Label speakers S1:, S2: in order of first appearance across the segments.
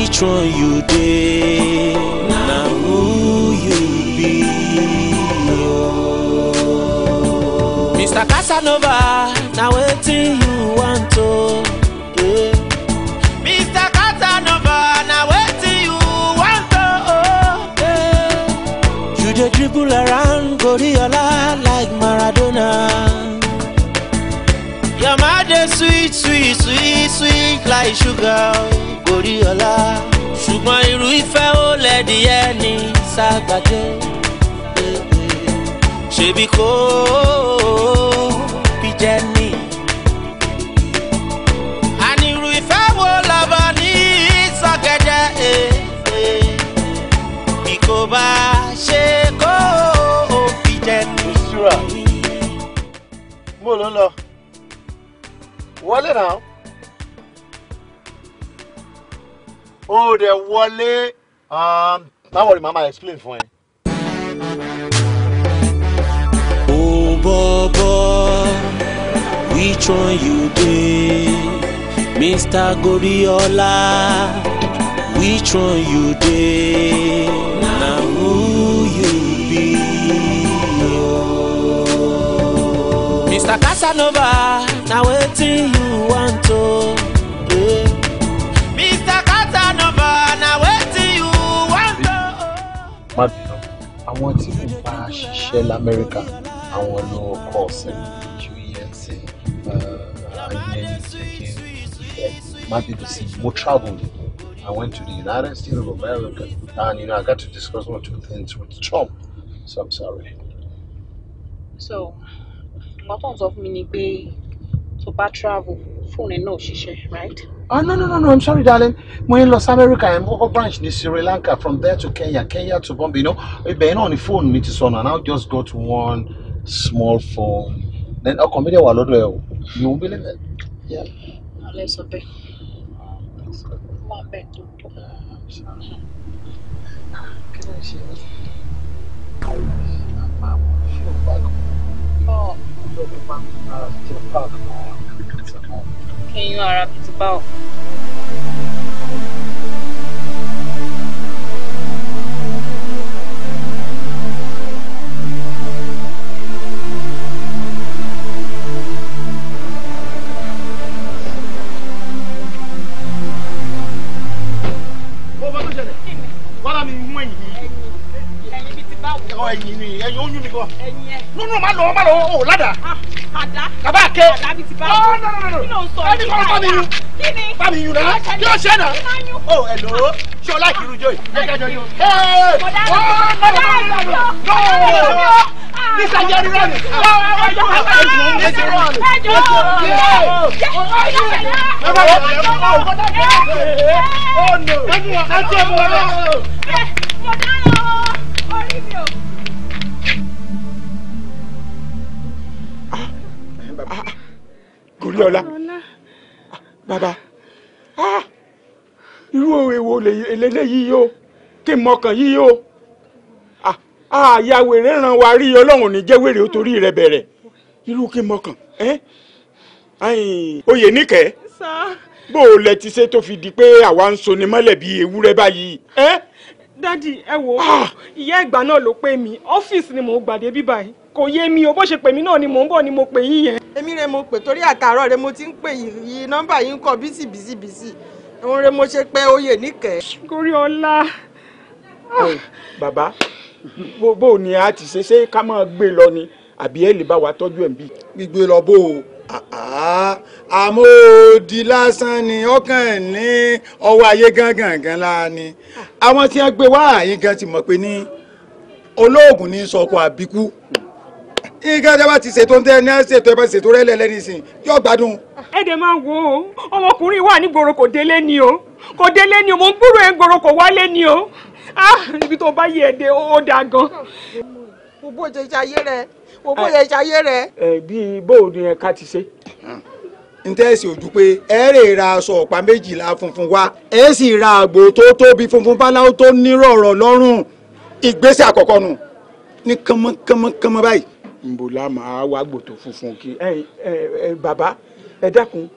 S1: which one you dey na who you be. Oh. Mr. Casanova, na wetin you want to. Yeah. Mr. Casanova, na wetin you want to. Oh. Yeah. You dey dribble around, go to your life. fly sugar gorí ọlá ṣùgbọ́n irú ìfẹ́ ó lẹ́dìyẹ ní sàgbàdé ṣèbí kò bí jẹ́ ní. ànírú ìfẹ́ wo lọ́bọ̀ ní sọ́kẹ́jẹ́ bí kò bá ṣe kó bí jẹ́ ní. mo ló lọ wọlé náà. ó dẹ̀ wọlé um, báwo ni Mama. explain fún ẹ. ó bọ́bọ́ which one you dey Mr. Goriola which one you dey na who you be. Mr. Casanova na wetin you want o. má bínú àwọn tí mo bá ṣiṣẹ́ lamẹ́ríkà àwọn ló kọ́ ọ̀sẹ̀ unt ayé jẹ́ kí n má bínú sí mo travel I went to the United States of America and you know I got to discuss one or two things with Trump so I'm sorry. so nǹkan tó ń sọ fún mi ni pé tó bá travel fóònù náà ò ṣiṣẹ́ right. Oh, no, no, no, no, I'm sorry, darling. Mo in Los sí America, I'm over branch in Sri Lanka, from there to Kenya, Kenya to Bombay. You know, ibẹ̀ on the phone mi ti sọnù, and I just to one small phone. Then ọkàn mi dẹ̀ wà lọ́dọ̀ ẹ̀ You won't believe it.
S2: Yeah. Let's sọ bẹ́ẹ̀. Máa bẹ̀ tó tó. Kí ló ń ṣe mí?
S1: Àpá àwọn ìṣòro bá kan.
S2: Bọ́ọ̀. Kenyu Arap is about.
S1: ọ no! ni ẹyin oyún mi kọ. ẹyin ẹ. nínú ma lọ ma lọ o lada. àdá. kaba kẹ. àdá bi ti bá mi. nọ nọ nọ nọ ẹni kọ́ bá mi yun. kí ni. bá mi yun náà kí o ṣe náà. o ẹ̀lò ṣé o láìkí irújọ yìí. ẹ jẹjọ yìí. ee o
S2: nọ nọ
S1: nọ nọ nọ nígbà yẹn ni rẹ́ni. ẹjọ ẹjọ ẹjọ ẹjọ ẹjọ
S2: ẹjọ ẹjọ ẹjọ
S1: Abíọ́lá bàbá ah! irú èwo eléyìí yóò kí n mọkàn yìí ah! ah! yóò àyà wèrè ràn wá rí ọlọ́run ní jẹ́wèrè ó torí rẹ bẹ̀rẹ̀ irú kí n mọkàn oyè níkẹ́ bó o lẹ ti ṣe tó fi di pé àwa ń soni mọ́lẹ̀ bíi ewúrẹ́ báyìí dádì ẹ wo ìyá ìgbà náà ló pè mí ọ́fíìsì ni mò ń gbàdé bíbáyìí kò yé mi o bó ṣe pè mí náà ni mò ń bọ̀ ni mo pè yín yẹn. èmi rẹ mo pè torí àtàárọ̀ rẹ mo ti ń pè yìí nọ́mbà yìí ń kọ bísí bísí bísí òun rẹ mo ṣe pé oyè níkẹ́. gorí ọlá. bàbá bó ni a ti ṣe ṣé ká máa gbé lọ ni àbí ẹ lè bá wa tọ́jú ẹ̀ ń bì. gbígbé lọ bó o àmọ́ òdì lásán ni ọkàn ní ọwọ́ ayé gangan la ni àwọn tí wọ́n gbé wá àyín gan ti mọ̀ pé ní olóògùn ní sọkọ àbíkú nǹkan tí a bá ti ṣètò ń tẹ ní ṣètò ẹ bá ṣètò rẹ lẹ́lẹ́ nísìn yóò gbádùn. ẹ dẹ̀ máa wo ọmọkùnrin wà nígboro kò délé ni o kò délé ni o mo ń gbúrò ẹ̀ ń gboro kò wálé ni o ibi ah, tó bá yẹ ẹ̀dẹ̀ ó dáa gan. mo bó ṣe ṣayé rẹ mo bó ṣe ṣayé rẹ. ẹ bí bóò ni ẹ ká ti ṣe. n tẹ́ sí ojú pé ẹ rè ra aṣọ ọ̀pá méjìlá funfun wá ẹ sì ra àgbò tó tóbi funfun báláwo tó nírọ̀rọ̀ lọ́rùn ìgbésẹ̀ àkọ́kọ́ nù ní kánmọ́kánmọ́kánmọ́ báyìí nbò la máa wá gbòtò funfun kí ẹ ẹ ẹ bàbá ẹ dákun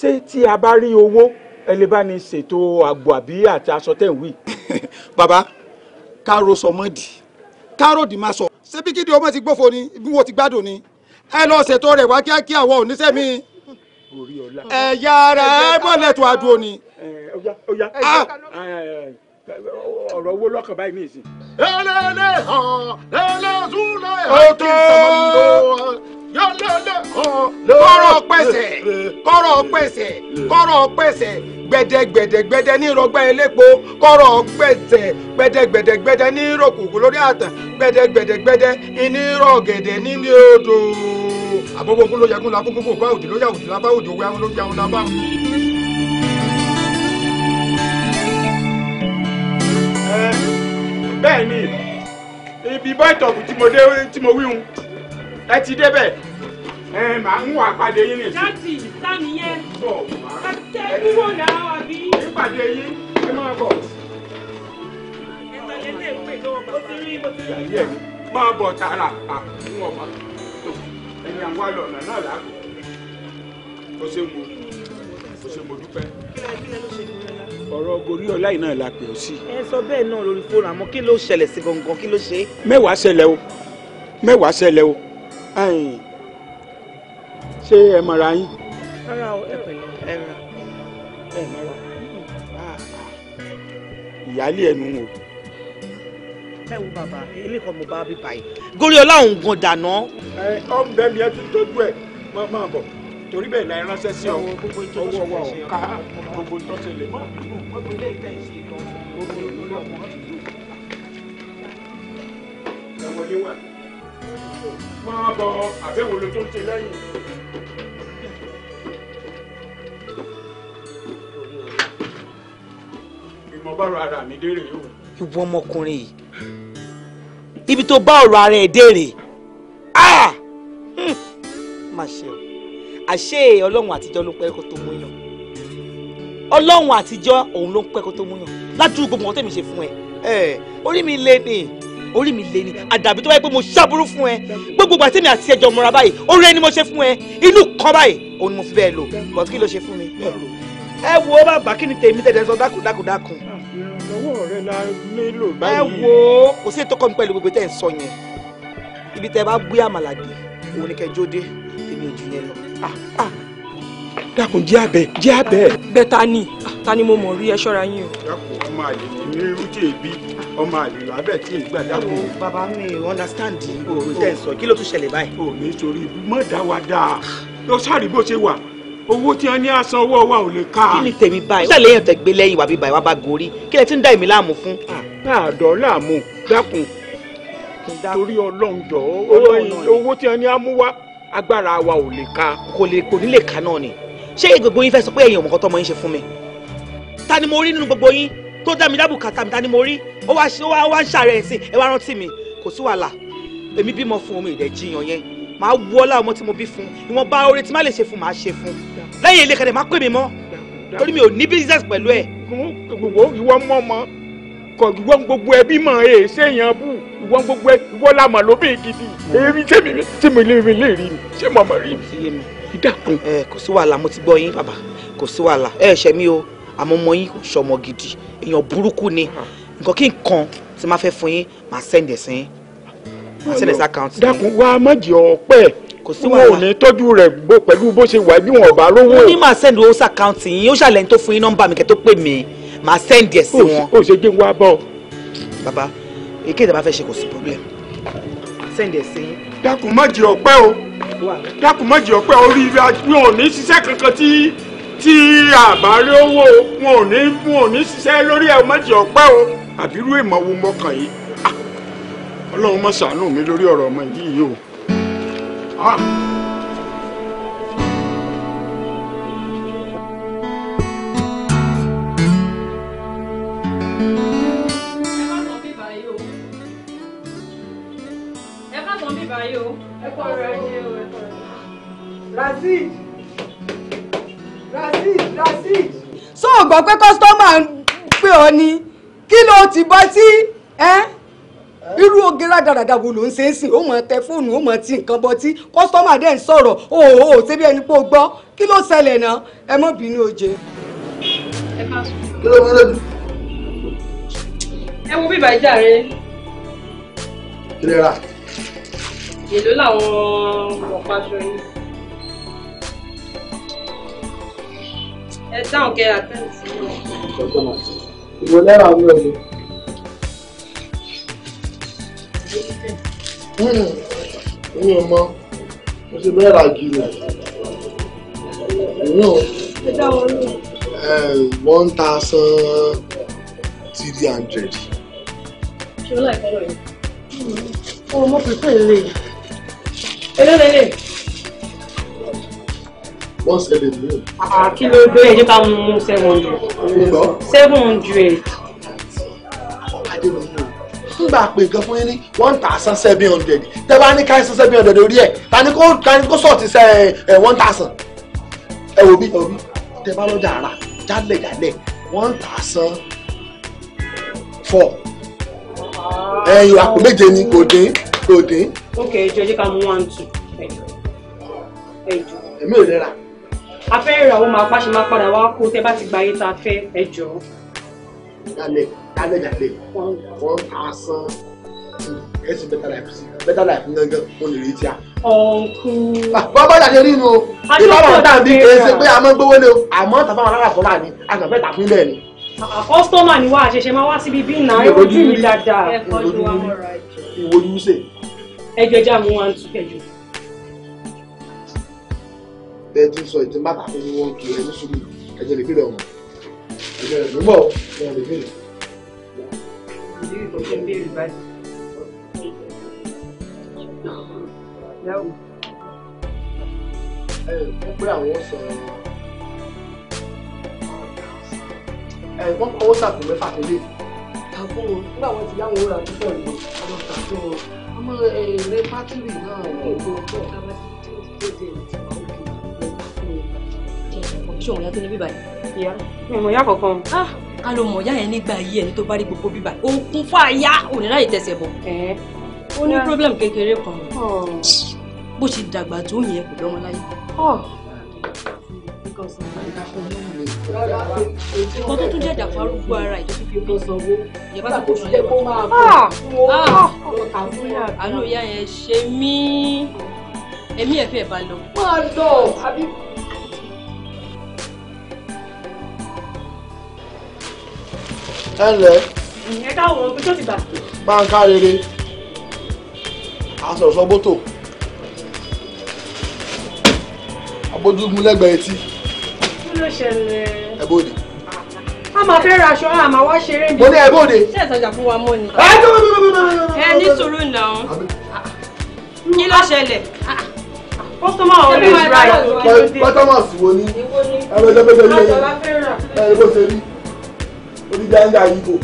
S1: ṣé tí a bá rí owó ẹ lè bá ní ṣètò àgbò àbí àti aṣọ tẹ̀ ń wí. bàbá káró sọmọdì káró dì máa sọ ṣebí kí ni ọmọ ti gbófo ni bí wọ́n ti gbádùn ni ẹ lọ ṣètò rẹ̀ wá kíákíá àwọn oníṣẹ́ mi ẹ̀yà rẹ̀ mọ̀lẹ́tò àdúró ni. Ah! ọ̀rọ̀ owó lọ́kàn báyìí nìyí. ẹlẹ́lẹ́ hàn ẹlẹ́sùnlẹ̀ àti sàmúlò hàn. kọ́rọ̀ pẹ̀sẹ̀ kọ́rọ̀ pẹ̀sẹ̀ kọ́rọ̀ pẹ̀sẹ̀ gbẹdẹgbẹdẹgbẹdẹ ní ìrọgbà elépo kọ́rọ̀ gbẹsẹ gbẹdẹgbẹdẹgbẹdẹ ní ìrọkùnkùn lórí àtàn gbẹdẹgbẹdẹgbẹdẹ ní ìrọgẹdẹ nínú odò àbọ̀bọ̀kún ló yẹ kún lakún kún bá òdì ló òdì lábá òdì òwe àwọn ló yà lábá bẹ́ẹ̀ ni ibi bọ́ ìtọ̀kù tí mo dé tí mo wíhun ẹ ti débẹ̀ ẹ máa ń wà pàdé yín nìyí. láti láàmì yẹn àti ẹbí wò náà àbí. nípàdé yín ẹ máa bọ̀. ẹ̀tàlẹ́ lè
S2: pè lọ́wọ́ bàbá. mo ti rí
S1: mo ti rí. máa bọ̀ tààrà àwọn ọmọ tó ẹni àwọn àlọ́ ọ̀nà náà làákò. o ṣe mo o ṣe mo dúpẹ́. kílẹ̀ kílẹ̀ ló ṣe ní ọ̀rọ̀ Goriola yìí náà la pè ọ́ sí. ẹ sọ bẹ́ẹ̀ náà lórí fóònù àmọ́ kí ló ṣẹlẹ̀ sí gangan kí ló ṣe. mẹ́wàá ṣẹlẹ̀ o mẹ́wàá ṣẹlẹ̀ o ṣé ẹ mọ̀ra yín.
S2: rárá o ẹ pẹ̀lẹ́ ẹ rà ẹ mọ̀ra.
S1: ìyáálé ẹnu o. ẹ wo bàbá ilé kan mo bá bí báyìí Goriola òun gan dànù. ẹ ọ́n bẹ́ẹ̀ mi ẹ ti tọ́jú ẹ̀ máa bọ̀ torí bẹ́ẹ̀ la ránṣẹ́ sí ọ ọwọ́ ọwọ́ ọ̀ka gbogbo tó ṣe lè mọ́. máa bọ àbẹ̀wò ló tó ń ṣe lẹ́yìn. ìmọ̀ bá ra ara mi dé rèé o. ìwọ ọmọkùnrin yìí ibi tó bá ọ̀rọ̀ ara ẹ̀ dé àṣé ọlọ́run àtijọ́ ló pẹ́ kó tó mú yàn ọlọ́run àtijọ́ òun ló ń pẹ́ kó tó mú yàn ládùúgbò gbogbo tẹ̀mí ṣe fún ẹ orí mi lé ni orí mi lé ni àdàbí tó bá pé mo ṣàbúrú fún ẹ gbogbo àti èmi àti ẹjọ mọra báyìí orí ẹni mo ṣe fún ẹ inú kan báyìí òun ni mo fi bẹ́ẹ̀ lò bọ̀dù kí ló ṣe fún mi. ẹ wo bàbá kí ni tèmi tẹ̀lé sọ dákúndákúndákún. ìrànlọ́wọ́ rẹ la nílò báyìí. ẹ wo kò sí ètò kan pẹ̀lú gbogbo tẹ̀ ń sọ yẹn ibi tẹ bá gbé àmàlà dé òun ni kẹjọ dé tèmi ò jù yẹn lọ dákun jẹ́ abẹ jẹ́ abẹ. bẹ́ẹ̀ ta ni ta ni mo mọ̀ rí ẹ ṣọ́ra yín o. dákun ọmọ àlè ní irúté ibi ọmọ àlè lábẹ́ tí èyí gbà dákun. bàbá mi understand òwe tẹ̀ ń sọ kí ló tún ṣẹlẹ̀ báyìí. ò ní torí mọ̀ dá wa dáa lọ sáré bó ṣe wà owó tí wọn ní asan owó wa ò lè ká. kí ni tèmi báyìí ó ṣàlẹ́yìn tẹ̀gbẹ́ lẹ́yìn wàbí báyìí wàá bá gorí kí lẹ ti ń dá èmi láàmú fún. àdọ́ ah, láàmú dákun torí ọlọ́run jọ̀ọ́ owó tí wọn ní amú wá agbára wa ò lè ká. kò lè kò ní lè ká náà ni ṣé gbogbo yín fẹ́ sọ pé ẹ̀yin ọmọ kan tọmọ yín ṣe fún mi ta ni mo rí nínú gbogbo yín tó dá mi lábùkátà mi ta ni mo rí ó wá ń ṣàárẹ̀ ẹ̀sìn ẹ wá rántí mi kò sí wàhálà èmi bímọ fún omi ìdẹ̀jiyàn yẹn màá wú ọlá ọmọ tí mo bí fún ìwọ̀nba oore tí má lè ṣe fún màá ṣe fún lẹ́yìn ilé kẹ̀dẹ̀ má pè mí mọ́ torí mi ò ní business pẹ̀lú ẹ̀. gbogbo ìwọ mọ mọ kọ ìwọ gbogbo ẹbí mọ ẹ ṣéèyàn bù ìwọ gbogbo ìwọ làmọ lóbìn gidi èmi tèmi tèmi lè rí mi ṣé mọ̀mọ́ rí mi dákun. ẹ kò sí wàhálà mo ti gbọ́ yín bàbá kò sí wàhálà ẹ ṣe mí o àmọ́ ọmọ yín kò ṣọmọ gidi èèyàn burúkú ni nǹkan kí nǹkan tí máa fẹ́ fún yín máa send ẹ̀ sẹ́yìn
S2: máa send ẹ̀ sí àkáǹtì. dákun
S1: wá má jẹ ọpẹ́ kò sí wàhálà wọn ò ní tọ́jú rẹ̀ gbó pẹ̀lú bó ṣe wà bí wọn lówó. mo ní máa send owó sí àkáǹtì yín ó ṣàlẹ́yìn tó fún yín nọ́mbà mi kẹ́ tó pè mí máa send ẹ̀ sí wọn. ó ṣe jẹ́ wá bọ́. bàbá èké ìdàbà fẹ́ ṣe kò sí problem send ẹ̀ sí yín dákun má jẹ ọpẹ́ o dákun má jẹ ọpẹ́ orí wọn ò ní ṣiṣẹ́ kankan tí tí àbárí owó wọn ò ní wọn ò ní ṣiṣẹ́ lórí ẹ má jẹ ọpẹ́ o àbírú èèmọ̀ mọkàn yìí ah! Ọlọ́run má ṣàánú mi lórí ọ̀rọ̀ ọmọ yìí yìí o. Ah!
S2: Rasheed
S1: Rasheed Rasheed. sọ gbọ́ pé kọ́sítọ́mà ń pè ọ́ ni kí ló ti bọ́ sí irú oge rádaràda wo ló ń ṣe é sìn ó mọ tẹ fóònù ó mọ ti nǹkan bọ tí kọ́sítọ́mà dẹ̀ ń sọ̀rọ̀ o ò ṣe bí ẹni pé o gbọ́ kí ló ṣẹlẹ̀ náà ẹ má bínú o jẹ. kí ló ń lè dùn. ẹ wo bíbá ìjà rẹ. kí lè ra èló làwọn ọ̀pá aṣọ yìí.
S2: ẹ dáhùn kẹ àtẹ̀sí. ìwọ lẹ́rọ àwọn ọ̀dọ́. Hmm, mi ò mọ
S1: mo ṣe bẹ́ẹ̀ ra gírì ìyún eh, one thousand three hundred.
S2: ṣé o láì fẹ́ràn yìí?
S1: ọmọ hmm, pípẹ́ lè. Èló lélẹ̀. Wọ́n ṣẹlẹ̀ ní o. Kí ló dé ẹjọ́ ká mú seven hundred? Seven hundred. Nígbà pé nǹkan fún yín ní one thousand seven hundred tẹ́ bá ní ká san seven hundred orí ẹ̀ ta ni kó ta ni kó sọ̀tì sẹ́ ẹ̀ one thousand ẹ̀ wò bí ẹ̀ wò bí tẹ́ bá lọ́ọ́ dàrá jálẹ̀ jálẹ̀ one thousand four ẹ̀yìn àpò méje ni kò dín kò dín ok ẹjọ jẹ ká mú one two ẹjọ ẹjọ. èmi ò lè rà. a fẹ́ rà ó máa pàṣẹ máa padà wá kó tẹ́ bá ti gba ayé tá a fẹ́ ẹjọ. dalẹ dalẹ dalẹ one thousand ẹsùn better life sí better life gangan mo lè rí tíá.
S2: ọ̀nkú. Ah, bàbá jáde rí nu
S1: o ìbá wọn dàbí kì í ṣe pé a máa ń gbówó lé o àmọ́ tàbá wọn alára sọ́ra ni a kàn fẹ́ tà fún bẹ́ẹ̀ ni. kọ́sítọ́mà ah, ah, ni wá àṣẹṣe máa wá síbi bí náà ẹ ojú mi dáadáa. ẹ kọ́ ju wa mọ́ra jù. ìwòjú sè ẹjọ ẹjọ àwọn one two kẹjọ. bẹ́ẹ̀ tí ń sọ ìtì máta fún wọn kì í ẹni sùúrù ẹjọ lè bílẹ ọmọ ẹjọ lè bímọ ẹjọ lè bílẹ. ẹ ẹ àwọn sọ̀rọ̀ ẹ wọ́n kọ́wọ́ sàkó mẹ́fà tẹ́lẹ̀. àbúrò nígbà wọn ti yá wọn ó ra púpọ̀ ìlú àwọn ọ̀tà
S2: tó wọn ọmọ èrè pátìrì náà ní ìgbọ́kọ̀
S1: ṣé òun yá tó ní bíbá yìí. ìyá mi mọ̀ ìyá kankan. Ah, ká ló mọ̀ ìyá yẹn nígbà yìí ẹni tó bá rí gbogbo bíbá yìí òun kún fún àyà òní láyè tẹ̀sẹ̀ bọ̀. ó ní problem kékeré kan bó ṣe dàgbà tó yẹn kò lọ́mọ láyé
S2: kan sanwó. nǹkan tó tún
S1: jẹ́ ìdàpọ̀ arúgbó ara ìjọba fi kan sanwó. ìjọba tó kùn lẹ́yìn kó máa bọ̀. àánú ìyá yẹn ṣe mí ẹ̀mí ẹ̀ fẹ́ bá lọ. máa lọ àbí. ẹ ǹlẹ́. ìyẹn káwọn ọmọ tó ti gbà. máa ń ká rere aṣọ ìṣọ́ bótò abójúgun lẹ́gbẹ̀ẹ́ etí
S2: ló ṣẹlẹ̀.
S1: ẹ bóde. a máa fẹ́ ra aṣọ a máa wá ṣeré bí. mo ní ẹ bóde. ṣé ìtajà fún wa mọ́ ni. ẹ tó tó tó tó tó. ẹ ní sùúrù náà. kí ló ṣẹlẹ̀. customer always right. customer sì wo ni. ẹ bẹ jẹ bẹ jẹ yẹ ẹ bó ṣe rí oníjàngà yìí kò.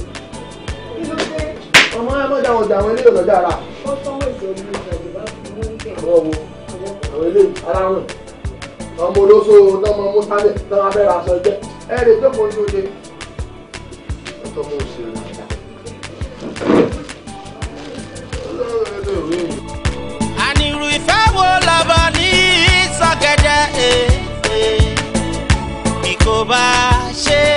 S1: ọmọ ẹ mọ̀jà wọ̀jà àwọn eléyìí ọ̀dọ́jà
S2: rà. customer ìṣòro ni ìjàgbé bá fi
S1: mú bẹ́ẹ̀. àwọn eléyìí ara wọn ọmọ olóso lọmọ mọ́sálẹ̀ lọ́wọ́ abẹ́rẹ́ aṣọ jẹ́ ẹ lè jókòó ní oye. ọtọ́ mo ṣe ìfẹ́ wo lọ́bọ̀ ní sọ́kẹ́jẹ́ eh, eh, ìkó bá ṣe é.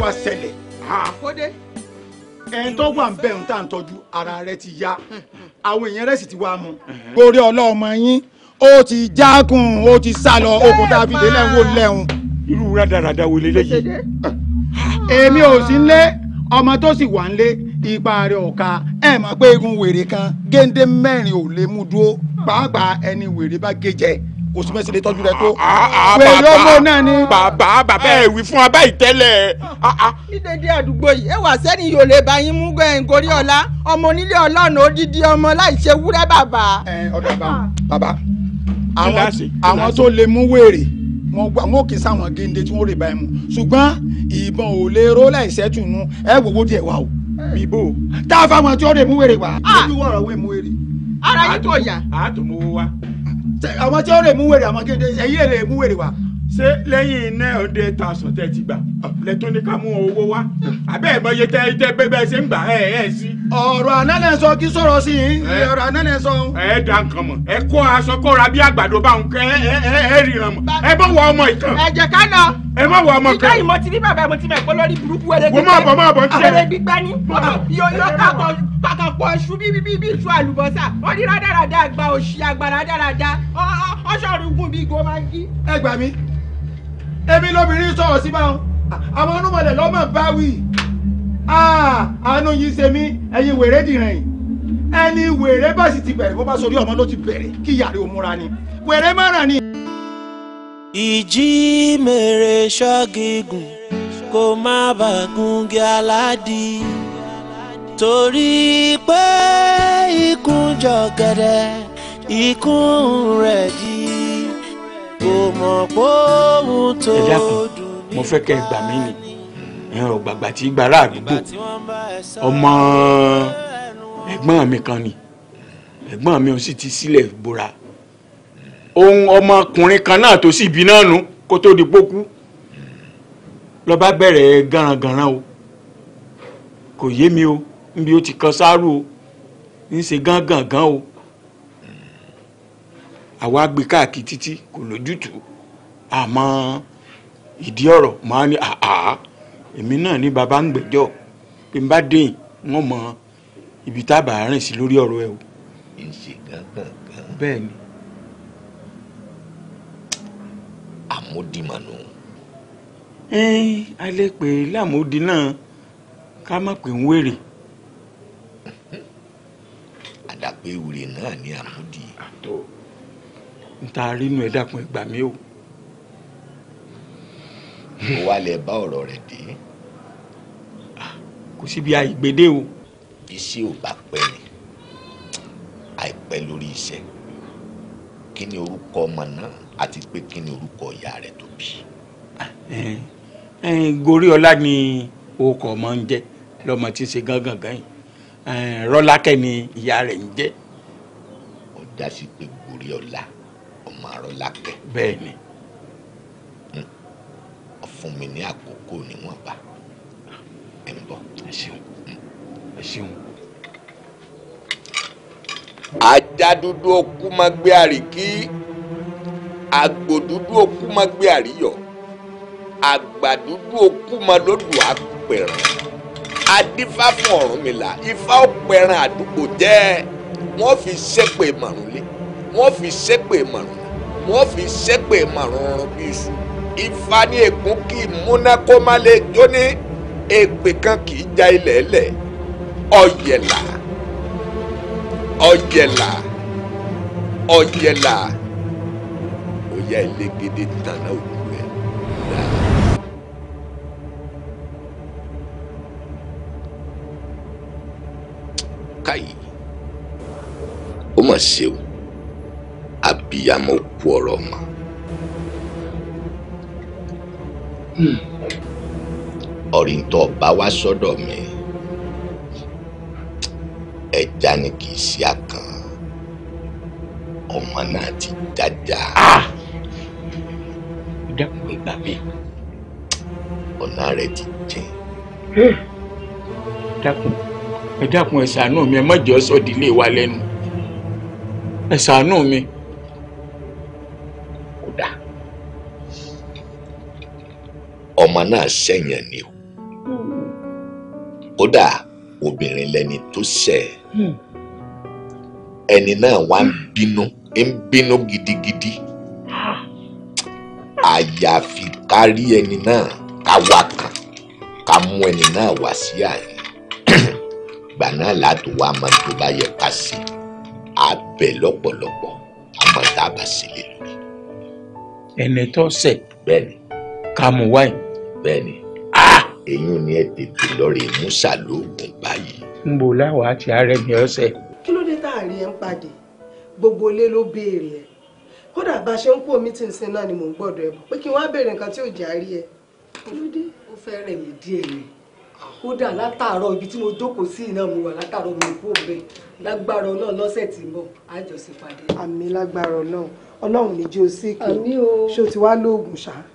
S1: wá ṣẹlẹ̀ ẹni tó wà ń bẹ̀ ń tà ń tọ́jú ara rẹ ti yá hmm, hmm. àwọn èèyàn rẹ sì ti wá mu. Hmm, gorí ọlọ́mọ yín ó ti jákùn ó ti sá lọ okùn tá a fi délẹ̀ wò lẹ́hùn. irú rádaràda wo leléyìí. Ah. èmi ò sí ń lé ọmọ tó sì wà ń lé ipa rẹ ọ̀ka ẹ mọ̀ pé egun wèrè kan géńdé mẹ́rin ò lè mú dúró pàápàá ẹni wèrè bá gé jẹ kò sí mẹ́sìlẹ̀ tọ́jú rẹ tó. Ah, ah, ah, pẹ̀lú ọmọ náà ni. bàbá bàbá ẹ wí fún wa báyìí tẹ́lẹ̀. dídèdè àdúgbò yìí ẹ wà sẹ́ni yóò lè bá yín mú gòrí ọ̀la ọmọ onílé ọlọ́run odidi ọmọ láì ṣe wúrẹ́ bàbá. ẹ ọ̀dọ̀ bàbá àwọn tó lè mú wèrè wọn gbọ́ àwọn òkè sáwọn géńdé tí wọ́n rè báyìí mu ṣùgbọ́n ìbọn ò lè ró láì ṣẹ́tùnú ẹ wò wó díẹ̀ wá o. bíbó tá a fáwọn tí wọ́n lè mú wèrè wá. ara yín kò yá. àá tó àwọn tí ó rè mú wèrè àwọn kéde ẹ̀yìn èrè mú wèrè wá ṣé lẹ́yìn nine hundred thousand tẹ́ ti gbà lẹ́tọ́ ní ká mú owó wá àbẹ́ ẹ̀ mọye tẹ́ bẹ́ẹ̀ ṣe ń gbà ẹ̀ ẹ̀ sí. ọ̀rọ̀ ànálẹ̀ sọ kí sọ̀rọ̀ sí i ọ̀rọ̀ ànálẹ̀ sọ. ẹ dá nǹkan mọ̀ ẹ kó aṣọ kóra bí àgbàdo bá ń kẹ ẹ ríran mọ̀ ẹ bọ̀ wọ ọmọ ìkan. ẹ ká lọ. ẹ bọ̀ wọ ọmọ kan. ìgbà ìmọ̀ ti bí bàbá mo ti mọ̀ ẹ̀kọ́ lórí burúkú ẹ̀rẹ́ gbígbẹ́ ni. mo mọ̀ èmi lóbìnrin sọ̀rọ̀ sí báwọn àwọn ọlọ́mọlẹ̀ lọ́mọ bá wí àánú yìí ṣe mí ẹ̀yin wèrè dìrẹ̀ yìí ẹni wèrè bá sì ti bẹ̀rẹ̀ bó bá sórí ọmọ ló ti bẹ̀rẹ̀ kí yàrá òmùra ni wèrè má ràn ni. ìjì mèrè ṣọ́gígùn kó má bàa gungi aládì torí pé ikú jọ̀gẹ̀dẹ̀ ikú rẹ̀ jí kò mọ̀ pé òun tó dùn ní. mo fẹ́ kẹ́ gbà mí ni ọ̀gbàgbà tí gbàrà àdúgbò ọmọ ẹ̀gbọ́n mi kan ni ẹ̀gbọ́n mi ò sì ti sílẹ̀ bora ohun ọmọkùnrin kan náà tó sì bí náà nù kó tó di pókú ló bá bẹ̀rẹ̀ garangaran o kò yé mi o níbi ó ti kan sáárù o ń ṣe gángangan o àwa gbé káàkiri títí kò lójútùú àmọ́ ìdí ọ̀rọ̀ máa ní àá èmi náà ní baba ń gbẹ́jọ́ pé n bá déyìn wọ́n mọ ibi tá a bá rìn sí lórí ọ̀rọ̀ ẹ o. bẹ́ẹ̀ ni. àmódìmọ̀nù. ẹ́ẹ́n alẹ́ pé lámòdì náà ká má pè ń wèrè. àdàpé ìwúre náà ní àmódì. àtọ́ nta rínú ẹ dákun ẹ gbà mí o. kò wá lè bá ọ̀rọ̀ rẹ̀ dé. kò síbi àìgbédè o. iṣẹ́ ò bá pẹ́ ni àìpẹ́ lórí iṣẹ́ kí ni orúkọ ọmọ náà àti pé kí ni orúkọ ìyá rẹ̀ tó bí. Goríọlá ni orúkọ ọmọ ń jẹ lọmọ tí ń ṣe gángan gan yìí Rọ́lákẹ́ ni ìyá rẹ̀ ń jẹ. ó sí pé Goríọlá máa rọ lákẹ́. bẹ́ẹ̀ ni. Hmm. fún mi ní àkókò níwọ̀nba ẹ̀ ń bọ̀. ẹ ṣeun hmm. ẹ ṣeun. ajá dúdú okú máa gbé àríkí àgbò dúdú okú máa gbé àríyọ̀ àgbà dúdú okú máa lódù àpẹ̀rẹ̀ adífá fún Ọ̀rúnmìlà ifá ọ̀pẹ̀rẹ̀ àdúgbò jẹ́ wọ́n fi ṣépè màrúnlé wọ́n fi ṣépè màrúnlé wọ́n fi ṣẹ́pẹ̀ màrọ̀rọ̀ bí iṣu ifá ní ègún kí múnákó má lè jóní èpè kan kì í ja ilẹ̀ lẹ̀ ọ̀yẹ̀là ọ̀yẹ̀là ọ̀yẹ̀là òyà elégédé tànà òkú rẹ̀ káyì ó mà ṣe abiyamọ kú ọ̀rọ̀ ọmọ. Hmm. ọ̀rìntọ́ bá wá sọ́dọ̀ mi ẹja ni kì í ṣe àkàn ọmọ náà ti jájà. Ah! dákun ìgbà mi. ọ̀nà rẹ̀ ti jìn. Hmm. dákun ẹ dákun ẹ mi ẹ má jẹ́ ọ sọ́dílé wa lẹ́nu ẹ mi. ọmọ náà ṣẹ̀yàn ni o kódà obìnrin lẹni tó ṣẹ̀ hmm. ẹni náà wá ń bínú ń bínú gidigidi àyàfi ká rí ẹni náà ká wá kàn ká mú ẹni náà wá sí àyè ìgbà náà láti wá máa tó bá yẹ ká sí abẹ lọ́pọ̀lọpọ̀ àmọ́ tá a bá sílẹ̀ lórí. ẹni tó ṣẹ̀. bẹ́ẹ̀ni ká mu wáìn. bẹ́ẹ̀ni a ah! ni ẹ tètè lọrẹ musa lóògùn báyìí. ń àti ààrẹ mi ọsẹ. kí ló dé tá a rí ẹ ń pàdé gbogbo ilé ló béèrè ẹ kódà bá a ṣe ń náà ni mò ń gbọ́dọ̀ ẹ bọ pé kí béèrè nǹkan tí ò ẹ. kí ló dé ó fẹ́ rẹ̀ mí díẹ̀ ni ibi tí mo jókòó sí iná mo wà látàárọ̀ mi kú òbẹ lágbára Ọlọ́run lọ́sẹ̀ tí ń bọ̀ pàdé. àmì lágbára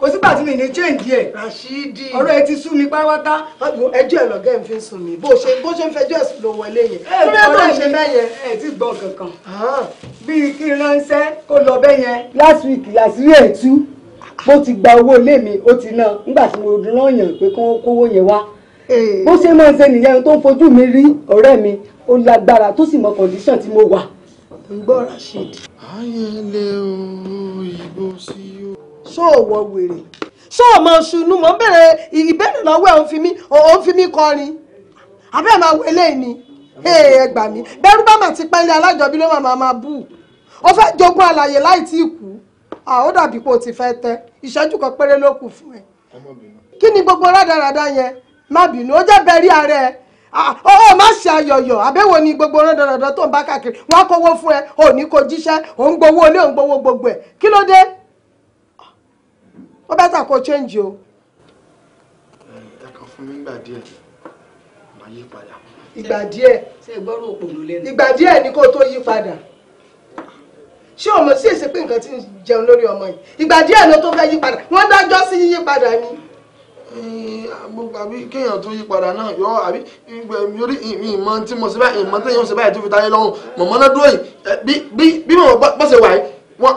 S1: kò tí mi ní change ẹ. Rashidi ọ̀rọ̀ ẹ ti sú mi pátápátá. ẹjọ́ ẹ lọ́gẹ́ ń fi sùn mí bó ṣe bó ṣe ń fẹjọ́ ẹ̀sùn ló wọlé yẹn. kí ló tó ń ṣe bẹ́ẹ̀ yẹn. ẹ ti gbọ́ kankan. bíi kí n ránṣẹ́ kó lọ bẹ́ẹ̀ last week àṣírí ẹ̀ tú bó ti gba owó ilé mi ó ti ná nígbà tí mo lọ́yàn pé kówó yẹn wá eh. bó ṣe máa ń ṣe nìyẹn tó ń fojú mi rí ọ̀rẹ́ mi ó lágbára tó sì mọ condition tí mo wà. ń gbọ́ Rasheed. ayẹlẹ òyìnbó sí yóò so o wọ wèrè ṣó o mọ ṣùnú mọ bẹ̀rẹ̀ ìbéèrè lọ́wọ́ ẹ̀ òun fi mí kọrin abẹ́ máa wọ eléyìí ni ẹ gbà mí bẹ́rù bá mà ti pẹ́lẹ́ alájọbí ló máa máa bù ó fẹ́ jogún àlàyé láì tí ì kú ó dàbí pé o ti fẹ́ tẹ ìṣẹ́jú kan péré ló kù fún ẹ kí ni gbogbo rádaràda yẹn má bínú ó jẹ́ bẹ́rí ara ẹ ó má ṣe ayọ̀yọ̀ àbẹ̀wò ni gbogbo rádaràda tó ń bá káàkiri wọ́n á fún ẹ ò ní kó jíṣẹ́ gbowó ilé ò gbowó gbogbo ẹ̀ kí ló dé ó bá tà kó change o. ẹ kàn fún mi nígbà díẹ̀ màá yí padà. ìgbà díẹ̀ ìgbà díẹ̀ ni kó tó yí padà ṣé ọmọ sí èsì pé nǹkan ti ń jẹun lórí ọmọ yìí ìgbà díẹ̀ ló tó fẹ́ yí padà wọ́n dájọ́ sí yíyí padà ni. àbí kéèyàn tó yí padà náà yọ àbí yorí ìmọ̀ tí mo ṣe báyìí ìmọ̀ tí èèyàn ṣe báyìí tó fi táyé lọ́rùn mọ̀mọ́ náà dúró yìí bí mọ̀mọ́ bọ́sẹ̀ wà yìí wọ́n.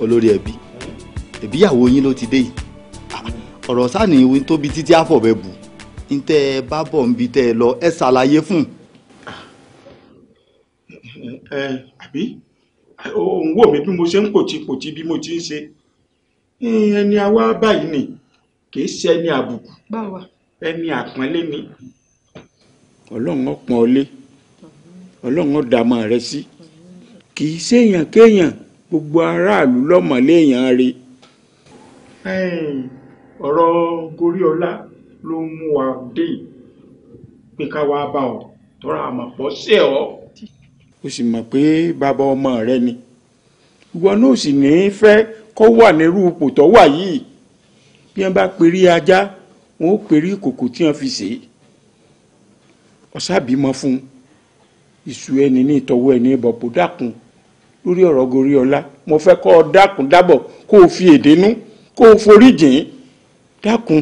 S1: olórí ẹbí ẹbíyàwó yín ló ti dé yìí ọ̀rọ̀ sáàní ìwé tóbi títí àfọ̀bẹ bù ń tẹ́ ẹ bá bọ̀ ń bi tẹ́ ẹ lọ ẹ ṣàlàyé fún. ẹ àbí òun wò mí bí mo ṣe ń pòtipòti bí mo ti ń ṣe ẹni àwa báyìí ni kì í ṣe ẹni àbùkù ẹni àpọ́nlé ni. ọlọ́run ọ̀pọ̀n ọlé ọlọ́run ọ̀dàmọ̀ rẹ sí kì í ṣèyàn kéèyàn gbogbo aráàlú lọ́mọ léèyàn rí. ọ̀rọ̀ Goríọlá ló mú wa dé pé ká wá bá ọ tọ́ra àmọ̀ pọ̀ sí ẹ̀ ọ́. o sì mọ̀ pé bàbá ọmọ rẹ ni ìwọ náà sì ní í fẹ́ kó wà nírú ipò tó wà yìí bí wọ́n bá perí ajá wọn ó perí ìkòkò tí wọ́n fi sè é ọ̀sá fún iṣu ẹni ní ìtọ́wọ́ ẹni ìbọ̀pọ̀ dákun lórí ọ̀rọ̀ Goriola mo fẹ́ kọ́ ọ dákun dábọ̀ kó o fi èdè nú kó o forí jìn dákun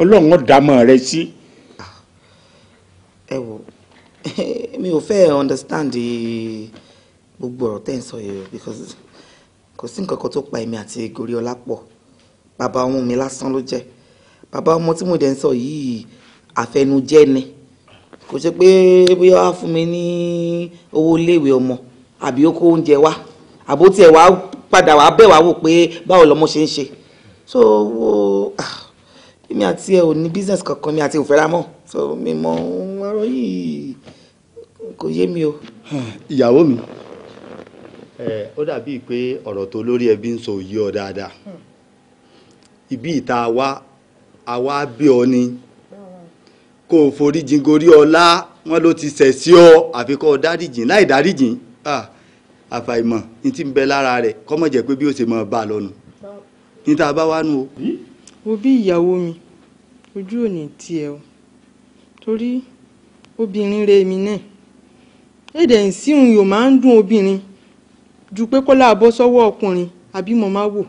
S1: ọlọ́run ọ̀dàmọ̀ rẹ sí. ẹ wo mi ò fẹ́ understand gbogbo ọ̀rọ̀ tẹ́ ń sọ yìí because kò sí nǹkan kan tó pa èmi àti Goriola pọ̀ bàbá ọmọ mi lásán ló jẹ́ bàbá ọmọ tí mo dẹ̀ ń sọ yìí àfẹnujẹ́ ni kò ṣe pé bóyá wàá fún mi ní owó iléèwé ọmọ àbí ó kó oúnjẹ wá àbó tiẹ̀ wá padà wá bẹ̀ wá wò pé báwo lọmọ ṣe ń ṣe so wo ah, èmi àti ẹ ò ní business kankan mi àti òfẹ́ra mọ́ so mi mọ ọ̀rọ̀ yìí kò yé mi o. ìyàwó mi ó dàbíi pé ọ̀rọ̀ tó lórí ẹbí ń sọ yí ọ dáadáa ibi ìta wa àwa bí ọ ni kó o forí jin gorí ọlá wọn ló ti ṣẹ̀ sí ọ àfi dáríjìn láì dáríjìn àfàìmọ̀ ní ti ń bẹ lára rẹ̀ kọ́mọ̀ jẹ́ pé bí ó ṣe mọ̀ bá a lọ́nu ní tá a bá wá nù o. wo bí ìyàwó mi ojú ò ní tiẹ̀ o torí obìnrin rẹ̀ mi náà èdè ìsíhun yóò máa ń dùn obìnrin ju pé kó láà bọ́ sọ́wọ́ ọkùnrin àbí mo máa wò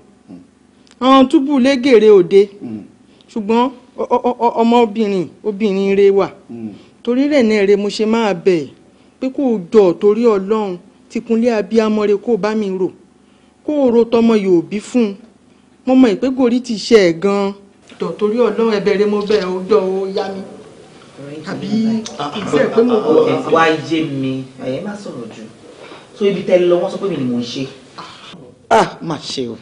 S1: àwọn túbú légèrè òde hmm. ṣùgbọ́n ọmọbìnrin obìnrin rẹ̀ wà hmm. torí rẹ̀ náà rẹ̀ mo ṣe máa bẹ̀ pé kò jọ torí ọlọ́run tìkúnlé abiyamọ rẹ kó o bá mi rò kó o ro tọmọ yòòbí fún un mo mọ ìpé gòrí ti ṣe ẹ gan-an. tọ̀ torí ọlọ́run ẹbẹ̀ rẹ mo bẹ̀ ọ́ jọ ó yá mi àbí ìṣe pé mo kó. ẹ̀wá yé mi ẹ̀yẹ́ má sọ̀rọ̀ jù tó ibi tẹ́ lọ wọ́n sọ pé mi ni mò ń ṣe. a ah, má ṣe o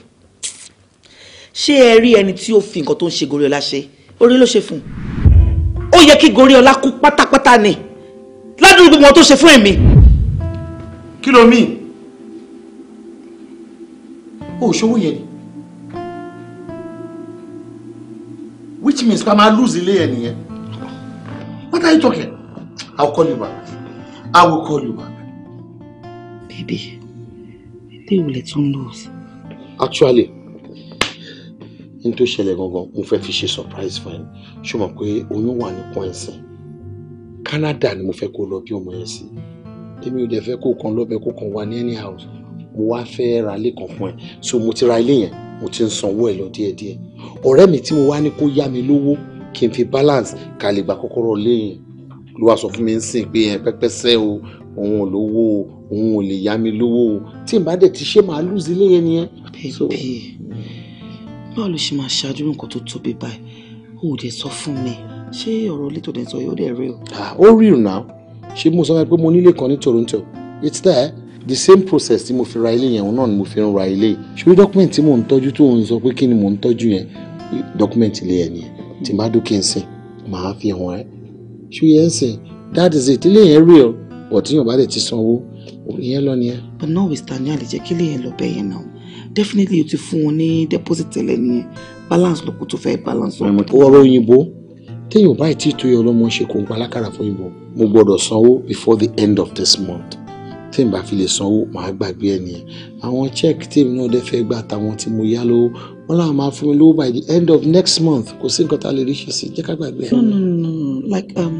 S1: ṣé ẹ rí ẹni tí ó fi nǹkan tó ń ṣe gorí ọlá ṣe orí ló ṣe fún un ó yẹ kí gorí ọlá kú pátápátá ni ládùúgbò wọn tó ṣe fún èmi kí ló mí o ṣòwò yẹn ni which means pa máa lose ilé yẹn nìyẹn what are you talking i will call you back i will call you back. baby they will let tún lose. actually n tó ṣẹlẹ̀ gangan mo fẹ́ fi ṣe surprise fún ẹ ṣùgbọ́n pé oyún wà ní pọ́ǹsì Canada ni mo fẹ́ kó lọ bí ọmọ yẹn sí. Si èmi ò dẹ̀ fẹ́ kó kan lọ́bẹ̀ kó kan wá ní any house mo wá fẹ́ ra ilé kan fún ẹ so mo ti ra ilé yẹn mo ti ń sanwó ẹ lọ díẹ̀díẹ̀ ọ̀rẹ́ mi tí mo wá ní kó yá mi lówó kí n fi balance ká lè gba kọ́kọ́rọ́ lẹ́yìn ló wá sọ fún mi ń sìn pé ẹ pẹ́pẹ́sẹ́ o òun ò lówó o òun ò lè yá mi lówó o tí n bá dẹ̀ ti ṣe máa lose ilé yẹn nìyẹn. bèbè báwo ló ṣe máa ṣáájú nǹkan tó tóbi báyìí o ò dẹ̀ sọ fún mi ṣé ọ̀rọ̀ létò dẹ̀ sọ yóò dẹ̀ rí o. Ah, ó rí ìrùnà ṣé mo sọ fún ẹ pé mo nílé kan ní Toronto it's there the same process tí mo fi ra ilé yẹn náà ni mo fi ń ra ilé ṣùgbọ́n document tí mò ń tọ́jú tó ń sọ pé kí ni mò ń tọ́jú yẹn document ilé yẹn nìyẹn tí n bá dókè ń sìn màá fi hàn ẹ́ ṣùgbọ́n yẹn ń sìn that is it ilé yẹn real but tíyàn bá dẹ̀ ti sanwó ìyẹn lọ nìyẹn. but notwithstanding a lè jẹ́ kí ilé yẹn lọ bẹ́ẹ̀ yẹn náà definitely o ti fún wọn ní deposit tẹ́lẹ̀ nìyẹn balance ló kù tó fẹ́ balance. ọ̀rọ̀ òyìnbó téèyàn báyìí tí ì mo gbọ́dọ̀ sanwó before the end of this month tí n bá fi lè sanwó màá gbàgbé ẹ nìyẹn àwọn check tèmi náà dé fẹ́ gbà táwọn tí mo yá lówó wọn làwọn máa fún mi lówó by the end of next month kò sí nǹkan tá a lè ríṣẹ́ sí jẹ́ ká gbàgbé ẹ. no no no like um,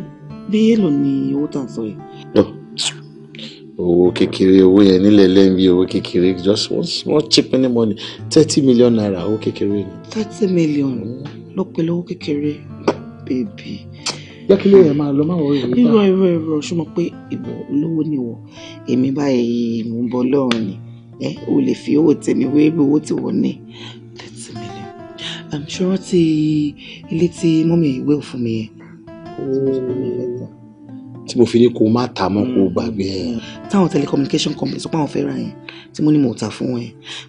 S1: bí èèlò ni owó tà ń sọ yìí. owó kékeré owó yẹn nílẹ̀ lẹ́yìn bí owó kékeré just one small cheap any money thirty million naira owó kékeré ni. thirty million mm. ló pe lówó kékeré bèbè jẹ́ kí lóye máa lọ máa wọ ìwé. irọ́ irọ́ irọ́ ṣó mọ̀ pé ìwọ olówó ni wọ èmi báyìí mò ń bọ lọ́rùn ni ẹ o lè fi owó tèmi wé bí owó tí wọ́n ní thirty million ṣọ́rọ́ ti ilé tí mọ́mí ìwé òfin mi yẹn. tí mo fi ní kó má ta mọ́ kó gbàgbé mm. táwọn telecommunication company sọ pé àwọn fẹ́ yẹn tí mo ní mò ń ta fún wọn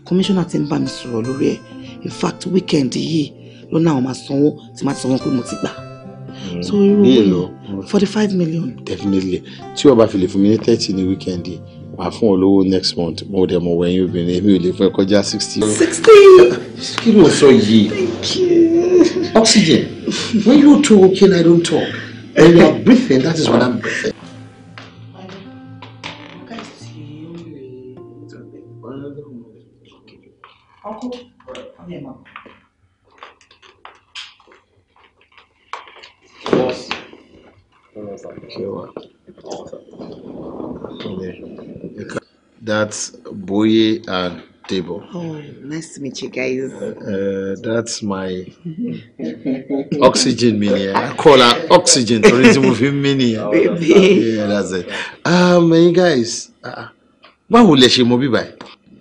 S1: kọmíṣánná ti ń bá mi sọ̀rọ̀ lórí ẹ̀ in fact weekend yìí lọ́nà àwọn máa sanwó tí máa sanwó pé mo ti gbà.
S2: Mm. so irú
S1: owó forty five million. definitely tí o bá fi lè fún mi ní thirty ní weekend yìí màá fún ọ lówó next month mo dẹ̀ mọ̀ wẹ̀yìn obìnrin èmi ò lè fún ẹ kọjá sixty. sixty. kí ló sọ yìí. thank you. oxygen when you talk and I don't talk And you are breathing that is when I'm breathing. Uncle, come here, Mom. That's Boye and Table. Oh, nice to meet you guys. Uh, that's my oxygen mini. I call her oxygen tourism movie mini. Yeah, that's it. Um, hey guys, báwo lẹ ṣe mọ bí báyìí.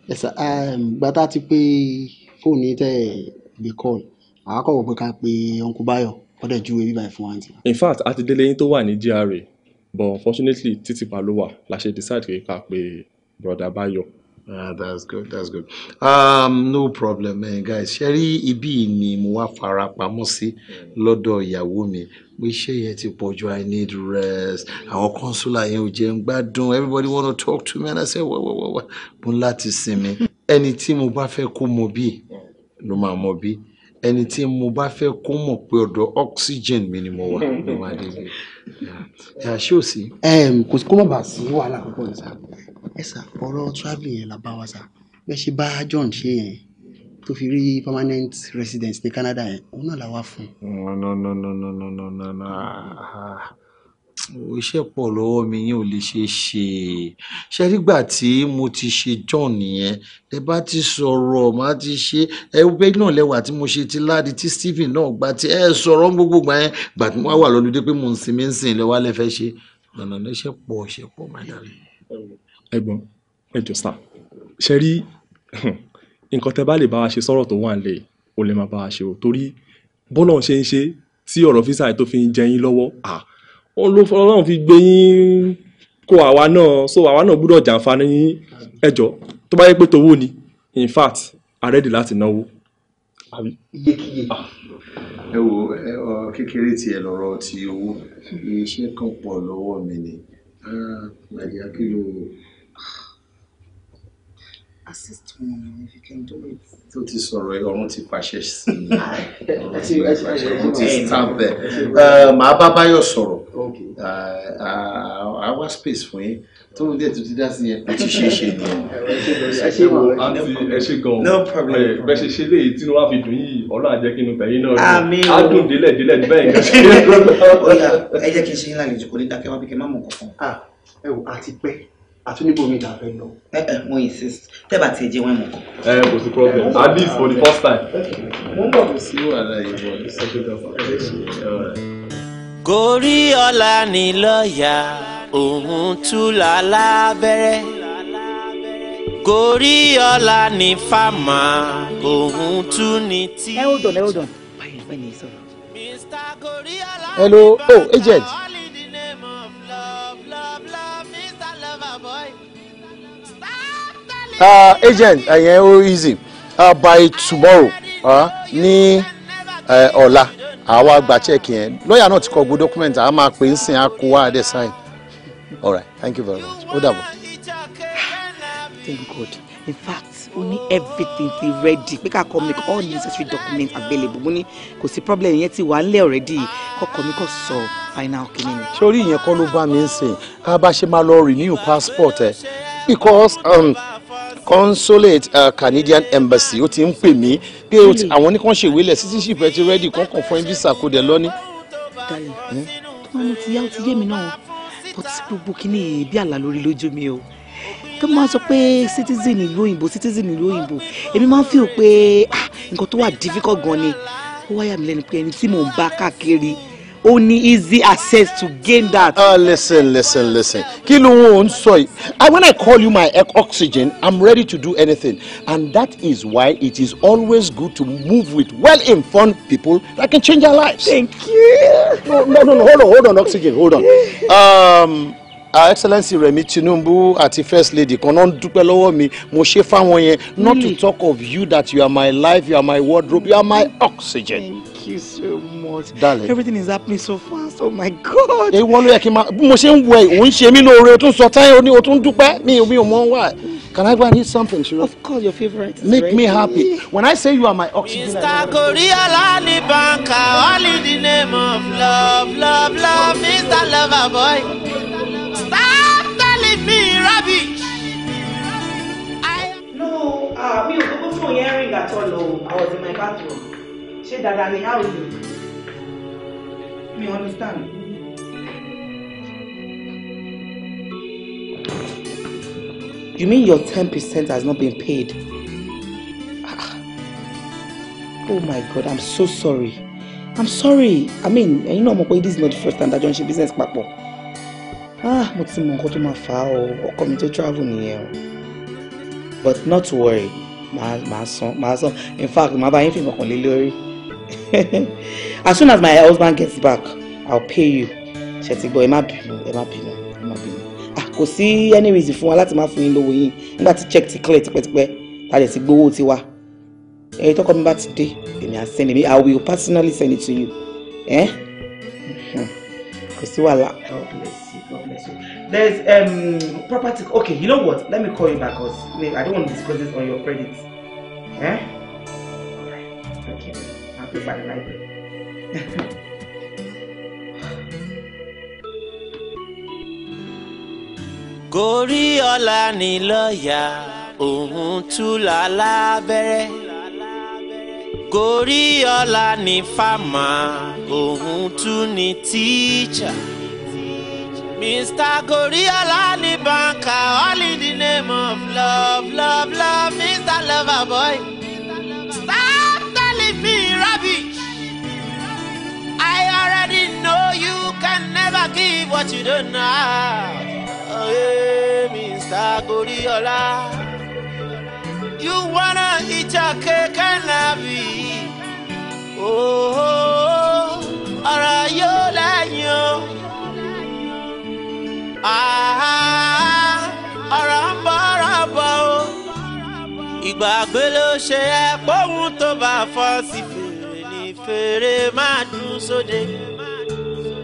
S1: Yes, sir. Um, gbàtà ti pé fóònù tẹ̀ gbé call àákọ̀wé pé ká pe uncle Bayo ó dẹ̀ júwe bíbá ìfún àǹtí. in fact a ti délé yín tó wà ní GRA but unfortunately títí pa ló wà la ṣe decide pé ká pe broda Bayo. Ah, that's good that's good um, no problem eh, guys ṣe rí ibí ni mo wá fara pamọ́ sí lọ́dọ̀ ìyàwó mi mo iṣẹ́ yẹn ti pọ̀ i need rest àwọn kọ́nsúlà yẹn ò jẹun gbádùn everybody wanna talk to me and i say wá wá wá wá mo láti sinmi ẹni tí mo bá fẹ́ kó mọ bí ló máa mọ bí ẹni tí mo bá fẹ́ kó mọ̀ pé ọ̀dọ̀ oxygen mi ni mo wà ní madele ẹ ṣé ò sí. kò sí kó má bàa sí wàhálà púpọ̀ ní sá ẹ sá ọ̀rọ̀ travelling yẹn la bá wa sá bẹ́ẹ̀ ṣe bá John ṣe yẹn tó fi rí permanent residence ní Canada yẹn òun náà la wá fún.
S2: no no no no no no no no. Ah, ah.
S1: Iṣẹ́ pọ̀ lọ́wọ́ mi ìyẹn ò lè ṣeé ṣe. Ṣẹ rí ìgbà tí mo ti ṣe John yẹn, tẹ bá ti sọ̀rọ̀ màá ti ṣe. Ẹ wo bẹ́ẹ̀ náà lẹ́wà tí mo ṣe ti Ládi tí Stephen náà gba ti ẹ sọ̀rọ̀ n gbogbo ìgbà yẹn. Ìgbà tí mo wá wà lọ́ludé pé mò ń sinmi ń sìn lẹ wá fẹ́ ṣe. No no iṣẹ́ pọ̀, iṣẹ́ pọ̀ my darling. Ẹ̀gbọ́n, ẹ jọ̀ọ́ sir. Ṣẹ rí nǹkan tẹ bá lè bá wa ṣe sọ̀rọ̀ tó wà nílẹ̀ yìí, òun lẹ máa bá wa ṣe wọn ló fọlọ́ náà fi gbé yín kó àwa náà so àwa náà gbúdọ̀ jàǹfààní ẹjọ́ tó bá yẹ pé tówó ni in fact àrẹ́dì láti náwó. Ah. ẹ wo kékeré tí ẹ lọ́rọ̀ ti owó iṣẹ́ kan pọ̀ lọ́wọ́ mi ni ah, màdìyà kí ló assist wọn ni mo fi kí n tó ti sọ̀rọ̀ ẹ ọ̀run ti pàṣẹ sí i ọ̀run ti stamp ẹ màá bá báyọ̀ sọ̀rọ̀ àwa space fún yín tó ń dẹ̀ tó dá sí yẹn kò ti ṣeé ṣe nìyẹn. ẹ ṣe gan ẹ ṣe ṣe ṣe léyìí tí wọ́n á fi dùn yìí ọlọ́run á kí inú tẹ̀yìn náà dùn á dùn délẹ̀ délẹ̀ bẹ́ẹ̀ ni. ẹ jẹ́ kí n ṣe yín lálejò kò ní dákẹ́ wá bí kẹ́ má mọ̀ kọ̀ọ̀kan. Ah, ẹ wò á pẹ́ àti níbòmí ìdá fẹ́ lọ. ẹ ẹ mo insist tẹ́ bá tiẹ̀ jẹ́ wọ́n mọ̀.
S2: ẹ kò sí problem at least for the first time.
S1: mo ń bọ̀ sí
S2: wàhálà yìí bọ̀ ní sẹ́kẹ̀tà fún Goriola ni
S1: lọ́ọ̀yà òun túlà lábẹ́rẹ́ Goriola ni fàmà òun tún ni tí. ẹ hold on ẹ hold
S2: on báyìí báyìí sọ̀rọ̀. hello oh agent.
S1: uh, agent ẹ̀yẹn uh, ó oh, easy uh, by tomorrow uh, ní uh, ọ̀la uh, àwa gba check yẹn lọ́ọ̀yà náà ti kọ gbogbo document àá máa pè é sìn á kó wá dé sign all right thank you very much ó dàbọ̀. thank God in fact o ní everything ti ready pé kakọ make all necessary documents available mo ní kò sí problem yẹn ti wà nílẹ̀ already kọkọ mi kò sọ final kìíní mi. sórí ìyẹn kọ́ ló bá mi ń sìn ká bá ṣe máa lọ renew passport ẹ because. Um, consulate uh, Canadian embassy ó ti ń pè mí pé àwọn ní kàn ṣe ìwé lẹ̀ citizenship ẹ ti ready kàn kàn fún visa kó dẹ̀ lọ́ní. dalẹ̀ ọmọ ti yá ó ti yé mi náà but gbogbo kìíní bí àlá lórí lójú mi o tó máa sọ pé citizen ìlú òyìnbó citizen ìlú òyìnbó èmi máa ń feel pé ah, nǹkan tó wà difficult gan ni ó wáyà mi lẹ́nu pé ẹni tí mò ń bá káàkiri Only easy access to gain that. Uh, listen listen listen Kilo ló soy. sọ and ah, when I call you my oxygen I'm ready to do anything and that is why it is always good to move with well-informed people that can change our lives. thank you. no no no hold on hold on oxygen hold on. Um, our excellency Remi Tinubu àti first lady kan náà mi mo ṣe fáwọn not to talk of you that you are my life you are my wardrobe you are my oxygen. Thank you thank you so much. darling. everything is happening so fast oh my god. èèwọ̀ ló yẹ kí n máa bí mo ṣe ń wọ òun ṣe mí lóore o tún sọ táyà o ní o tún dúpẹ́ mi ò mi ò mọ wá can I go and eat something Shiro? of course your favorite. make ready. me happy when I say you are my oxygen. Mr. Korea lali banka all in the name of love love love Mr. Loverboy stop telling me rubbish. no ah, mi ò I was in my bathroom ṣé dáadáa ni how you me understand. You mean your ten percent has not been paid? Ah. Oh my God, I'm so sorry. I'm sorry. I mean, you know, mọ̀ this is not the first time that John ṣe business papọ̀. Ah, mo ti mọ nǹkan tó máa fà á o, ọkọ mi travel nìyẹn But not to worry, màá san, màá san. In fact, màá bá yín fi ìmọ̀kànlé lórí. as soon as my husband gets back i'll pay you ṣètìgbọ́ ẹ má bínú ẹ má bínú ẹ má bínú ah, kò sí any reason fún wa láti má fún yín lówó yín nígbà tí check ti clear tipẹ́tipẹ́ ta lè ti gbowó tiwa ẹ̀yin tọkọ talk about today, dé èmi à send it i will personally send it to you eh? kò sí wàhálà. God bless you God bless you there's um, property okay you know what let me call you back cause i don't want to discuss this on your credit. Eh? to my library. Goriola ni lọ́ọ̀yà òun túlà lábẹ́rẹ́. Goriola ni fàmà òun tún ni tíjà. Mr. Goriola ni banka, all in the name of love love love Mr. Loverboy. give what you don't have. Oh, hey, Mr. Goriola. You wanna eat a cake and have it. Oh, oh, yóò lẹ́yìn o. Ah, ọ̀rọ̀ ń bọ̀rọ̀ bọ̀ o. Ìgbàgbé ló ṣe ẹ́ pòun tó bá fọ́ sí fèrè ní fèrè máa dùn sóde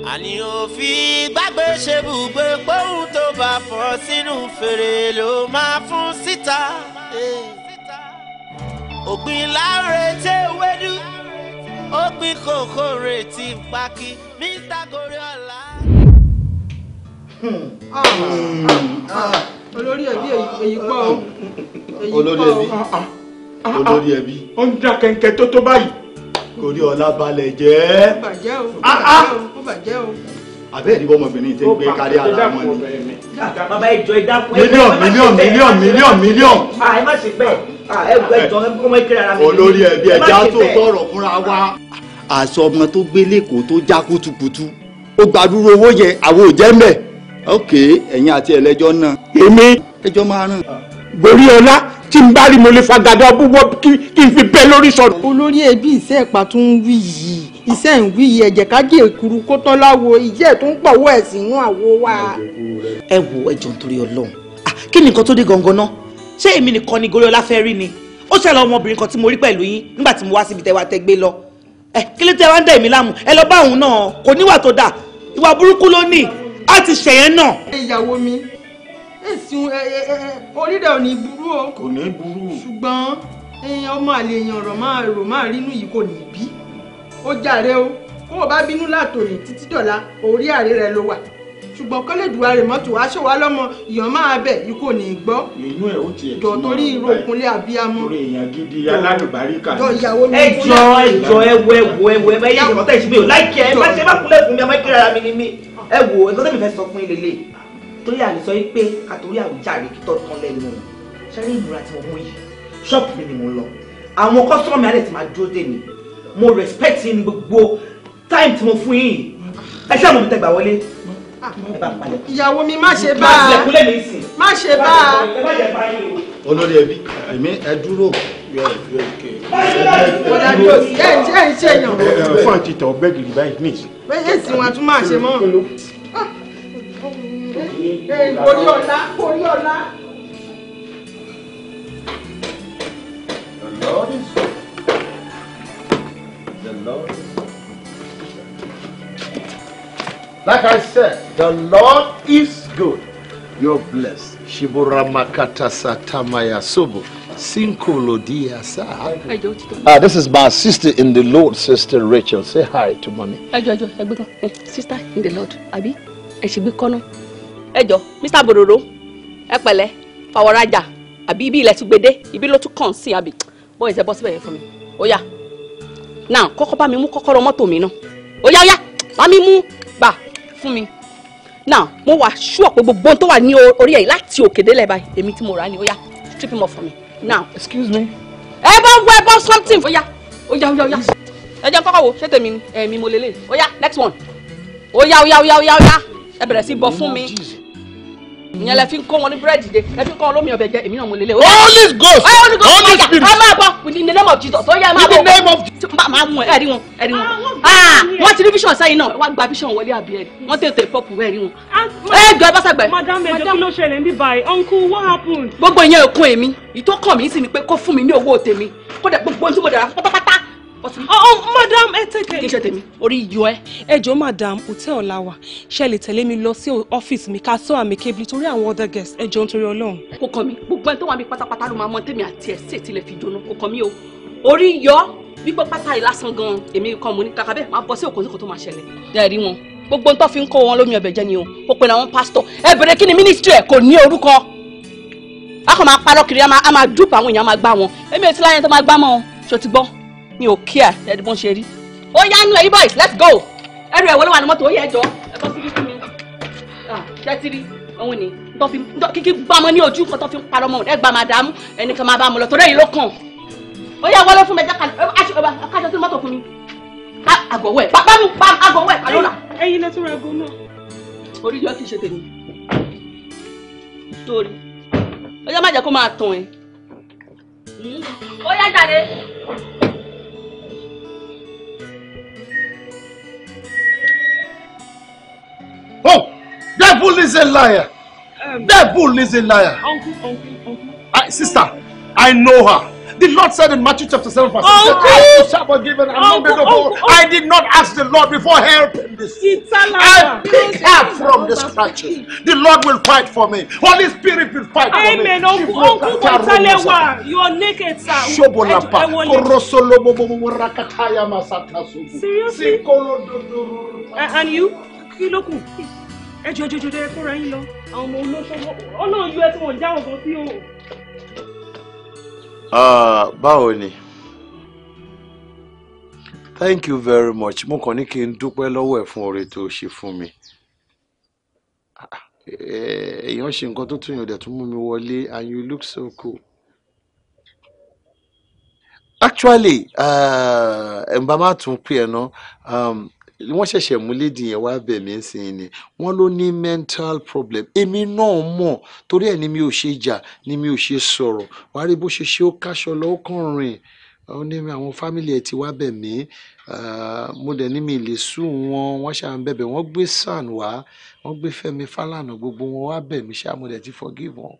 S1: àní òfin gbàgbé ṣe bùgbé pòun tó bá fọ́ sínú fèrè ló máa fún síta. ògbìn láre tẹ wẹ́dú ó gbin kòkó retí pákí mr goriola. olórí ẹbí èyí pọ̀ o. olórí ẹbí olórí ẹbí. ó ń dá kẹ̀kẹ́ tó tó báyìí. Goriola balẹ̀ jẹ́.
S2: bàjẹ́ o. Ah, ah kó bàjẹ́ o.
S1: àbẹ́ ìdíbọn ọmọbìnrin tẹ́ ń gbé kárí ara wọn ni. bàbá ìjọ ìdákun ẹ̀ mílíọ̀n mílíọ̀n mílíọ̀n mílíọ̀n. ẹ má ṣe bẹ́ẹ̀ ẹ gbọ́ ìjọ ọmọ ìkẹrẹ ara mi. olórí ẹbí ẹja tó tọrọ fúnra wa. àṣọ ọmọ tó gbé lẹ́kọ̀ọ́ tó já kutukutu ó gbàdúró owó yẹn àwọn ò jẹ́ mẹ́ ok ẹ̀yin àti ẹlẹ́jọ́ náà. èmi ẹjọ́ máa rán. borí ọlá tí n bá rí mo lè fagada búwọ́ kí n fi bẹ́ lórí sọ̀rọ̀. olórí ẹbí iṣẹ́ ìpa tó ń wí yìí iṣẹ́ ń wí yìí ẹ̀jẹ̀ kájí èkuru kó tán láwo ìjẹ́ tó ń pọ̀wọ́ ẹ̀ sínú àwo wa. ẹ wo ẹjọ́ nítorí Ọlọ́run ah, kí ni nǹkan tó dé gangan náà ṣé èmi nìkan ni goriola fẹ́ rí ni ó ṣẹlẹ̀ ọmọbìnrin kan tí mo rí pẹ̀lú yín nígbà tí mo wá síbi tẹ́wà tẹ́ gbé lọ ẹ eh, kí ló tẹ́ wá ń dẹ̀ mí láàmú ẹ lọ bá òun náà kò níwà tó dáa ìwà burúkú ló ní á ṣẹ̀yẹn náà. ìyàwó mi èsì orí rẹ̀ ò ní burú o. kò ní burú. ṣùgbọ́n ọmọ àlè èèyàn ọ̀rọ̀ máa rò máa rínú yìí kò ní bí ó jàre o kó o bá bínú látòrìn títí dọ̀la orí àárẹ̀ rẹ ló wà ṣùgbọ́n kọ́lẹ́dùwà rẹ̀ mọ́tò wá ṣòwá lọ́mọ ìyàn máa bẹ̀ yìí kò ní gbọ́. inú ẹ̀ ó tiẹ̀ tí mo torí irú òkunlé abiyamọ. torí èèyàn gidi alálùbáríkà. jọ ìyàwó mi. ẹ jọ ẹ ẹ torí àmì sọ pé àtòrí àwùjáre kítọ́ tán lẹ́nu o ṣẹ́rí ìmúra tí mo mú yìí ṣọ́ọ̀pù mi ni mo lọ àwọn kọ́sọ́ọ̀mù alẹ́ ti máa dúró dè mí mo respect yín ní gbogbo time tí mo fún yín ẹ ṣáà mo fi tẹgbà wọlé ẹ bá palẹ̀. ìyàwó mi má ṣe bá a má ṣe bá a. olórí ẹbí èmi ẹ dúró ọ̀dájú ẹ̀ ń ṣe èèyàn. fún àti tọ̀ ọ̀gbẹ́gìrì báyìí ní ìsìn. bẹ́ẹ̀ sì wọn a tún máa ṣe mọ́ orí ọ̀la orí ọ̀la. Like I said, the Lord is good. You're blessed. Shibura makata satamaya subu. Uh, this is my sister in the Lord, Sister Rachel. Say hi to mommy. Sister in the Lord, Abi. And she be calling ẹ mr bororo ẹ pẹ̀lẹ́ fàwọrajà àbí ibi ilẹ̀ tún gbede ibi ló tún kàn sí àbí bọ́ ìṣẹ́ bọ́ síbẹ̀ yẹn fún mi ó yá náà kọ́kọ́ bá mi mú kọ́kọ́rọ́ mọ́tò mi náà ó yá ó yá bá mi mú gbà fún mi náà mo wà ṣú ọ̀pọ̀ gbogbo tó wà ní orí ẹ̀ láti òkè délẹ̀ báyìí èmi tí mo rà ni ó strip him off for me now excuse me. ẹ bá wọ ẹ bá something ó yá Oya oya ó yá ó yá ẹ jẹ́ kọ́kọ́ wo ṣé tèmi ẹ̀mí mo lélẹ̀ ó yá next one
S2: Oya oya oya oya. ó yá ó
S1: ẹ bẹ̀rẹ̀ sí bọ́ fún mi ìyẹn lẹ fi ń kó wọn ní búrẹ́dì dé lẹ fi ń kó wọn lómi ọbẹ̀ jẹ èmi náà mo lélẹ̀. holy ghost holy ghost holy spirit a máa bọ̀ with the name of jesus ó yẹ máa bọ̀ with the name of jesus. máa mú ẹ ẹ̀rí wọn ẹ̀rí wọn ah, ah, wọ́n ti rí vision sẹ́yìn náà wọ́n gba vision wọlé àbí ẹ̀rí wọ́n tètè pọ́pù ẹ̀rí wọn. Ah, ẹ jọ ẹ bá sàgbẹ́. madam ẹjọ kí ló ṣẹlẹ̀ ń bí uncle what happened. gbogbo ìyẹn òkun èmi ìtókàn mi sì ni pé kó fún mi ní owó tèmi kó dẹ gbogbo ohun tí mo dẹ̀ pátápátá Oh, oh madam ẹ tẹkẹ. kí n ṣe tèmi orí yọ ẹ. ẹ jọ̀ọ́ madam hotel la wà ṣe lè tẹ̀lé mi lọ sí ọ́fíìsì mi ká sọ àmì kébìlì torí àwọn other guests ẹ jọ̀ọ́ nítorí Ọlọ́run. kò kàn mí gbogbo ẹni tó wà mí pátápátá ló máa mọ tèmi àti ẹ sí ètìlẹ fi jóná kò kàn mí o orí yọ wípé pátá yìí lásán gan èmi kan mo ní kàkà bẹ́ẹ̀ máa bọ sí òkòtò tó máa ṣẹlẹ̀. dẹ́ẹ̀ rí wọn gbogbo ntọ́ fi ń kó wọn lómi ọbẹ̀ jẹ́ o ó pe àwọn pásítọ̀ ẹ bèrè kí ni a kò máa parọ́ a máa dúpọ̀ àwọn èèyàn máa gbá wọn èmi mi ò kíà ẹni bó ń ṣe rí. ó yá nínú ẹyí boys let's go ẹrù ẹ̀wọ̀ ló wà ní mọ́tò ó yẹ ẹjọ́
S2: ẹ bọ́ síbí fún mi
S1: ṣẹ́tìrì òun ni kíkí gbọ́mọ ní ojú kan tó fi ń parọ́ mọ́ ẹ gba màdàmú ẹnìkan máa bá mọ lọ torí èyí ló kàn ó yá wọlé fún mi ẹjẹ kájọ sí mọ́tò fún mi àgọ̀wẹ̀ bá mi pa àgọ̀wẹ̀ àlọ́là. ẹyin lẹ tún ra aago náà. orí yọ kì í ṣe tèmi sórí ó yá má jẹ́ kó máa tàn ẹ́ hmm? ó yá jáde. Oh, devil is a liar. Um, devil is a liar.
S2: Uncle, uncle, uncle.
S1: I, sister, I know her. The Lord said in Matthew chapter 7, verse 6, I shall be given and uncle, uncle, uncle. I did not ask the Lord before helping this. I pick her from the scratches. The Lord will fight for me. Holy Spirit will fight for me. Amen. Uncle, uncle, Uncle, Uncle, Uncle, Uncle, Uncle, Uncle, Uncle, Uncle, Uncle,
S2: Uncle,
S1: Uncle, you? kí ló kù ẹ jọ jọjọ ẹ kóra yín lọ àwọn ọmọ olóṣòwò ọlọ́run yóò ẹ tí wọ́n já ọ̀gán sí o. Ah, báwo ni thank you very much mo kàn ní kí n dúpẹ́ lọ́wọ́ ẹ̀ fún oore tó ṣe fún mi ah, eh, èèyàn ṣe nǹkan tó tún yàn dẹ̀ tún mú mi wọlé and you look so cool. actually ah, ẹ̀ ń bá má tún pè ẹ̀ náà. Um, wọ́n ṣẹ̀ṣẹ̀ mú lédi yẹn wá bẹ̀ mí sí ni wọ́n ló ní mental problem èmi náà mọ̀ torí ẹ̀ ni mi ò ṣe jà ni mi ò ṣe sọ̀rọ̀ wàá rí bó ṣe ṣe ó káṣọ lọ ó kàn rìn ó ní àwọn fámìlì ẹ̀ ti wá bẹ̀ mí mo dẹ̀ ní mi lè sú wọn wọ́n ṣáà ń bẹ̀bẹ̀ wọ́n gbé sàn wá wọ́n gbé Fẹ́mi Fálànà gbogbo wọn wá bẹ̀ mí ṣáà mo dẹ̀ ti forgive wọn.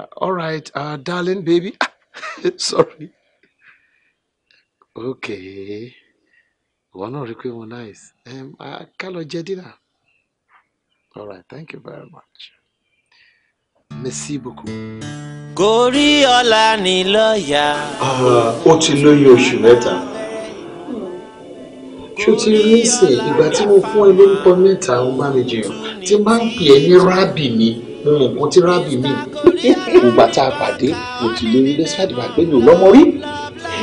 S1: Uh, all right, uh, darling baby, sorry okay ìwọ náà rí i pé mo nice um, ká lọ jẹ dínà all right thank you very much merci beaucoup. gorí ọ̀la ni lọ́ọ̀yà. Ah, ó ti lóyún oṣù mẹ́ta ṣó ti rí ìsìn ìgbà tí mo fún ẹ lórúkọ mẹ́ta ó bá mi jẹun tí máa ń pè é ní rábì mi mo mọ̀ nǹkan tí rábì mi ìgbà tá a pàdé mo ti lóyún lẹ́sàdìbà pé mi ò lọ́mọ rí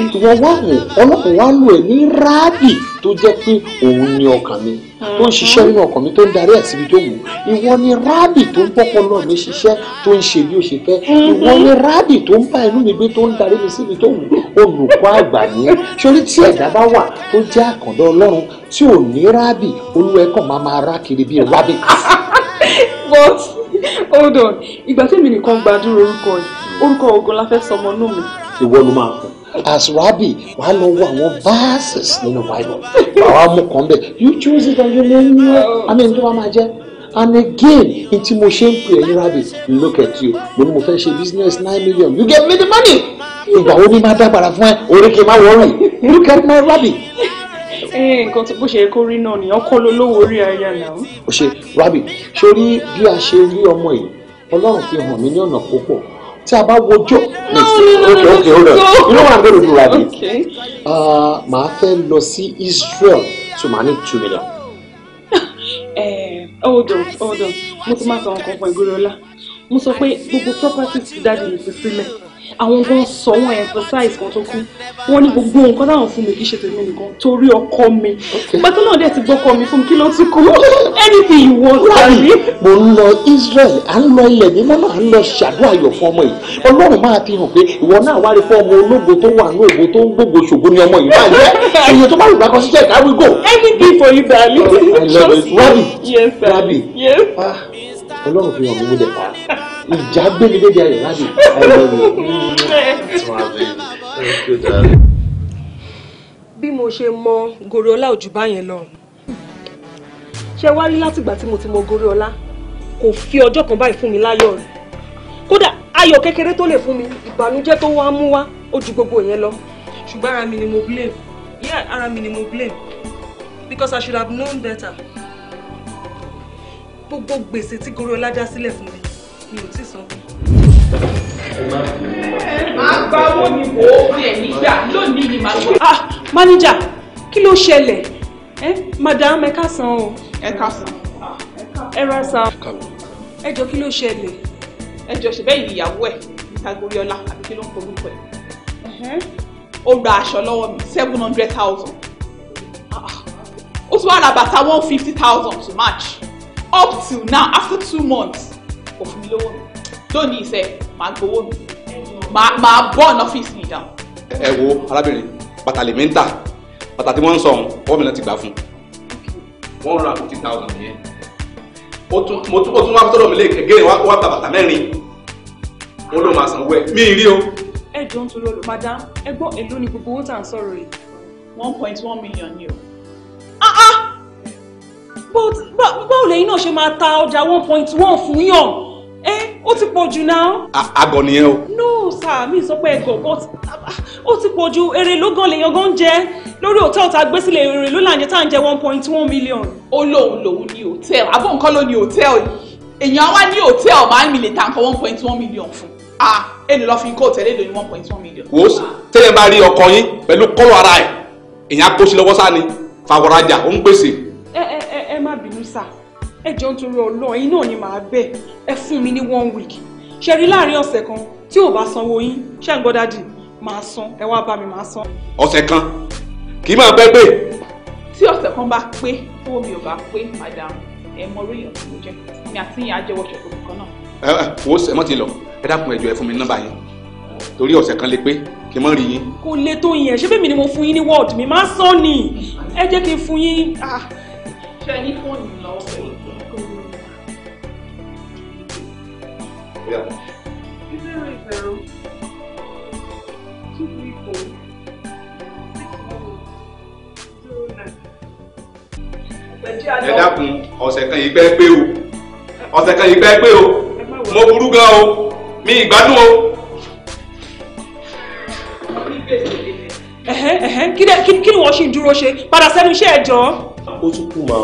S1: ìwọ wá wò ọlọ́run wá lò ẹ́ ní ráàbì tó jẹ́ pé òun ni ọkàn mi tó ń ṣiṣẹ́ nínú ọkàn mi tó ń darí ẹ̀ síbi tó wù ìwọ ni ráàbì tó ń bọ́pọ̀lọ́ mi ṣiṣẹ́ tó ń ṣe bí ó ṣe fẹ́ ìwọ ni ráàbì tó ń bá inú mi gbé tó ń darí mi síbi tó wù olùkọ́ àgbà ni sórí tí ẹ̀dá bá wà tó jẹ́ àkàndá ọlọ́run tí ò ní ráàbì olúwẹ̀kàn máa máa rá kiri bí rábì. but hold on ìgbà tí èmi nìkan gbàdúrà orúkọ yìí orúkọ ogun la fẹ́ sọmọ náà mi ìwọ ló máa kàn. as rabbi wà á lọ wo àwọn verses nínú bible àwa mú kan bẹ́ẹ̀ you choose it and you name it àmì ìdúrà máa jẹ́ and again n tí mo ṣe ń pè ẹ̀yin rabbi look at you mo ní mo fẹ́ ṣe business nine million you get me the money ìgbà wo ni máa dágbára fún ẹ oríkèé má wọ́ọ̀rọ̀ yìí look at my rabbi
S2: nǹkan tí bó ṣe kó
S1: rí náà nìyẹn kọ́ ló lówó orí aya náà. ó ṣe Rabbi, ṣorí bí a ṣe rí ọmọ yìí ọlọ́run fi hàn mí ní ọ̀nà púpọ̀ tí a bá wọjọ́ ok ok hold on you know what i'm gonna do right now okay. uh, màá fẹ́ lọ sí Israel so màá ní two million. Eh, hold on hold on mo ti máa sọ nǹkan fún ìgbéròlá mo sọ pé gbogbo property. ti dájú mi fi sílẹ̀ àwọn gan sọ wọn emphasize kan tó kú wọn ní gbogbo nǹkan táwọn fún mi kì í ṣe tèmi nìkan torí ọkọ mi pàtó náà dẹ̀ ti gbọ́kọ mi fún mi kí ló tún kú anything you want láàyè. mo ń lọ Israel à ń lọ ilẹ̀ mímọ́ náà à ń lọ ṣàdó ayọ̀ fún ọmọ yìí Ọlọ́run máa fi hàn pé ìwọ náà wá rí fún ọmọ ológo tó wà ní ògo tó ń gbogbo ṣògo ni ọmọ yìí báyìí ẹ̀yìn tó bá rò bákan síjẹ́ ká wí gò. anything for you darling. I love it rabi rabi
S2: ah, Ọlọ́run fi hàn mí mo
S1: dẹ̀ pa ìjà gbéni débi ayọ̀ láti
S2: àìlọ́ọ̀lù.
S1: bí mo ṣe mọ goriola ò jù báyẹn lọ ṣe wá rí látìgbà tí mo ti mọ goriola kò fi ọjọ́ kan báyìí fún mi láyọ̀ rẹ̀ kódà ayọ̀ kékeré tó lè fún mi ìbànújẹ́ tó wá mú wá ó ju gbogbo yẹn lọ ṣùgbọ́n ara mi ni mo blame yeah ara mi ni mo blame because I should have known better gbogbo gbèsè tí goriola já sílẹ̀ fún mi mi ò tí sanwó. máa gbáwó ni wò ó rẹ̀ nígbà
S2: lónìí ni màá gbọ́.
S1: ah manager kí ló ṣẹlẹ̀ ẹ madam ẹ káàsán o. ẹ káàsán. ẹ rásán. ẹ jọ kí ló ṣẹlẹ̀. ẹ jọ ṣe bẹ́ẹ̀ ìyàwó ẹ̀ Tagoriola àbí kí ló ń polúkọ ẹ̀. ó ra aṣọ lọ́wọ́ mi seven hundred thousand ah, ó tún wá ra bàtà one fifty thousand to match up till now after two months kò fún mi lówó mi lónìí iṣẹ́ màá gbowó mi màá bọ́ ọ̀nà ọ́fíìsì mi dáhùn. ẹ wo arábìnrin bàtà lèmi ń tà bàtà tí ń sọ ọ̀hún ọwọ́ mi náà ti gbà fún un one hundred fifty thousand yẹn ó tún wá tọ́lọ̀ mi lé gẹ́gẹ́ wá bàtà mẹ́rin ó ló máa sanwó ẹ̀ mí rí o ẹ jọ ń torí olù madam ẹ gbọ́ èló ni gbogbo owó tà ń sọ̀rọ̀ yìí. one point one million ni o. Ah, ah! báwo lẹ́yìn náà ṣe máa ta ọjà one point one fún yàn ó ti pọ̀ jù náà. àgọ̀ nìyẹn o. no sir mi sọ pé ẹ̀gọ̀ but ó ti pọ̀ jù èrè lógán lèèyàn gan jẹ́ lórí hòtẹ́ẹ̀lì tá a gbé sílẹ̀ èrè ló là ń jẹ tá à ń jẹ one point one million. ó lóun lòun ní hòtẹ́ẹ̀lì àbọ̀ nǹkan ló ní hòtẹ́ẹ̀lì èèyàn wá ní hòtẹ́ẹ̀lì máa ń mi lè ta nǹkan one point one million fún ah èlò lọ fi kó tẹ̀lé lóyún one point one million. wo tẹ́lẹ̀ bá rí ọkọ yín pẹ̀lú kọ́lọ̀ ara ẹ̀ èèyàn á kó sí lọ́wọ́ sáà ni fàwọ̀rajà ó ń gbèsè ẹ jọ ń torí ọlọ́run yín náà ni màá bẹ̀ ẹ fún mi ní one week ṣe rí láàrin ọ̀sẹ̀ kan tí ò bá sanwó yín ṣe ń gbọ́ dádì màá san ẹ wá bá mi màá san. ọ̀sẹ̀ kan kì í máa bẹ́ gbé. tí ọ̀sẹ̀ kan bá pé owó mi ò bá pé madam ẹ mọ orí èèyàn tí mo jẹ mi àti ìyá jẹ́wọ́ ṣòkòtò kan náà. ẹ ẹ wo ṣe mọ́ ti lọ ẹ dákun ẹ jọ̀ọ́ ẹ fún mi nọ́mbà yín torí ọ̀sẹ̀ kan lè pé kí n mọ́ rí yín. kò lè tó yẹn ṣé bẹ́ẹ̀ mi ni mo fún yín ní wọ́ọ̀dù mi máa ń sọ ni ẹ jẹ́ kí n fún yín. Ah. ṣe ní fóònù lọ́wọ́
S2: Yeah. Is that right now? Two people.
S1: ẹ dákun ọ̀sẹ̀ kan yìí pẹ́ pé o ọ̀sẹ̀ kan yìí pẹ́ pé o mo burú gan o mi ìgbádùn o. kí ni wọ́n ṣì ń dúró ṣe padà sẹ́nu iṣẹ́ ẹ̀ jọ. ó tún kù mà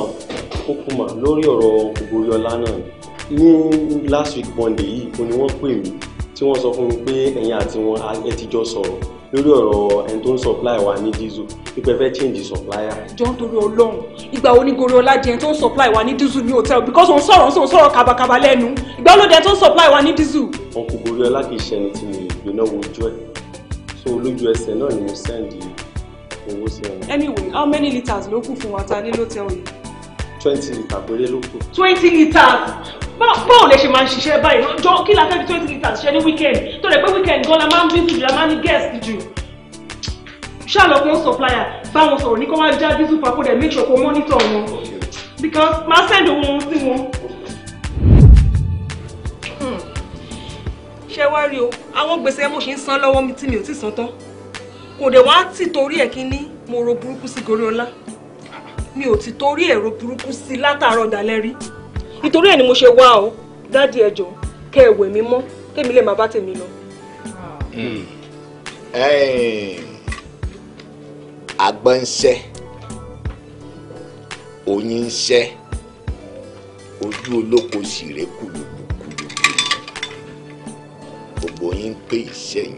S1: ó kù mà lórí ọ̀rọ̀ ògbóyọlá náà ni ní last week monday yìí kò ní wọ́n pè mí tí wọ́n sọ fún mi pé ẹ̀yin àti wọn ẹ ti jọ sọ̀rọ̀ lórí ọ̀rọ̀ ẹni tó ń supply wa ní diesel pípẹ́ fẹ́ change supplier. jọ ń torí ọlọ́run ìgbà wo ni gorí ọlá jẹ ẹni tó ń supply wa ní diesel ní hotel because òun sọ̀rọ̀ òun sọ̀rọ̀ kàbàkàbà lẹ́nu ìgbà wo ló dé tó ń supply wa ní diesel. wọn kò gorí ọlá kì í ṣẹni tí mo lè gbéná wojú ẹ so olójú ẹsẹ̀ náà ni mo send owó sí wọn. anyway how many litres ló kù fún wa ta ní lóòótọ́ yìí twenty litre péré ló twenty litres báwo lè ṣe máa ń ṣiṣẹ́ báyìí jọ kí la fẹ́ fi twenty litres ṣe ní weekend tó lè pé weekend gan la máa ń bí jù la máa ń ní guest jù ṣàlọ́kùn supplier báwọn sọ̀rọ̀ ní kó wá já diesel papò dẹ̀ make sure kó monitor wọn because máa send owó wọn sí wọn. Hmm. ṣé wá rí o àwọn gbèsè mo ṣe ń san lọ́wọ́ mi tí mi ò ti san tán kò dé wá tì ẹ̀ kí ní mo ro burúkú sí gorí mi ò ti torí èrò burúkú sí i látàárọ̀ dalẹ́ rí nítorí ẹ̀ ni mo ṣe wá o dádì ẹ jọ̀ọ́ kẹ́ ẹ wẹ̀ mí mọ́ kémi lè máa bá tèmi lọ. àgbọn hmm. ń ṣẹ́ oyin ń ṣẹ́ ojú olóko sì ré kùlùkùlùkùlù gbogbo yín ń iṣẹ́ yín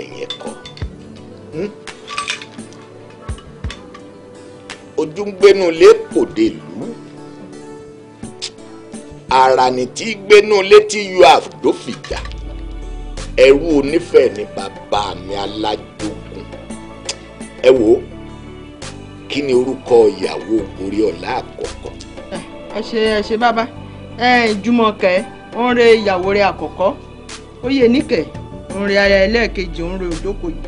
S1: ẹ̀yìn ẹ̀kọ́. Hmm? ojú ń gbénu lé pòdè lù àràní tí gbénu létí yọ àdófìjà ẹrú onífẹ̀ẹ́ ní bàbá mi alájogun ẹ wò ó kí ni orúkọ ìyàwó gorí ọ̀la àkọ́kọ́. ẹ ṣe ẹ ṣe bàbá ẹ Jùmọ̀kẹ́ ń re ìyàwó rẹ̀ àkọ́kọ́ Oyèníkẹ́ ń re aya ẹlẹ́ẹ̀kejì ń re òdókòyè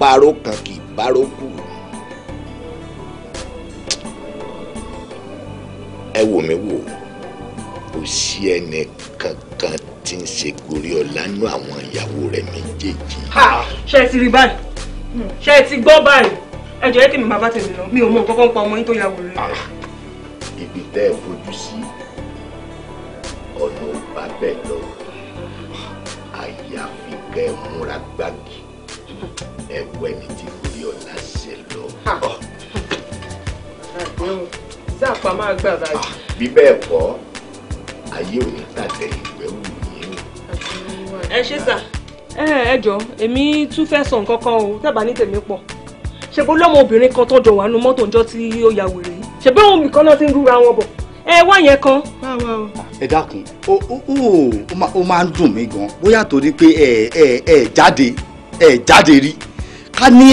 S1: báró kan kì í báró kù. ẹ wò mí wò kò sí ẹnì kankan tí ń ṣe gorí ọ̀la nú àwọn ìyàwó rẹ̀ méjèèjì. ṣé ẹ ti rí báyìí ṣé ẹ ti gbọ́ báyìí ẹ ẹ kí mi máa bá tèmi lọ mi ò mọ nǹkan kan pa ọmọ yín tó yàwó rẹ̀. Ah, ibi tẹ́ ẹ fojú sí ọ̀nà ọba bẹ́ẹ̀ lọ àyàfi kẹ́ ẹ múra gbági ẹ̀wọ́ ẹni tí kò rí ọ̀la ṣe lọ. Zápa máa gbà báyìí. Ah, bí bẹ́ẹ̀ kọ́, ayé ò ní tàtẹ̀ ìwé wù yín o. Ẹ ṣé sà. Ẹ ẹ jọ, èmi tún fẹ́ sọ nǹkan kan o, dábàá ní tèmi pọ̀. Ṣé bó lọ́mọbìnrin kan tọ́jọ wà nù mọ́tò ńjọ́ tí ó ya wèrè yìí? Ṣé bí òun nìkan náà ti ń rúra wọn bọ̀? ẹ wá yẹn kan. ẹ dákun ó máa ń dùn mí gan bóyá torí pé ẹ ẹ jáde ẹ jáde rí ká ní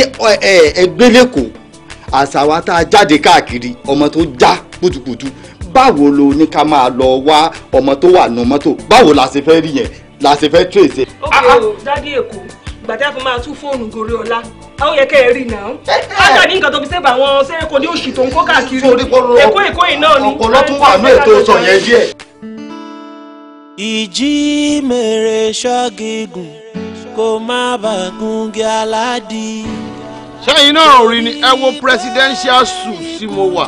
S1: ẹgbẹ́ lẹ́kọ̀ọ́ àṣà tá a jáde káàkiri ọmọ tó já pùtùpùtù báwo lo ní ká máa lọ wá ọmọ tó wà nù mọ́tò báwo la ṣe fẹ́ rí yẹn la ṣe fẹ́ tírèsì. ó kì í o dádì èkó gbàdá fi máa tún fóònù gòrí ọlá àwọn yẹ kẹ́ ẹ rí náà. ájà ní nǹkan tó fi sẹ́ẹ̀bà àwọn sẹ́ẹ̀kọ́ ní oṣù tó ń kó káàkiri èkó èkó yìí náà ni. ọ̀pọ̀lọ́ tún wà ní ètò sọ díẹ̀. ìjì mèrè ṣọ́gígùn kó má bàa gungi aládì. sẹ́yìn náà rí ni ẹ wo presidential suit tí mo wà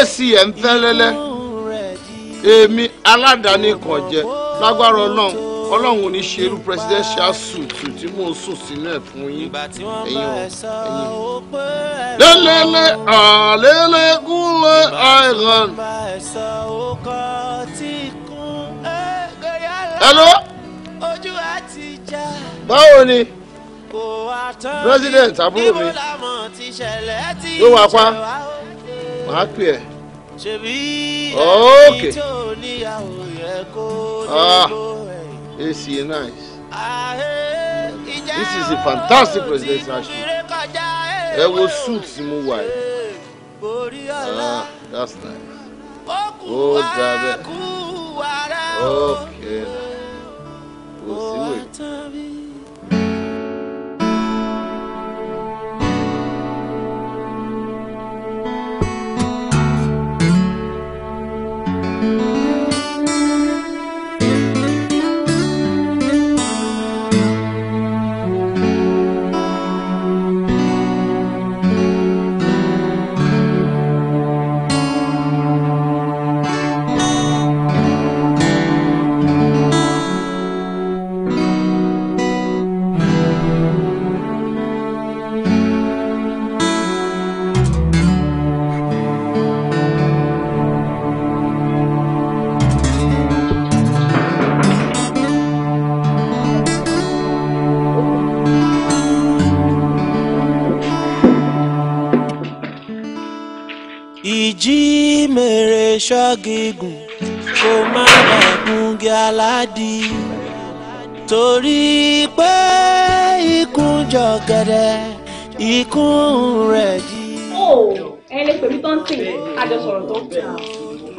S1: acn tẹ́lẹ́lẹ́ èmi aládàáni kan jẹ lágbára ọlọ́run ọlọ́run ò ní ṣe irú presidential suit tí mò ń sùn sínú fún yín ẹ̀yin ọ̀ ẹ̀yin.
S2: lélẹ́lẹ́
S1: àlélẹ́gúnlẹ̀ island. hello báwo ni president àbúrò mi ló wà pa màá pè ẹ́ ok ah ac nice this is a fantastic presidential show eh, ẹ wo suit tí mo wà yìí eh, ah that's nice ó dábẹ́
S2: ok. Oh, kò sí wèé. ìjì
S1: mèrè ṣọ́gígùn kó má dàgúngi aládì torí pé ikùn jọ gẹ̀dẹ̀ ikùn rẹ̀ yí. ó ẹni pèmí tó ń sìn àjọ sọ̀rọ̀ tó ń tẹ̀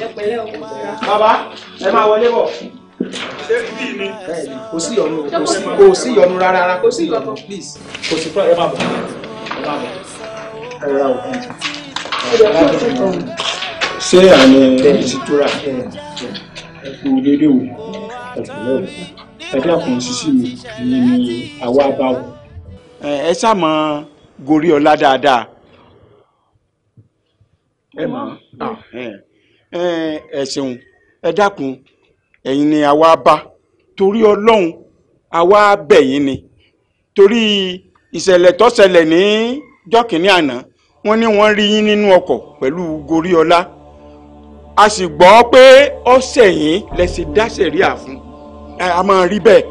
S1: ẹ pẹ̀lẹ́ o. bàbá ẹ máa wọlé bọ̀ kò sí ìyọnu kò sí ìyọnu rárá kò sí ìyọnu please kò sí fún ẹ má bọ̀ ẹ má bọ̀ ẹ rà òkú ṣé àmì ìṣètòrà ẹkú dédé wò ẹkùnlẹ wò ẹdí àpọn sísí mi ni àwa bá wò. ẹ sàmọ gorí ọlá dáadáa ẹ mọ ẹ ṣeun ẹ dákun ẹ̀yin ni àwa bá torí Ọlọ́run àwa bẹ̀ yín ni torí ìṣẹ̀lẹ̀ tó ṣẹlẹ̀ ní jọ́kìnní àná wọ́n ní wọ́n rí yín nínú ọkọ̀ pẹ̀lú goríọlá a sì gbọ́ pé ọ̀sẹ̀ yìí lẹ́sìn dáṣẹ̀ rí àfún a máa rí bẹ́ẹ̀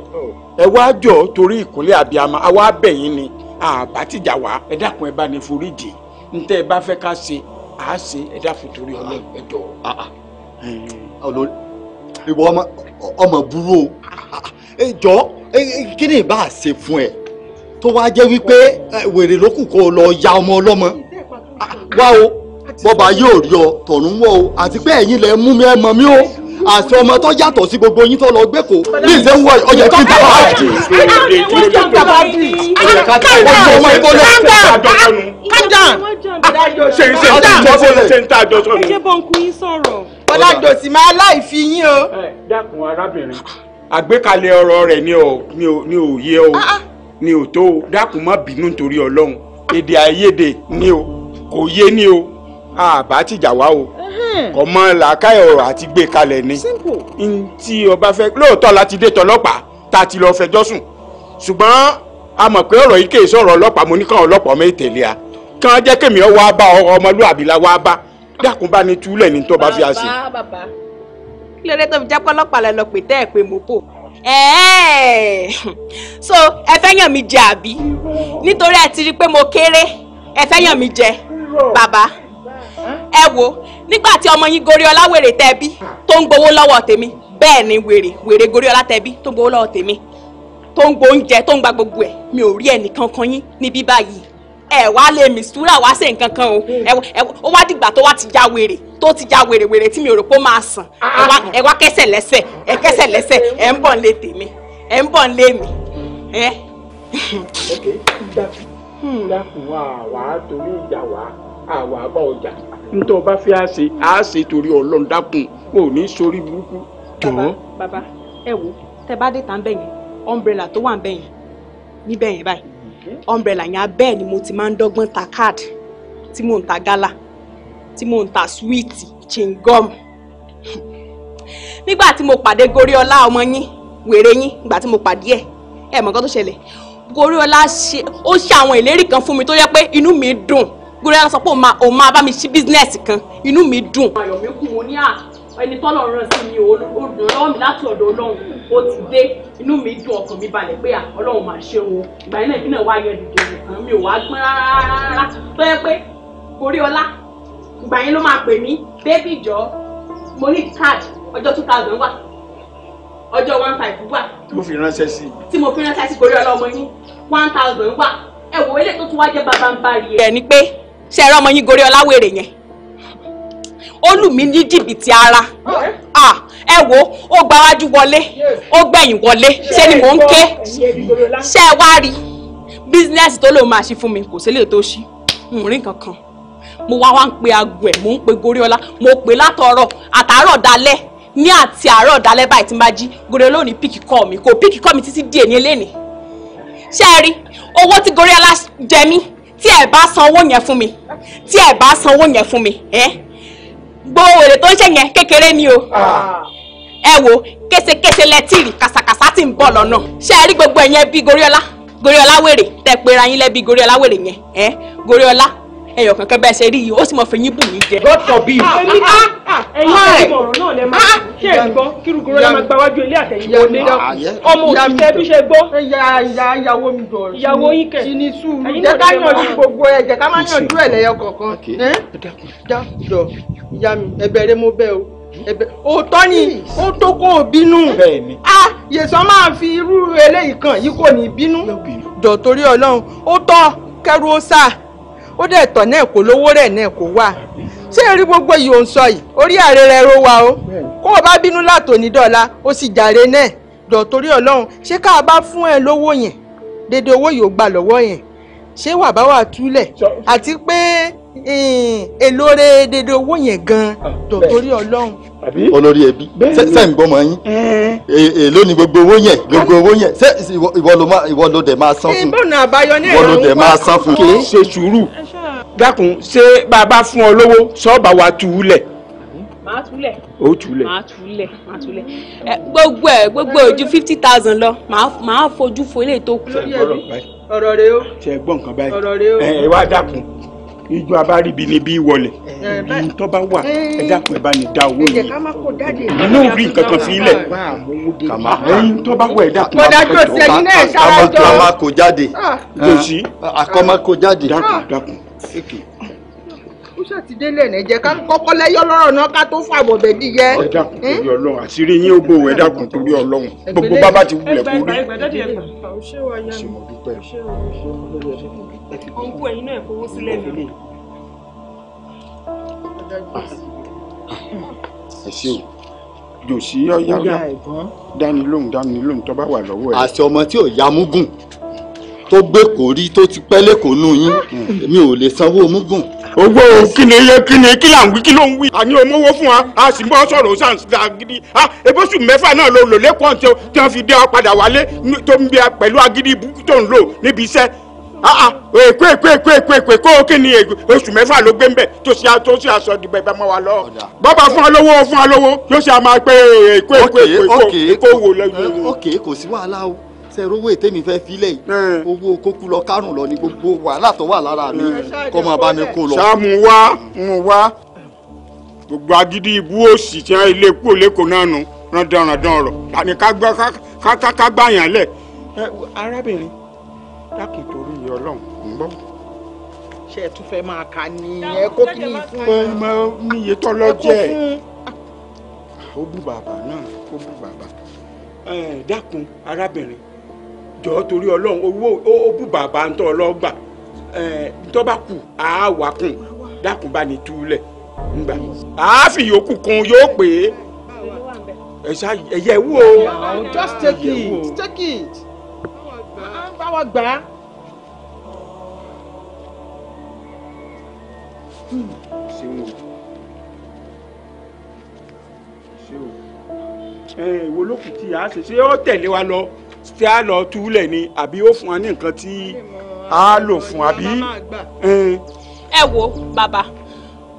S1: ẹ wá jọ torí ìkúnlẹ̀ àbíamọ a wá bẹ̀ yín ni àbá tìjà wá ẹ dákun ẹ bá ní foríjì ntẹ ẹ bá fẹ́ ká ṣe à á ṣe ẹ dákun torí Ọlọ́run ẹ jọ. ìwọ ọmọ burú o jọ kí ni ìbá ṣe fún ẹ tó wá jẹ́ wípé wèrè lókùn lọ ya ọmọ ọlọ́mọ wá o bọ́ba yóò rí ọ tọ̀run wọ̀ o àti pé ẹ̀yin lẹ mú mi ẹ mọ̀ mí o àti ọmọ tó yàtọ̀ sí gbogbo yín tó lọ gbé kò ní ìṣe ń wọ ọjà kí n ta bá dì í. ọjà ká bá dì í. ọjà ká bá dì í. ọmọ ìbọn lọ sí ìtajọ sọnù. kádàn ṣe ń ṣe ń tajọ sọnù. ṣe ń tajọ sọnù. ẹ ṣe bọ́ǹkù yín sọ̀rọ̀. ọ̀làjòsì máa láìfi yín o. dákun arábìnrin àgbékalẹ̀ ọ̀rọ̀ rẹ̀ ni ò yé o ni ò tó o dákun má bínú nítorí ọlọ́run èdè àìyedè ni o kò yé ni o àbá ti jà wá o ọmọ làákàyè ọ̀rọ̀ àti gbé kalẹ̀ ni
S2: ntí
S1: ọba fẹ́ lóòótọ́ la ti dé tọlọ́pàá tá a ti lọ fẹjọ́ sùn ṣùgbọ́n a mọ̀ pé ọ̀rọ̀ yìí kèé sọ̀rọ̀ ọlọ́pàá mo ní kàn ọlọ́pàá ọmọ ìtẹ̀lẹ́ a kàn jẹ́ kémi ọ wá bá ọmọlúwàbí la wá bá dákun bá ní túlẹ̀ ní tó bá fi àṣẹ. bàbá bàbá kí ló dé tó fi jẹ́ pé lẹ lọ pè tẹ́ ẹ̀ pé mo bò. so ẹ fẹ́ yàn mí jẹ àbí nítorí ẹ ti rí i pé mo kéré ẹ fẹ́ yàn mí jẹ baba ẹ wo nígbà tí ọmọ yín Goriola wèrè tẹbi tó ń gbowó lọ́wọ́ tèmi bẹ́ẹ̀ ni wèrè wèrè Goriola tẹbi tó ń gbowó lọ́wọ́ tèmi tó ń gbóúnjẹ tó ń gba gbogbo ẹ mi ò rí ẹnìkan kan yín níbí báyìí ẹ wá lè mìsúrà wá sí nǹkan kan o ó wá dìgbà tó wá ti já wèrè tó ti já wèrè wèrè tí mi ò rò pé ó máa sàn ah, ah. ẹ wá kẹsẹ̀ lẹ́sẹ̀ ẹ kẹsẹ̀ lẹ́sẹ̀ ẹ ń bọ̀ ń lé tèmi ẹ ń bọ̀ ń lé mi. Hmm, dákun àwa torí ìjà wa àwa bá ọjà nítorí ọba fẹ́ á ṣe á ṣe torí ọlọ́run dákun ò ní sórí burúkú jọ̀ọ́. bàbá ẹ wo tẹ bá dé tán bẹ́yẹn umbrella tó wà bẹ́yẹn níbẹ̀ yẹn báyìí hmm. umbrella yẹn abẹ́ẹ̀ ni mo ti máa ń dọ́gbọ́n ta káàdì tí mò ń ta gálà tí mò ń ta súwìtì chingom nígbà tí mo pàdé goriola ọmọ yín wèrè yín nígbà tí mo pàdé ẹ ẹ mọ̀ nǹkan tó ṣẹlẹ̀ Goriola ṣe ó ṣe àwọn ìlérí kan fún mi tó yẹ pé inú mi dùn Goriola sọ pé òun máa bá mi ṣí bísínẹ́sì kan inú mi dùn. ayọ̀ mi kú mo ní à ah, ẹni tọ́lọ̀ rán sí mi ò dùn lọ́wọ́ mi láti ọ̀dọ̀ ọlọ́run ó ti dé inú mi dùn ọkàn mi balẹ̀ pé ah, ọlọ́run máa ṣe wọn ìgbà yẹn náà ìbí náà wá yẹn dìde nìkan mi ò wá gbọ́n rárá tó yẹ pé Goriola ìgbà yẹn ló máa pè mí bébì mo ní káàdì ọjọ́ two thousand wà ọjọ́ one five wà. tí mo fi ránṣẹ́ sí. tí mo fi ránṣẹ́ sí kórè ọlọ́mọ yín one thousand wà ẹ wò ó lè tó tún wá jẹ́ bàbá ń bá rí ẹ. ẹ ní pé ṣe ẹ̀rọ ọmọ yín gorí ọláwèrè yẹn ó lù mí ní jìbìtì ara ẹ wò ó gbáwájú wọlé ó gbẹ̀yìn wọlé ṣé ni mò ń ké ṣe ẹ wá rí bísínẹ́sì tó lòun máa ṣe fún mi kò sí lè tó ṣí n rí nǹkan kan mo wá wá ń pe aago ẹ̀ mò ń pe gorí mo pè látọ̀rọ̀ àtàárọ̀ dalẹ́ ní àti àárọ̀ ọ̀dálẹ́ báyìí tí n bá jí Goriola ò píkì kọ́ mi kò píkì kọ́ mi títí di èní eléni ṣé ẹ rí owó tí Goriola jẹ mí tí ẹ bá san owó yẹn fún mi tí ẹ bá san owó yẹn fún mi ẹ gbowó èrè tó ń ṣe yẹn kékeré ni o ah. ẹ wo késekése lẹtìrì kàsàkàsà tí ń bọ̀ lọ́nà ṣé ẹ rí gbogbo ẹ̀yẹn bí Goriola Goriola wèrè tẹ pera yín lẹ́bí Goriola wèrè yẹn ẹ Goriola ẹyọ kankan bẹ́ẹ̀ ṣe rí yìí ó sì mọ fẹ̀yìn bù mí jẹ. dọ́tọ̀ bí. Ah, ah, ah,
S2: ẹ̀yin náà mọ̀
S1: ọ̀rọ̀ náà lẹ máa ṣe é gbọ́ kírukuru lẹ máa gbáwájú ilé àtẹ̀yìn wọlé ọmọ òṣìṣẹ́ bí ṣe gbọ́. ìyàwó mi jọ rẹ ìyàwó yín kẹ ṣì ní sùúrù jẹ ká yanjú gbogbo ẹ jẹ ká má yanjú ẹ lẹ́yọ kọ̀ọ̀kan jọ ìyá mi ẹ̀bẹ̀rẹ̀ mo bẹ̀ o ẹ̀bẹ̀ òótọ́ ni ó tó kó o bínú ah yèsàn máa fi irú eléyìí kan yìí kò ní bínú jọ torí Ọlọ́run ó tọ́ kẹrù ó sáà ó dẹ̀ tọ̀ náà kó lówó rẹ̀ náà kó wà ṣé rí gbogbo yìí ò ń sọ yìí orí ààrẹ rẹ ro wa o kó o bá bínú látòní dọ́là ó sì jàre náà dọ̀ torí ọlọ́run ṣé ká a bá fún ẹ lówó yẹn dédé owó yìí ó gbà lọ́wọ́ yẹn ṣé wà túlẹ̀ àti pé Eh, èlò rẹ dédé owó yẹn gan ah, torí Ọlọ́run. olórí ẹbí ṣe ń gbọmọ yín eh. eh, èlò ni gbogbo owó yẹn gbogbo owó yẹn ṣe ìwọ ló dẹ̀ máa san fún ìwọ ló dẹ̀ máa san fún. kì í ṣe sùúrù dákun ṣé bàbá fún ọ lówó sọ́ọ̀bà wa tù ú lẹ̀ màá túlẹ̀. ó túlẹ̀. màá túlẹ̀ màá túlẹ̀. ẹ gbogbo ẹ gbogbo ojú fifty thousand lọ màá fojú fo eléyìí tó kù. ọ̀rọ̀ rẹ o. ṣe gbọ́ nǹkan báyìí. ọ̀rọ̀ rẹ o. ẹ wá dákun ìjọ abáríbi ni bí wọlé ibi tó bá wà ẹ dákun ẹ bá ní da owó yìí inú òbí nǹkan kan fi ilẹ̀ kàmá ẹyin tó bá wà ẹ dákun àmọ̀tò àmàkò jáde jòsí àkọ́mọ́kò jáde dákun dákun ó ṣàtidélé ẹ̀ jẹ́ ká kọ́kọ́ lẹ́yọ́ lọ́rọ̀ náà ká tó fàbọ̀ bẹ̀ dí yẹ. ẹ dákun torí Ọlọ́run àṣírí yín ó bò ẹ dákun torí Ọlọ́run gbogbo bàbá ti wulẹ̀ kú rí. ẹ gbà ẹ gbà dáàdì ẹ gbà. ṣé wàá yá mi ṣé wàá yá mi ọ̀nkú ẹ̀yin náà fowó sílẹ̀ mi. ẹ o jòsí ọyá ọyá dání lóhùn dání lóhùn tó bá wà lọ́wọ́ ẹ. àṣẹ ọmọ tí ò ya múgùn tó gbé kórí tó ti pẹ́ lẹ́kọ̀ọ́ nù yín mi ò lè sanwó múgùn owó kí ni iye kí ni kí là ń wí kí ló ń wí. àní o mówó fún wa a sì mọ sọ̀rọ̀ sáà síta gidi a ebóṣù mẹ́fà náà ló lò lẹ́kọ̀ọ́ tí wọ́n fi dé ọ padà wálé tó ń bí a pẹ̀lú agídí ibùkún tó ń lò níbi iṣẹ́ Ah ah, èkó èkó èkó èkó èkó èkó kí ni oṣù mẹ́fà ló gbé ń bẹ̀ tó ṣe tó ṣe aṣọ ìdìbò ẹ̀bẹ̀ mọ́ wa lọ. bọ́bá fún ọ lówó fún ọ lówó yóò ṣe àmà pé èkó èkó èkó èkó wò lẹ́yìn. Eh, ok kò sí wàhálà o sẹ́rọ owó ètèmi fẹ́ filẹ̀ yìí eh. owó kókú lọ kárùn lọ ní gbogbo wàhálà tó wà lára mi eh. kọ́ máa bá mi kó lọ. ṣá mu wá mu wá gbogbo agídí ibú òsì tí wọn ilé epo lẹkọọ náà nù rán dandan rọ tani ká gbá yàn lẹ. arábìnrin dákì torí ọlọ́run ń bọ̀. ṣé ẹ tún fẹ́ máa ka ni ẹ kó kí ni fún ẹ. mo níye tọ́lọ́ jẹ́ ẹ. ó bú bàbá náà ó bú bàbá. dákun arábìnrin jọ̀ọ́ torí ọlọ́run owó ó bú bàbá ń tọ́ ọ lọ́gbà tó bá kù á wà kùn dákun bá ní túlẹ̀ ngbà àáfì yòókù kan yóò pè é ẹ ṣá ẹ yẹ̀ wò. just take it take it báwa gbà á. ṣeun o ṣe o ẹ ìwo ló kù tí a ṣe ṣé ó tẹ̀lé wa lọ tí a lọ túlẹ̀ ni àbí ó fún wa ní nǹkan tí a lò fún àbí. ẹ wo bàbá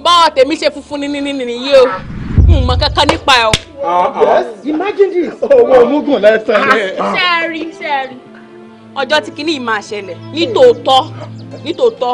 S1: báwa tèmi ṣe funfun ní nínú nìyí o n mọ kankan nípa ẹ o. Ah, ah. yes imagine this. owó mugun lẹ́sẹ̀ ah, rẹ̀. sẹ́ẹ̀rì sẹ́ẹ̀rì ọjọ́ tí kinní yìí máa ṣẹlẹ̀ nítòótọ́ nítòótọ́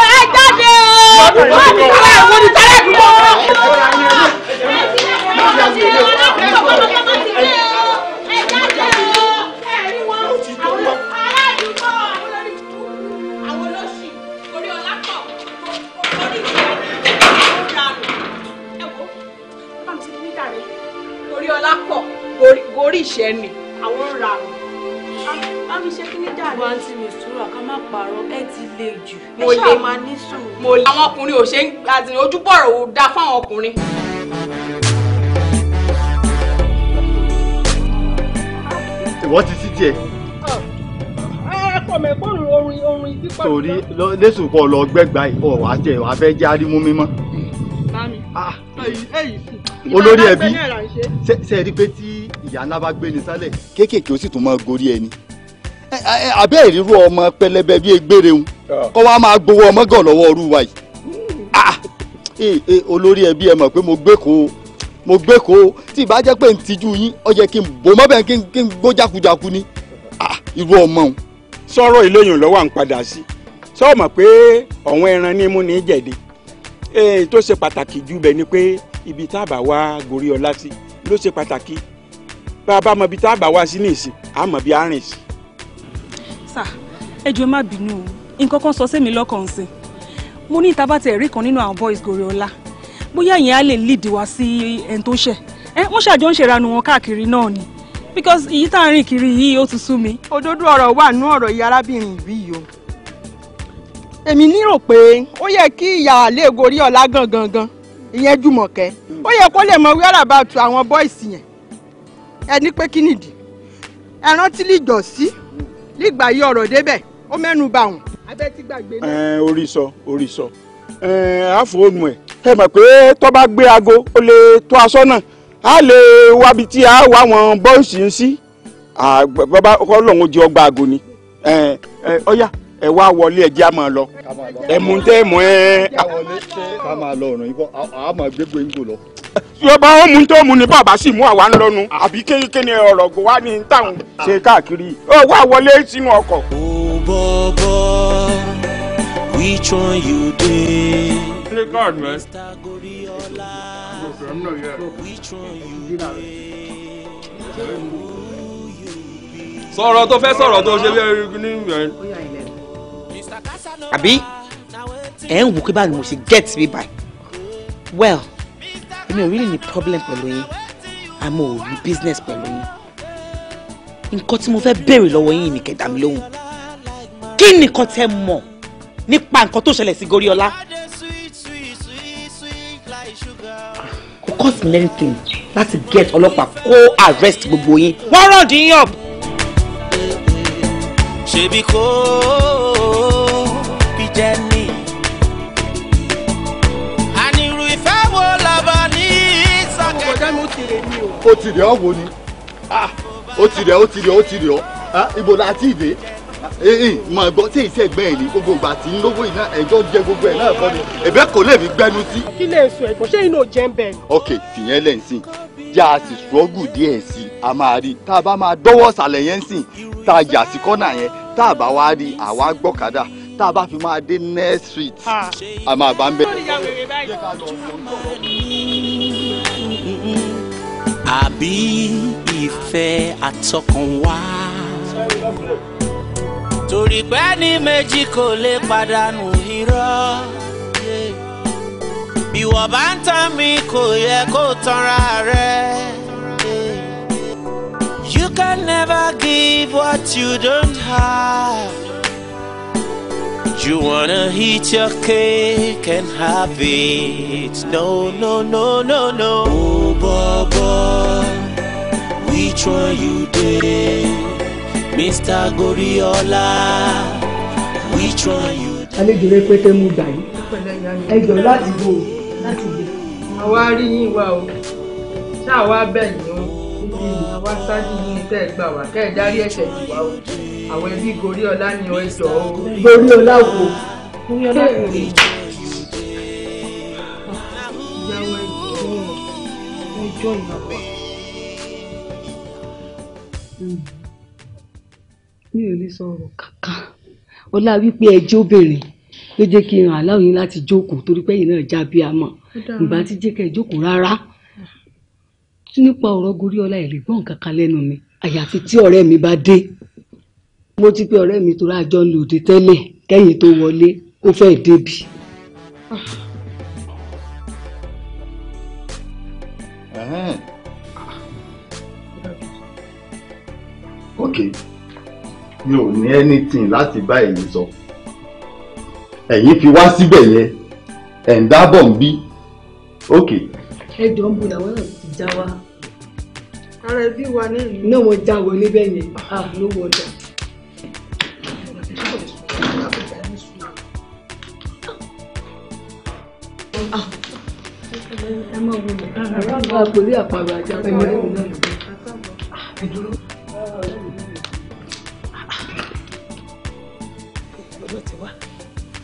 S1: orí ìṣẹ́ ni àwọn ń ra àmì ṣe kí ní dáa ní wà ká má
S2: parọ́ ẹ ti le jù ẹ ṣáà máa ní sùúrù. mo lè àwọn ọkùnrin ò
S1: ṣe ń àtìní ojúbọ̀rọ̀ ò dáa fáwọn ọkùnrin. ìwọ ti sí díẹ̀. torí lẹ́sùn pọ̀ lọ gbẹ́gbàá ọ̀ wá jẹ́ wàá fẹ́ jẹ́ arímú mímọ́. Ah. olórí ẹbí ṣe é rí i pé tí ìyá ńlá bá gbé ni sálẹ̀ kéékèèké ó sì tún máa gorí ẹni abẹ́ ìrírú ọmọ pẹlẹbẹ bíi egbére ń kọ́ wa máa gbowó ọmọ gàn lọ́wọ́ ọrú wa yìí ah, olórí ẹbí ẹ mọ̀ pé mo gbé kó mo gbé kó tí ìbá jẹ́ pé ń tijú yín ó jẹ́ kí n bò mọ́ bẹ́ẹ̀ kí n gbó jákujáku ni ah, irú ọmọ òun. sọ̀rọ̀ ìlóyún lọ́wọ́ à ń padà sí sọ́ọ̀mọ̀ pé ọ̀wọ́n ẹran ní mú ní jẹ̀dí èyí tó ṣe pàtàkì jù bẹ́ẹ̀ ni pé ibi tá a bá wá gorí ọlá sí ló ṣe pàtàkì bá a bá mọ ibi tá a bá wá sí nìsín a mọ bí a rìn sí sà ẹ jọ̀ọ́ má bínú o nǹkan kan sọ sẹ́mi lọ́kàn sí mo ní ìta bá tẹ̀ rí kan nínú àwọn boys gòrè ọ̀la bóyá ìyẹn á lè lead wá sí ẹni tó ṣẹ̀ ẹ wọ́n ṣàjọ ń ṣèrànù wọn káàkiri náà ni because èyí tá à ń rìn kiri yìí ó ti sú mi. òdodo ọ̀rọ̀ wà nú ọ̀rọ̀ ìyá arábìnrin ìbí yìí o èmi nírò pé ó yẹ kí ìyá àlè gorí ọ̀la gangan ìyẹn jùmọ̀kẹ́ ó yẹ kó lè mọ wíwárà bá tu àwọn bọ́ìsì yẹn ẹni pé kí nìdí ẹran tí lè jọ sí nígbà yí ọ̀rọ̀ débẹ̀ ó mẹ́nu bà wọ́n.
S2: abẹ́ ti gbàgbé
S1: náà. ẹ orí sọ orí sọ ẹ á fóònù ẹ ẹ mọ̀ pé tó bá gbé aago ó lè tó aṣọ náà á lè wábi tí a wá wọn bọ́ọ̀sì ń sí bàbá ọlọ́run jẹ́ ọgbà aago ni ọ̀yà ẹ wá wọlé ẹjẹ́ a máa lọ ẹ̀mú tẹ́ mọ́ ẹ. ká máa lọ ọ̀nà yìí kọ́ a gbégbé ń gò lọ yọba ó tó mú ni bàbá sì mú àwa ń lọnu àbí kékeré ọ̀rọ̀ gò wá ní táwọn ṣe káàkiri owó àwọlé sínú ọkọ̀. ó bọ́ which one you dey. play god man. mr which one you dey.
S2: sọ̀rọ̀ tó fẹ́ sọ̀rọ̀ tó ṣe bí ẹni ní ìyẹn.
S1: àbí ẹ̀ ń wò kí báyìí mo ṣe get me by well èmi ò really ní problem pẹ̀lú yín àmọ́ ò ní business pẹ̀lú yín nǹkan tí mo fẹ́ béèrè lọ́wọ́ yín ni kẹ̀dá mi lóhùn kí nìkan tẹ́ mọ̀ nípa nǹkan tó ṣẹlẹ̀ sí Goriola kò cost me anything láti get ọlọ́pàá kó arrest gbogbo yín wọ́n rán dín yàn. ṣebí kò. ó ti rẹ̀ ọ́ wo ni ó ti rẹ̀ ó ti rẹ̀ ó ti rẹ̀ ọ́ ah, ibo la ti dé eh, eh, mọ̀ ẹ̀gbọ́n tí ìṣe ẹ̀gbẹ́ ẹ̀ ní gbogbo ìgbà tí ń lówó iná ẹ̀jọ́ jẹ gbogbo ẹ̀ náà kọ́ ẹ̀bẹ́ kò lè mi gbẹ́nu sí. kí lè sọ ẹ̀gbọ́n ṣé inú ò jẹ́ ń bẹ̀. ok fìyẹn lẹ́ ń sìn já a sì ṣọ́gù díẹ̀ sí i a máa rí i tá a bá máa dọ́wọ́ sàlẹ̀ yẹn ń sìn tá a yà sí kọ́nà yẹn tá a bá wá rí i àwa gbọ́kadà tá a bá fi máa dé next street ah. a máa bá ń bẹ̀ àbí ìfẹ́ àtọkànwá. torí pé ní méjì kò lè pàdánù irọ́. bí wọ́n bá ń tán mi kò yẹ kó tanra rẹ̀. You can never give what you don't have. You wanna eat your cake and have it. No, no, no, no, no. Oh, Baba, which one you did? Mr. Goriola, which one you did? Àlejò rẹpẹtẹ mú gbà yín. Ẹjọ́ láti bò láti bò. Àwa rí yín wá o. Ṣáà wá bẹ́ẹ̀ ni ó àwa ṣáájú yìí tẹ́ ẹ gbà wá kẹ́ ẹ dárí
S2: ẹ̀ṣẹ̀ yìí wá o
S1: àwọn ẹbí Goríọlá ni ọ ẹjọ́ o.
S2: Goríọlá wo Goríọlá wo rè ìyàwó ẹjọ́ ẹjọ́ ìyàwó. Hmm. mi ò lè sọ̀rọ̀ kankan
S1: ọlá wípé ẹjọ́ obìnrin ló jẹ́ kí n ràn aláwọ̀ yín láti jókòó torí pé ẹ̀yin náà jábí àmọ́ ìgbà tí jẹ́ kẹ́ ẹ jókòó rárá nípa ọ̀rọ̀ Goríọlá ẹ̀ lè gbọ́ nǹkan kan lẹ́nu mi àyàfi tí ọ̀rẹ́ mi bá dé mo ti pe ọ̀rẹ́ mi tó rájọ ń lòdì tẹ́lẹ̀ kẹ́yìn tó wọlé ó fẹ́ débi. ok mi ò ní anything láti bá ẹ̀yin sọ ẹ̀yin fi wá síbẹ̀ yẹn ẹ̀ ń dábọ̀ ń bí ok. ẹ jọ ń bu ìyàwó náà já wa. ara ẹbí wa náà ni. náà wọ́n já wọlé bẹ́ẹ̀ yẹn àbúrò ah, wọ̀dà.
S2: Ah. ẹ má wo mi. a kò rí àpàrọ̀ ajá fún ọ̀rẹ́ mi náà. Ah,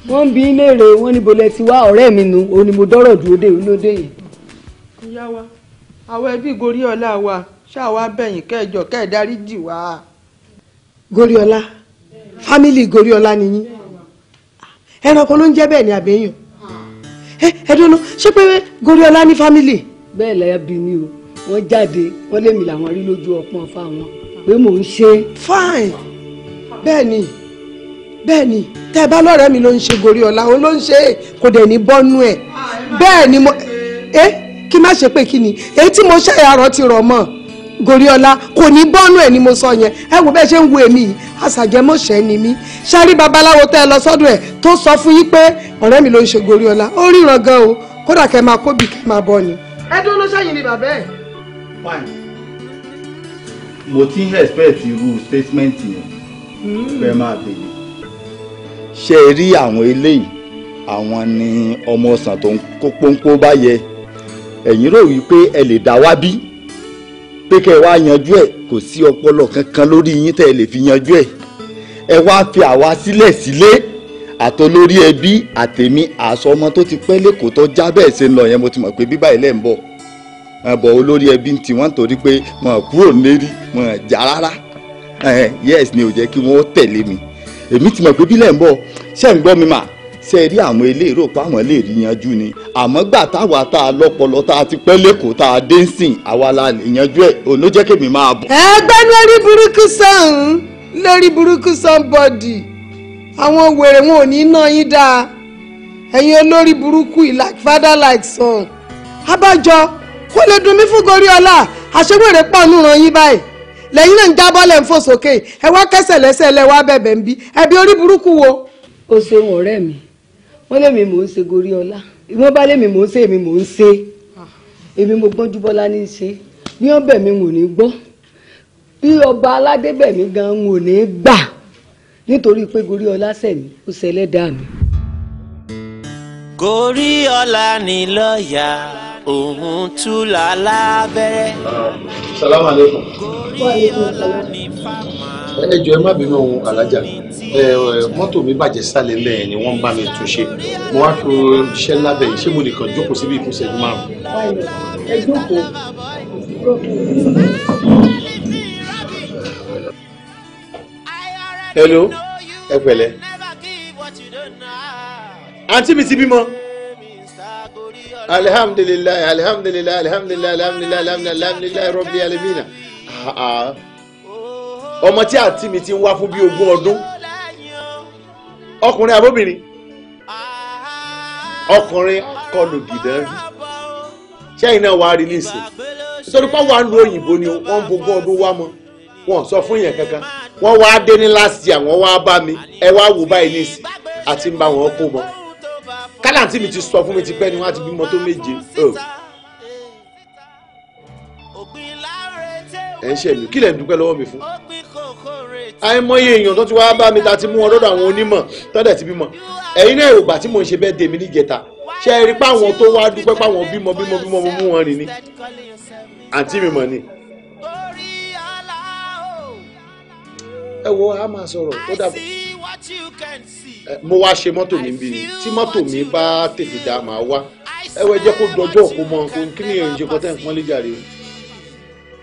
S1: wọ́n ń bi léèrè wọ́n níbo lẹ ti wá ọ̀rẹ́ mi nù òun ni mo dọ́rọ̀ dúró dé òun yìí àwọn ẹbí Goríọlá wa ṣáà wá bẹ̀yìn kẹjọ kẹ́ẹ̀dárí jì wá. Goríọlá fámìlì ni yín ẹranko ló ń jẹ́ bẹ́ẹ̀ ni àbẹ̀yàn ẹ ẹ dúró ṣé pé Goríọlá ní fámìlì. bẹ́ẹ̀ lẹ́yà bí mi o wọ́n jáde wọ́n lèmi làwọn rí lójú ọpọ́n fáwọn pé mò ń ṣe. fine bẹ́ẹ̀ ni bẹ́ẹ̀ ni tẹ́ bá lọ́rẹ̀ẹ́ mi ló ń ṣe Goríọlá òun ló ń ṣe kò dẹ̀ ní bọ́nú ẹ̀ ah, bẹ́ẹ̀ ni mo. Eh? kí má ṣe pé kí ni èyí tí mo ṣe àrọ ti rọ̀ mọ́ Goriola kò ní bọ́ọ̀nù ẹ̀ ni mo sọ yẹn ẹ wò bẹ́ẹ̀ ṣe ń wo èmi yìí àṣàjẹmọ́ṣẹ́ ni mí ṣárí babaláwo tẹ́ ẹ lọ sọ́dọ̀ ẹ̀ tó sọ fún yín pé ọ̀rẹ́ mi ló ń ṣe Goriola ó ríran gan o kódà kẹ́ máa kóbì kẹ́ máa bọ̀ ni. ẹ dúró sẹ́yìn ni bàbá ẹ̀. fine mo ti ń expect irú statement yẹn hmm. fẹ́ máa bèèrè ṣé rí àwọn eléyìí àwọn ni ọmọ ọsàn tó ń kó pọ́npọ́n bá ẹ̀yin rò wípé ẹ lè dá wá bí pé kẹ́ ẹ wá yanjú ẹ̀ kò sí ọpọlọ kankan lórí yín tẹ́ ẹ lè fi yanjú ẹ̀ ẹ wá fi àwa sílẹ̀ sílé àtolórí ẹbí àtèmi àṣọ ọmọ tó ti pẹ́ lẹ́kọ̀ọ́ tó já bẹ́ẹ̀ ṣe ń lọ yẹn mo ti mọ̀ pé bíbá ilẹ̀ ń bọ̀ àbọ̀ olórí ẹbí ti wọ́n torí pé wọn kúrò lérí wọn já rárá yes ni ò jẹ́ kí wọ́n tẹ̀lé mi èmi ti mọ̀ pé bílẹ̀ ń bọ̀ ṣẹ́ ń gbọ́ mi mà ṣe rí àwọn eléèrò páwọn lè rí yanjú ni àmọ́ gbà táwa tá a lọ́pọlọ tá a ti pẹ́ lẹ́kọ̀ọ́ tá a dé ń sìn àwa la lè yanjú ẹ̀ òun ló jẹ́ kémi máa bọ̀. ẹ gbẹ́ lórí burúkú sàn lórí burúkú sàn bọ́dì àwọn wèrè wọn ò ní ná yín dáa ẹ̀yin olórí burúkú like father like son abájọ kó lè dùn mí fún gorí ọlá àṣewèrè pọ̀ nù ràn yín báyìí lẹ́yìn náà ń jábọ́ lẹ̀ ń fò sókè ẹ wá kẹsẹ̀ lẹ́sẹ̀ lẹ́ wá bẹ̀bẹ̀ ń bí ẹbí orí burúkú wo. o ṣeun ọ̀rẹ́ mi wọ́n lèmi mò ń ṣe gorí ọlá wọ́n bá lèmi mò ń ṣe èmi mò ń ṣe èmi mo gbọ́n ju bọ́lá ní í ṣe bí wọ́n bẹ̀ mí wò ní gbọ́ bí ọba aládé bẹ̀ mí gan wò ní gbà nítorí pé gorí ọlá sẹ̀mí ó ṣẹlẹ́dàá mi. gorí ọlá ni lọ́ọ̀yà òun tú làlábẹ́rẹ́. salaam aleykum. gorí ọlá ni fáwọn ẹ jọ̀ọ́ ẹ má bínú ohun alájà mọ́tò mi bàjẹ́ sálẹ̀ lẹ́yìn ni wọ́n bá mi tún ṣe mo wá fi iṣẹ́ lábẹ́ yìí ṣé mo lè jókòó síbi ìkúnṣẹ́ ní márùn. hello ẹ pẹ̀lẹ́ àǹtí mi ti bímọ alihamdulilayi alihamdulilayi alihamdulilayi alihamdulilayi alihamdulilayi rọbìlì alamina. Ah, ah ọmọ tí àǹtí mi ti ń wá fún bí ogún ọdún ọkùnrin àbóbìnrin ọkùnrin kọlù gìdán sẹ́yìn náà wàá rí nísìn nítorí pé wàá lu òyìnbó ni wọ́n ń bogún ọdún wá mọ́ wọn sọ fún yẹn kankan wọ́n wá dé ní last year wọ́n wá bá mi ẹ wá wò báyìí nísìn àti ń bá wọn kó mọ́ kálá àǹtí mi ti sọ fún mi ti pẹ́ ni wọ́n á ti bímọ tó méje oh. ẹ̀ ń ṣe kí lẹ̀ dúpẹ́ lọ́wọ́ mi fún. àìmọye èèyàn tó ti wá bá mi ta ti mú wọn àwọn onímọ̀ tọ́dẹ̀ ti bímọ ẹ̀yin náà èrògbà tí mò ń ṣe bẹ́ẹ̀ dèmi níjẹta ṣe é rí páwọn tó wá dúpẹ́ páwọn bímọ bímọ bímọ mo mú wọn rìn ni àǹtí mi mọ̀ ni. ẹ wo a máa sọ̀rọ̀ ó dàbọ̀ mo wá ṣe mọ́tò mi bí ni tí mọ́tò mi bá tètè dá màá wá ẹ wẹ́ jẹ́ kó dọjọ́ òkú mọ́ kí ni èyí ń ṣe kọ́tẹ́ nǹkan lè jàre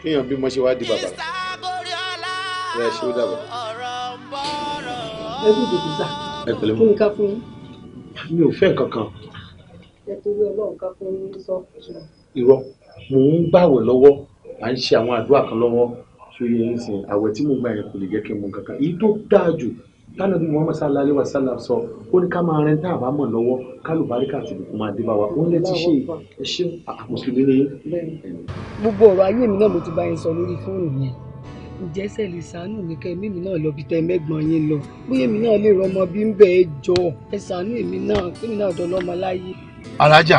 S1: kéèyàn bí mo ṣe wá di bàbá rẹ ṣé ó dàbọ̀. ẹ bí dèjì sá kí ni ká fún yín. mi ò fẹ́ kankan.
S2: ẹ torí ọlọ́run ká fún yín sọ.
S1: irọ́ mò ń gbàwẹ̀ lọ́wọ́ à ń ṣe àwọn àdúrà kan lọ́wọ́ sórí ẹ̀yìn sìn àwẹ̀ tí mo gbà yẹn kò lè jẹ́ kí n mú kankan èyí tó dáa jù tánàbí muhammed sallallahu alayhi wa sallam sọ ó ní ká máa rìn tá a bá mọ̀ lọ́wọ́ kálùbáríkà àti ìbùkún máa dé bá wa òun lè ti ṣe ẹṣin mùsùlùmí ni. gbogbo ọ̀rọ̀ ayé mi náà ló ti bá yín sọ lórí fóònù yẹn ǹjẹ́ ṣe lè ṣàánú mi kẹ́ mímì náà lọ bí tẹ mẹ́gbọ̀n yín lọ bóyá èmi náà lè rọmọ bí ń bẹ̀ ẹ́ jọ ẹ ṣàánú èmi náà kémi náà dọ́ lọ́mọ láyé. alájà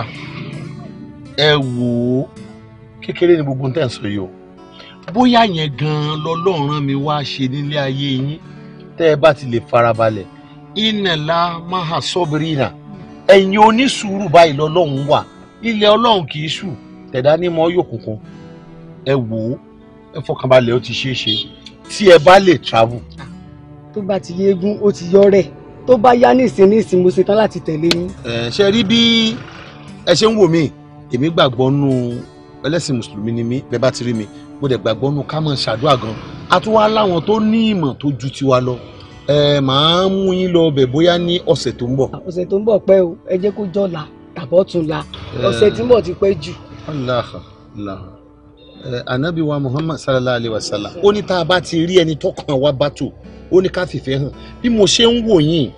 S1: ẹ wò ó kékeré ni gbogbo ń tẹ̀ ń sọ yìí o bóyá yẹn gan-an lọ́lọ́run mi wá ṣe nílé ayé yín tẹ́ ẹ bá ti lè farabalẹ̀ ìnàlá máa sọ́bìrì náà ẹ̀yin onísùúrù báyìí lọ́lọ́run wà ilẹ̀ ọlọ́run kì í ṣù tẹ̀dá ní mọ́ yóò kúnkan ẹ wò ó ẹ fọkànbalẹ̀ ó ti ṣeé ṣe tí ẹ bá lè travel. tó bá ti yegun ó ti yọ rẹ tó bá yá nísìn nísìn mo ṣetán láti tẹ̀lé yín. ẹ ṣe rí bí ẹ ṣe ń wò mí èmi gbàgbọ́ nù ẹlẹ́sìn mùsùlùmí ni mí bẹ́ẹ̀ ti rí mi mo dẹ̀ gbàgbọ́ nù ká máa ṣàdúrà gan-an a tún wá láwọn tó ní ìmọ̀ tó ju tiwa lọ ẹ màá mú yín lọ bẹ̀ bóyá ní ọ̀sẹ̀ tó ń bọ̀. ọ̀sẹ̀ tó ń bọ̀ pẹ́ o ẹ jẹ́ kó jọ̀la tàbọ̀ tún la ọ̀sẹ̀ tí mò ń ti pẹ́ jù. anabi wa muhammad sallallahu alayhi wa sallam ó ní tá a bá ti rí ẹni tọkàn wa bá tò ó ní ká fìfẹ́ hàn bí mo ṣe ń wò yín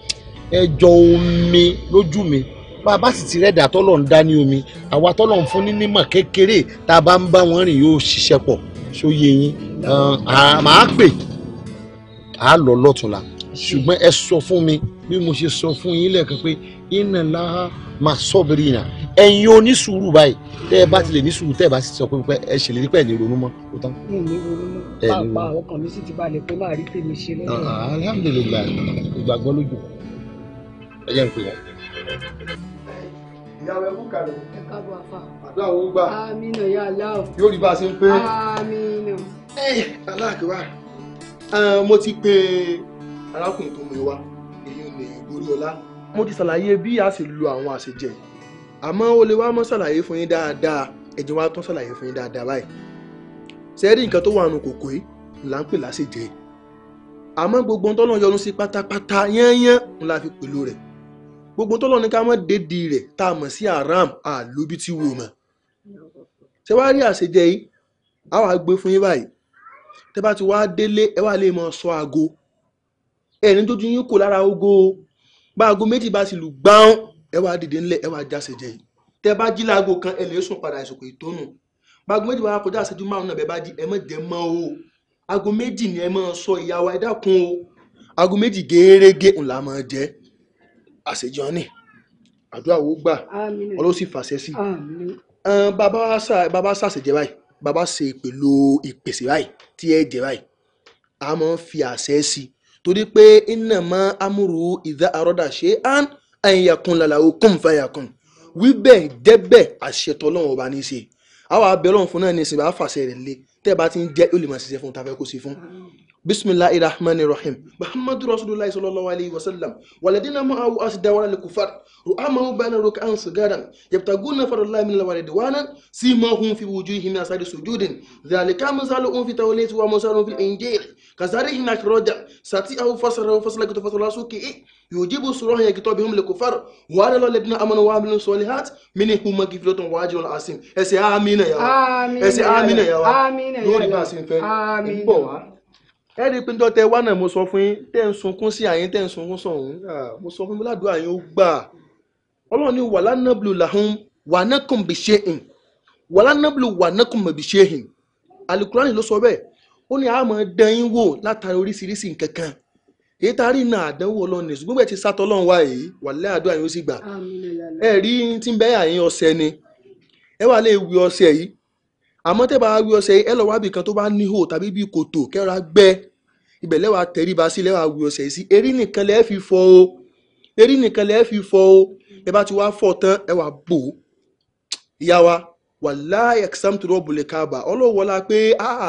S1: ẹjọ́ omi lójú mi bá a bá sì ti rẹ́dà tọ́lọ̀ ń dá ní omi àwa tọ́lọ̀ ń fún ní nímọ̀ kékeré tá a bá ń bá wọn rìn yóò ṣiṣẹ́ pọ̀ ṣó yé yín màá pè á lọ lọ́tùnla ṣùgbọ́n ẹ sọ fún mi bí mo ṣe sọ fún yín lẹ́ẹ̀kan pé iná láha máa sọ́bìrì yàn ẹ̀yin ò ní sùúrù báyìí tẹ́ ẹ bá tilẹ̀ ní sùúrù tẹ́ ẹ bá sọ pé ẹ ṣèlè nípa ẹ̀ ní ronú mọ́ kó tán. mi ní ronú mọ́ pàápàá ọkàn mi sì ti balẹ̀ pé máa rí tèmi ṣe lọ́wọ́. alhamdulilayi ìgbàgbọ́ lójú ẹ jẹ́ n pè wọ́n ìyàwó ẹkú kàlẹ. ẹ káàbọ̀ àfà. àdúrà wo gbà. amínà ya aláwọ. yóò rí bá a ṣe ń pé. amínà. ẹ aláàkíwá mo ti pe arákùnrin tó mú wa èyí ò lè gorí ọlá. mo ti ṣàlàyé bí a ṣe lo àwọn àṣejẹ àmọ́ ó lè wá mọ́ ṣàlàyé fún yín dáadáa ẹ̀jẹ̀ wa tún ṣàlàyé fún yín dáadáa báyìí ṣẹ́ẹ́rì nǹkan tó wà nù kòkó yìí là ń pè láṣejẹ àmọ́ gbogbo ohun tó lọ́n yọnu sí pátápátá yányán ńlá fi pèlò rẹ̀ gbogbo tó lọ ní ká mọ́ dédìí rẹ̀ tá a mọ̀ sí haram àlóbi tí wò mọ̀ ṣé wàá rí àṣejẹ yìí a wàá gbé fún yín báyìí tẹ́ bá ti wá délé ẹ wá lè mọ sọ aago ẹni tó ti yín kò lára ogo bá aago méjì bá ti lù gbáhùn ẹ wá dìde ńlẹ̀ ẹ wá já àṣejẹ yìí tẹ́ bá jí láago kan ẹ lè sùn padà ìsòkò ìtọ́nù bá aago méjì bá wá kọjá àṣejù márùn náà bẹ́ẹ̀ bá jí ẹ mọ̀ jẹ́ mọ́ o aago méjì ni ẹ mọ̀ sọ ìyàwó ẹ dákun o aago méjì géérégé ńlá mọ̀ jẹ́ àṣejàn ni àdúrà wo gbà ọlọ́wọ́ sì fàṣẹ sí Baba sàṣẹjẹ báyìí bàbá ṣe ìpèlò ìpèsè báyìí tí ẹ jẹ báyìí a máa ń fi àṣẹ sí torí pé iná mọ amúrú ìdá àrọ́dà ṣe án ẹ̀yàkùn làlàó kùn fàyàkùn wíbẹ̀ jẹ́bẹ̀ àṣetọ́ lọ́wọ́ ọba ní í ṣe àwọn abẹ́lọ́hún fún náà ní ìsìn bá fàṣẹ rẹ̀ lé tẹ́ bá ti ń jẹ́ ó lè máa ṣiṣẹ́ fún tàfẹ́ kó ṣe fún بسم الله الرحمن الرحيم محمد رسول الله صلى الله عليه وسلم والذين معه أشداء على الكفار رؤماء بين ركعان سجدا يبتغون فضل الله من الورضوانا سيماهم في وجوههم من أثر سجود ذلك مثالهم في التوراة ومثالهم في الإنجيل كزرع أخرج ساتي او فصل او فصل كتب فصل سوكي يجيب سروه يكتبهم للكفار وعلى الذين آمنوا وعملوا الصالحات منهم مغفرة وأجر عظيم أسي آمين يا آمين يا آمين يا آمين يا آمين يا آمين ẹ rí i pé níjọ́ tẹ wá náà mo sọ fún yín tẹ́ ń sunkún sí àyín tẹ́ ń sunkún sọ̀hún mo sọ fún mi ládùúgbò àyín ó gbà ọlọ́run ní wàhálà nàbìlù làhún wà nàkùn bí ṣe hìn wàhálà nàbìlù wà nàkùn bí ṣe hìn alukurani ló sọ bẹ́ẹ̀ ó ní àmọ́ dẹ́yìn wò látàrí oríṣiríṣi nǹkan kan èyí tá a rí iná àdánwò ọlọ́run nìṣú gbogbo ẹ̀ ti sátọ́ ọlọ́run wá yìí àmọ́ tẹ́ bá wí ọṣẹ ẹ lọ wá bìkan tó bá níhò tàbí bí kòtò kẹ́ra gbẹ́ ibẹ̀ lẹ́wà tẹríba sí lẹ́wà wí ọṣẹ sí erí nìkan lẹ́ẹ̀ fi fọ o erí nìkan lẹ́ẹ̀ fi fọ o ẹ bá ti wá fọ tán ẹ wà bò ìyá wa wàláì ẹ̀sán tó rọ̀ bùlẹ̀ káàbà ọlọ́wọ́lá pé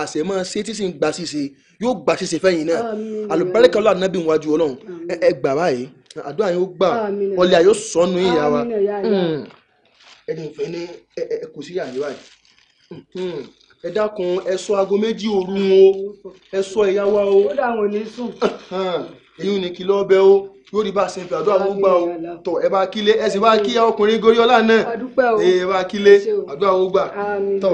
S1: àṣẹ máa ṣe tí sì ń gba ṣíṣe yóò gba ṣíṣe fẹ́yìn náà àlùbáríkà ọlọ́ ànábì wájú ọlọ́run ẹ gbà báyìí àdúrà yóò gbà ọlẹ́ àyọ̀ sọnù ìyá wa ẹni ìfẹ́ ní ẹ kò sí àyè báyìí. Hmm. ẹ dákun ẹ sọ aago méjì òru wọn o ẹ sọ ẹ̀yà wa o. ó dà ní sùn. èyí ò kí lọ́ọ́ bẹ́ o yóò rí bá a ṣe fi àdúrà wọn gbà o tọ ẹ bá kílé ẹ sì bá kí ọkùnrin goriola náà ẹ bá kílé àdúrà wọn gbà tọ.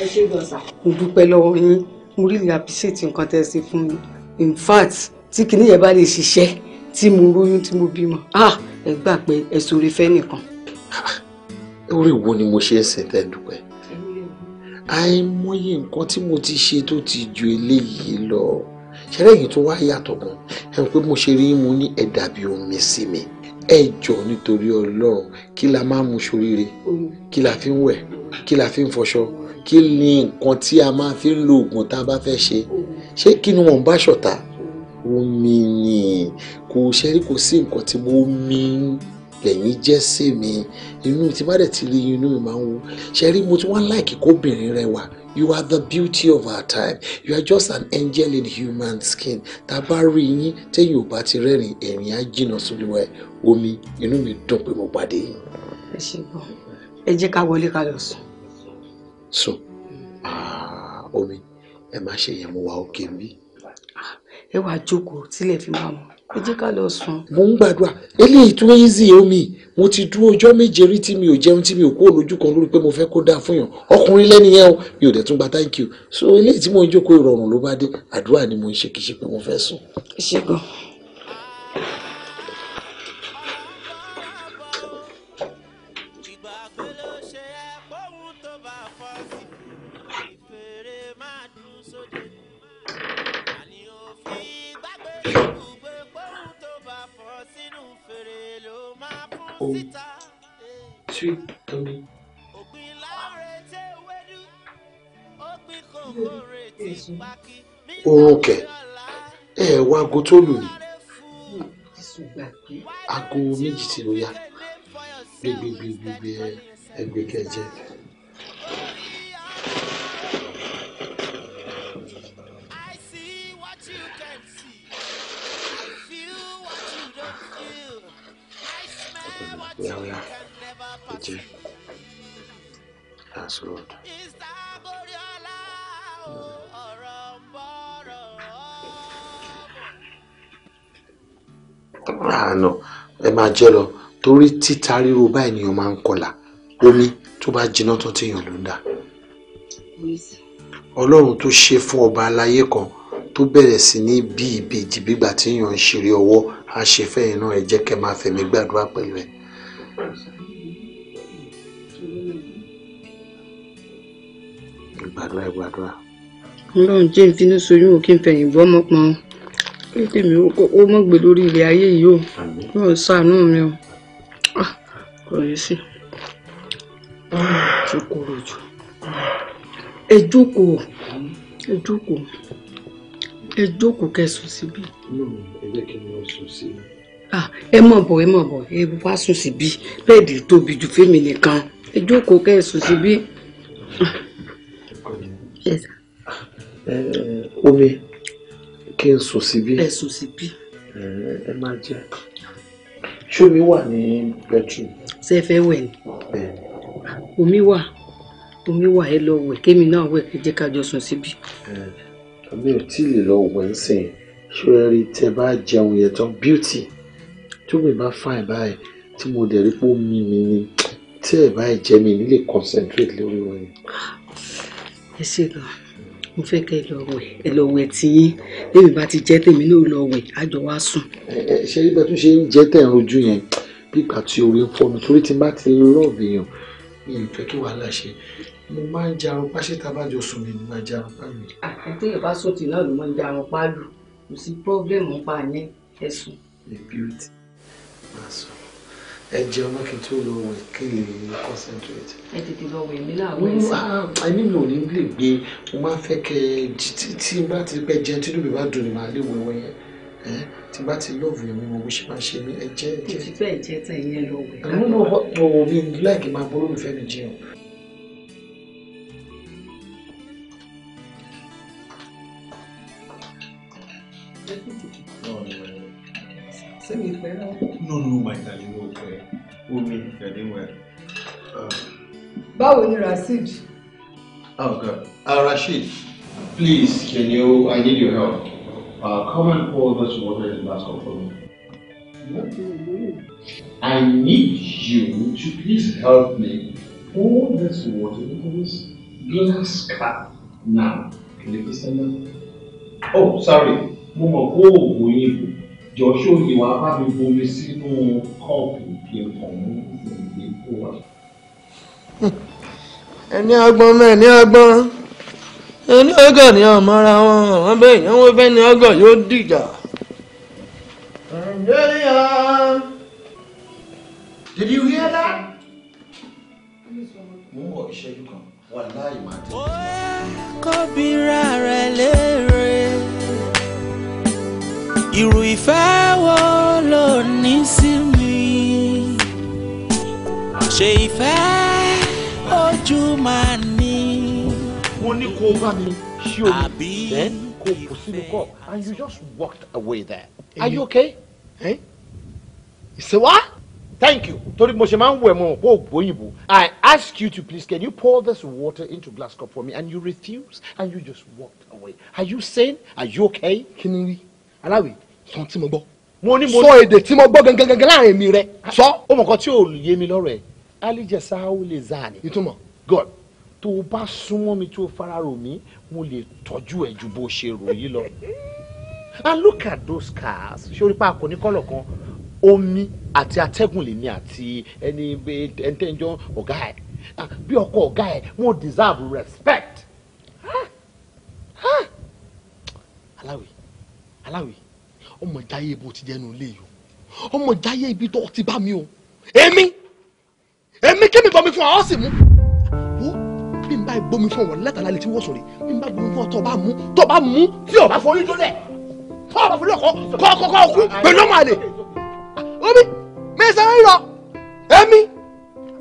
S1: ẹ ṣe gbọ̀nsà. mo dúpẹ́ lọ́wọ́ yín mo rí ìlà bíṣètì nǹkan tẹ́ ẹ fún mi in fact tí kinní yẹn bá lè ṣiṣẹ́ tí mo róyún tí mo bímọ ah, ẹ gbà pé ẹ sọ̀rọ̀ ìfẹ́ nìkan orí wo ni mo ṣe ń sìn tẹ́ dúpẹ́ àìmọye nǹkan tí mo ti ṣe tó ti ju eléyìí lọ ṣẹlẹ́yìn tó wá yàtọ̀ gan ẹ pé mo ṣe rí mu ní ẹ̀dà bí omi sí mi ẹ jọ nítorí Ọlọ́run kí la máa mu ṣoríire kí la fi ń wẹ̀ kí la fi ń fọṣọ kí ni nǹkan tí a máa fi ń lo oògùn tá a bá fẹ́ ṣe ṣé kí ni wọ́n bá ṣọ̀tá omi ni kò ṣẹ́rí kò sí nǹkan tí mo mi ń lẹ́yìn jẹ́ sí mi inú tí bá dẹ̀ ti rí inú mi máa ń wo ṣe rí mo ti wá láìkí kóbìnrin rẹwà you are the beauty of our time you are just an angel in human skin tá a bá rí yín téyìn ò bá ti rẹ́rìn ẹ̀rín á jìnnà sólúwa ẹ̀ omi inú mi dùn pé mo pàdé yín. ẹ ṣe gbọ́ ẹ jẹ́ ká wọlé ká lọ sùn. sùn ah, omi ẹ má ṣe yẹn mo wà òkè mi. ẹ wàá jókòó tílẹ̀ fi máa mọ̀ ẹ jẹ́ ká lọ sùn. mo ń gbàdúrà eléyìí tó easy omi mo ti dúró ọjọ́ méje rí tí mi ò jẹun tí mi ò kúrò lójú kan lórí pé mo fẹ́ kó dáa fún yàn ọkùnrin lẹ́ni yẹn o mi ò dẹ̀ tún gba thank you so eléyìí tí mo ń jókòó ìrọ̀rùn ló bá dé àdúrà ni mo ń ṣe kì í ṣe pé mo fẹ́ sùn. ṣe gan kò tí tóbi. oorun kẹ ẹ wá aago tó lù ní aago méjì tí ló yá gbégbégbégbé ẹgbẹ kẹjẹ. yàwòyà ẹ̀jẹ̀ that's road. àná ah, ẹ máa jẹ lọ torí títa ríro báyìí ni èèyàn máa ń kọlà omi tó bá jiná tán téèyàn ló ń dà. ọlọ́run tó ṣe fún ọba aláyé kan tó bẹ̀rẹ̀ sí ní bí ìbejì gbígbà téèyàn ń ṣeré ọwọ́ àṣefẹ́yìn náà ẹ jẹ́ kẹ́ máa fẹ̀mí gbàdúrà pẹ̀lú ẹ̀
S2: gbàdúrà ẹ gbàdúrà.
S1: ọlọ́run jẹ́ ìfinú soyún o kí n fẹ̀yìn bọ́ ọmọ pọn kéèké mi ó mọ̀gbẹ́ lórí ilé ayé yìí o yóò ṣàánú mi o ah, kò yẹ sí tó kúrò jù kẹsùn síbí.
S2: ẹ jẹ́ kí n lọ sùn
S1: sí i ẹ mọ̀ bọ̀ ẹ mọ̀ bọ̀ ẹ wá sùn síbí bẹ́ẹ̀dì tóbi jù fẹ́mi nìkan
S2: ẹ jókòó kẹ́ ẹ sùn síbí.
S1: omi kí n sùn síbí. ẹ sùn síbí. ẹ má jẹ ṣómi wà ní bedroom. ṣé ẹ fẹ́ wẹ̀ ni. omi wà omi wà ẹ lọ wẹ̀ kémi náà wẹ̀ kí jẹ́ ká jọ sùn síbí. àmì ò tí ì lè lọ wẹ̀ ń sìn ṣó ẹ rí tẹ bá jẹun yẹn tán beauty tí omi bá fine báyìí tí mo dẹ̀ rí pé ó mi mi ni tí ẹ̀ báyìí jẹ́ mi nílé concentrate lórí wọn. ẹ ṣe gan mo fẹ́ kẹ́ ẹ lọ wẹ̀ ẹ lọ wẹ̀ tiyín lèmi bá ti jẹ́ tèmi náà lọ wẹ̀ á jọ wá sùn. ẹ ṣe nígbà tó ṣe ń jẹ́ tẹ̀ ń rojú yẹn bí ìgbà tí orí ń fọ́ mi torí tí n bá ti lọ́ọ̀bù èèyàn mi ò fẹ́ kí wàhálà ṣe mo máa ń jarun pa ṣé tá sùn mi ni máa jarun pa mi. àtúntò ìbásòtì náà ló máa ń jarun pa lù kò sí pírọ́blẹ̀mù pa yẹn ẹ̀sùn. the beauty ẹ jẹ ọmọ kí n tó lọ wẹ kí n lè concentrate. ẹ tètè lọ wẹ mí láàárọ̀ ẹ sá. àìní mi ò ní lè gbé mo máa ń fẹ́ kẹ tí tí n bá ti pẹ́ jẹun tí lóbi bá dùn ní màá lè wẹ̀wẹ̀ yẹn tí n bá ti lọ́ọ̀bù yẹn mi mo bó ṣe máa ṣe mí ẹ jẹ́ ẹ jẹ́. kò ti
S2: fẹ́ jẹ́ tẹ̀
S1: yẹn lọ wẹ̀. àwọn ọmọ mi láìkí máa ború mi fẹ́ mi jẹun. kú mi. You're doing well. Um,
S2: Báwo ni Rasheed?
S1: Oh God. Uh, Rasheed, please, can you, I need your help. Uh, come and pour this water in the glass cup for me. What do you need? I need you to please help me pour this water into this glass cup now. Can you understand? stand Oh, sorry. Mama, oh, we need you jọ ṣó lè wá bá ẹni ọgọ́ ni ọmọ ara wọn àwọn bẹ́ẹ̀ ìyàwó bẹ́ẹ̀ ni ọgọ́ yóò dìjà.
S2: Nigeria! Did you hear that? Mo ń bọ̀ ìṣẹ́jú kan, wà láì máa tẹ̀lé. Ó kọ́ bí irú ìfẹ́ wo
S1: ló ní sí mi ṣe ìfẹ́ ojú máa ní. mo ní kó o bá mi ṣí omi then kó o kò sínú kọ and you just walked away there. are you okay? ìṣèwà. Eh? Thank you. Torí mo ṣe máa ń wẹ̀ mọ́ pọ̀ ògbóyìnbó. I ask you to please can you pour this water into glass cup for me and you refuse and you just walked away. Are you sane? Are you okay? Kí ni rí? Aláwì, sọ tí mo gbọ́ sọ èdè tí mo gbọ́ gangan láàrin mi rẹ ah, sọ. ó mọ̀ kan tí ò yé mi lọ́rọ̀ ẹ̀ alijẹsà ó lè zà ní. ìtumọ̀ god tó o bá súnmọ́ mi tó o fara rò mí mo lè tọ́jú ẹ̀ ju bó o ṣe rò yí lọ. and ah, look at those cars ṣé orí pa kò ní kọ́lọ̀ kan omi àti atẹ́gùn lèmi àti ẹni ẹnitẹ́njọ́ ọ̀gá ẹ̀ ah, bí ọkọ ọ̀gá ẹ̀ mo deserve respect. aláwì aláwì ọmọ jáyé ibo ti jẹ́nu ilé yìí o ọmọ jáyé ibi tó ti bá mi o èmi èmi kí mi bọ́ mi fún ọ ọ sì mú wú bí n bá gbomi fún ọ lẹ́tàlá lè ti wọ̀ sọ̀rọ̀ bí n bá gbomi fún ọ tó bá mú tó bá mú tí o bá forí jólẹ̀ tó o bá forí ọkọ kọ́ ọkọ kọ́ ọkú pẹ̀lú ọmọ àlè omi mi sàn ń lọ èmi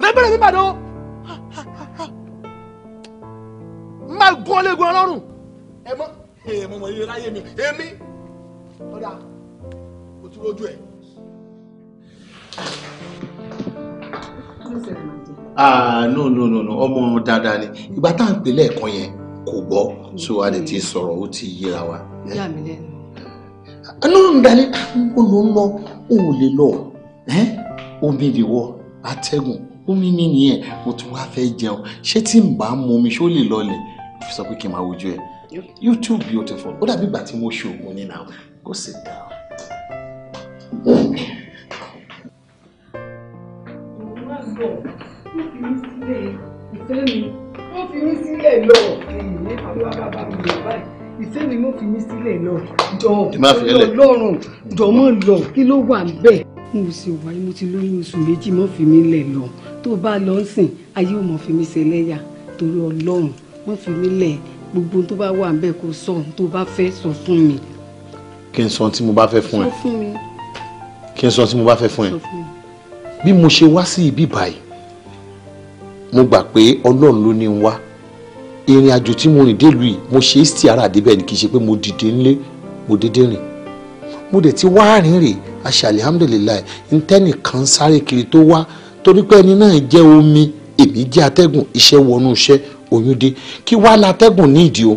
S1: lẹ́gbẹ̀rẹ̀ mi bàdó n bá gún ọ lé gun ọlọ́run ẹ mọ èèmọ̀ yìí láyé mi èmi ọ̀dà o ti rojú ẹ̀. ah no no no no ọmọ dáadáa ni ìgbà tá à ń pè lẹ́ẹ̀kan yẹn kò gbọ́ so a lè ti sọ̀rọ̀ ó ti yíra wa. yà mí lẹ́nu. Ah, no no dalẹ o ló ń lọ o ò lè lọ omi ìdìwọ atẹ́gùn omi mi nìyẹn mo tún wá fẹ́ jẹun ṣé tí n bá mu omi ṣé ó lè lọlẹ̀ fi sọ pé kí n máa wojú ẹ you too beautiful ó dàbí ìgbà tí mo ṣe oògùn ní náà. Go sit down. Ìfẹ́ mi, ó fi mí sílẹ̀ lọ. Èyí àlọ́ bàbá mi lọ báyìí ìfẹ́ mi mo fi mí sílẹ̀ lọ jọ ọlọ́run jọ mọ́ lọ kí ló wà bẹ́ẹ̀. mo sì wáyé mo ti lóyún oṣù méjì mọ́ fi mí lẹ̀ lọ tó bá lọ ń sìn ayé ò mọ̀ fi mí ṣẹlẹ́yà torí ọlọ́run mọ́ fi mí lẹ̀ gbogbo tó bá wà bẹ́ẹ̀ kó sọ tó bá fẹ́ sọ fún mi kí n sọ tí mo bá fẹ́ fún ẹ kí n sọ tí mo bá fẹ́ fún ẹ bí mo ṣe wá sí ibi báyìí mo gbà pé ọlọ́run ló ní n wá ìrìn àjò tí mo rìn délùú yìí mo ṣe é sí ara àdébẹ̀ ni kì í ṣe pé mo dìde ńlé mo dédé rìn mo dẹ̀ ti wá rìn rè àṣà alihamudulilayi ntẹ́nìkan sáré kiri tó wá torí pé ẹni náà jẹ́ omi èmi jẹ́ atẹ́gùn iṣẹ́ wọnú iṣẹ́ oyún dé kí wàá la atẹ́gùn ní ìdí o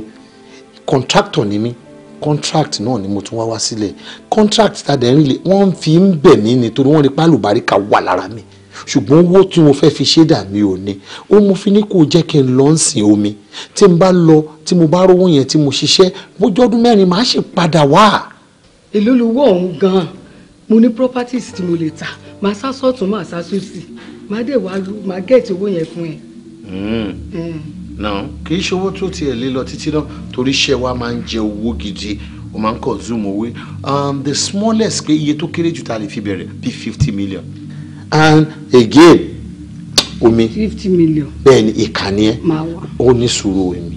S1: kọ̀ǹtráktọ̀ ni mí contract náà ni mo tún wá wá sílẹ̀ contract tàdé ń lè wọ́n fi ń bẹ̀ mí ni torí wọ́n rí pálùbáríkà wà lára mi ṣùgbọ́n owó tí mo fẹ́ fi ṣe dà mí ò ní ó mo fi ní kó jẹ́ kí n lọ sìn omi tí n bá lọ tí mo bá rówó yẹn tí mo ṣiṣẹ́ bójú ọdún mẹ́rin màá ṣe padà wá. èló ló wọ òun gan-an mo ní properties tí mo lè tà màá sá sọ́ọ̀tún màá sá sósì màá dé wàá lu màá gẹ̀ẹ́tì owó yẹn fún ẹ. Hmm. Hmm náà kì í ṣe owó tó tiẹ̀ lé lọ títí náà torí iṣẹ́ wa máa ń jẹ owó gidi o máa ń kọ zoom owó um, the smallest pé iye tó kéré jù tá a lè fi bẹ̀rẹ̀ bíi fifty million and again omi fifty million bẹ́ẹ̀ ni ìkànnì ẹ̀ ó ní sùúrù omi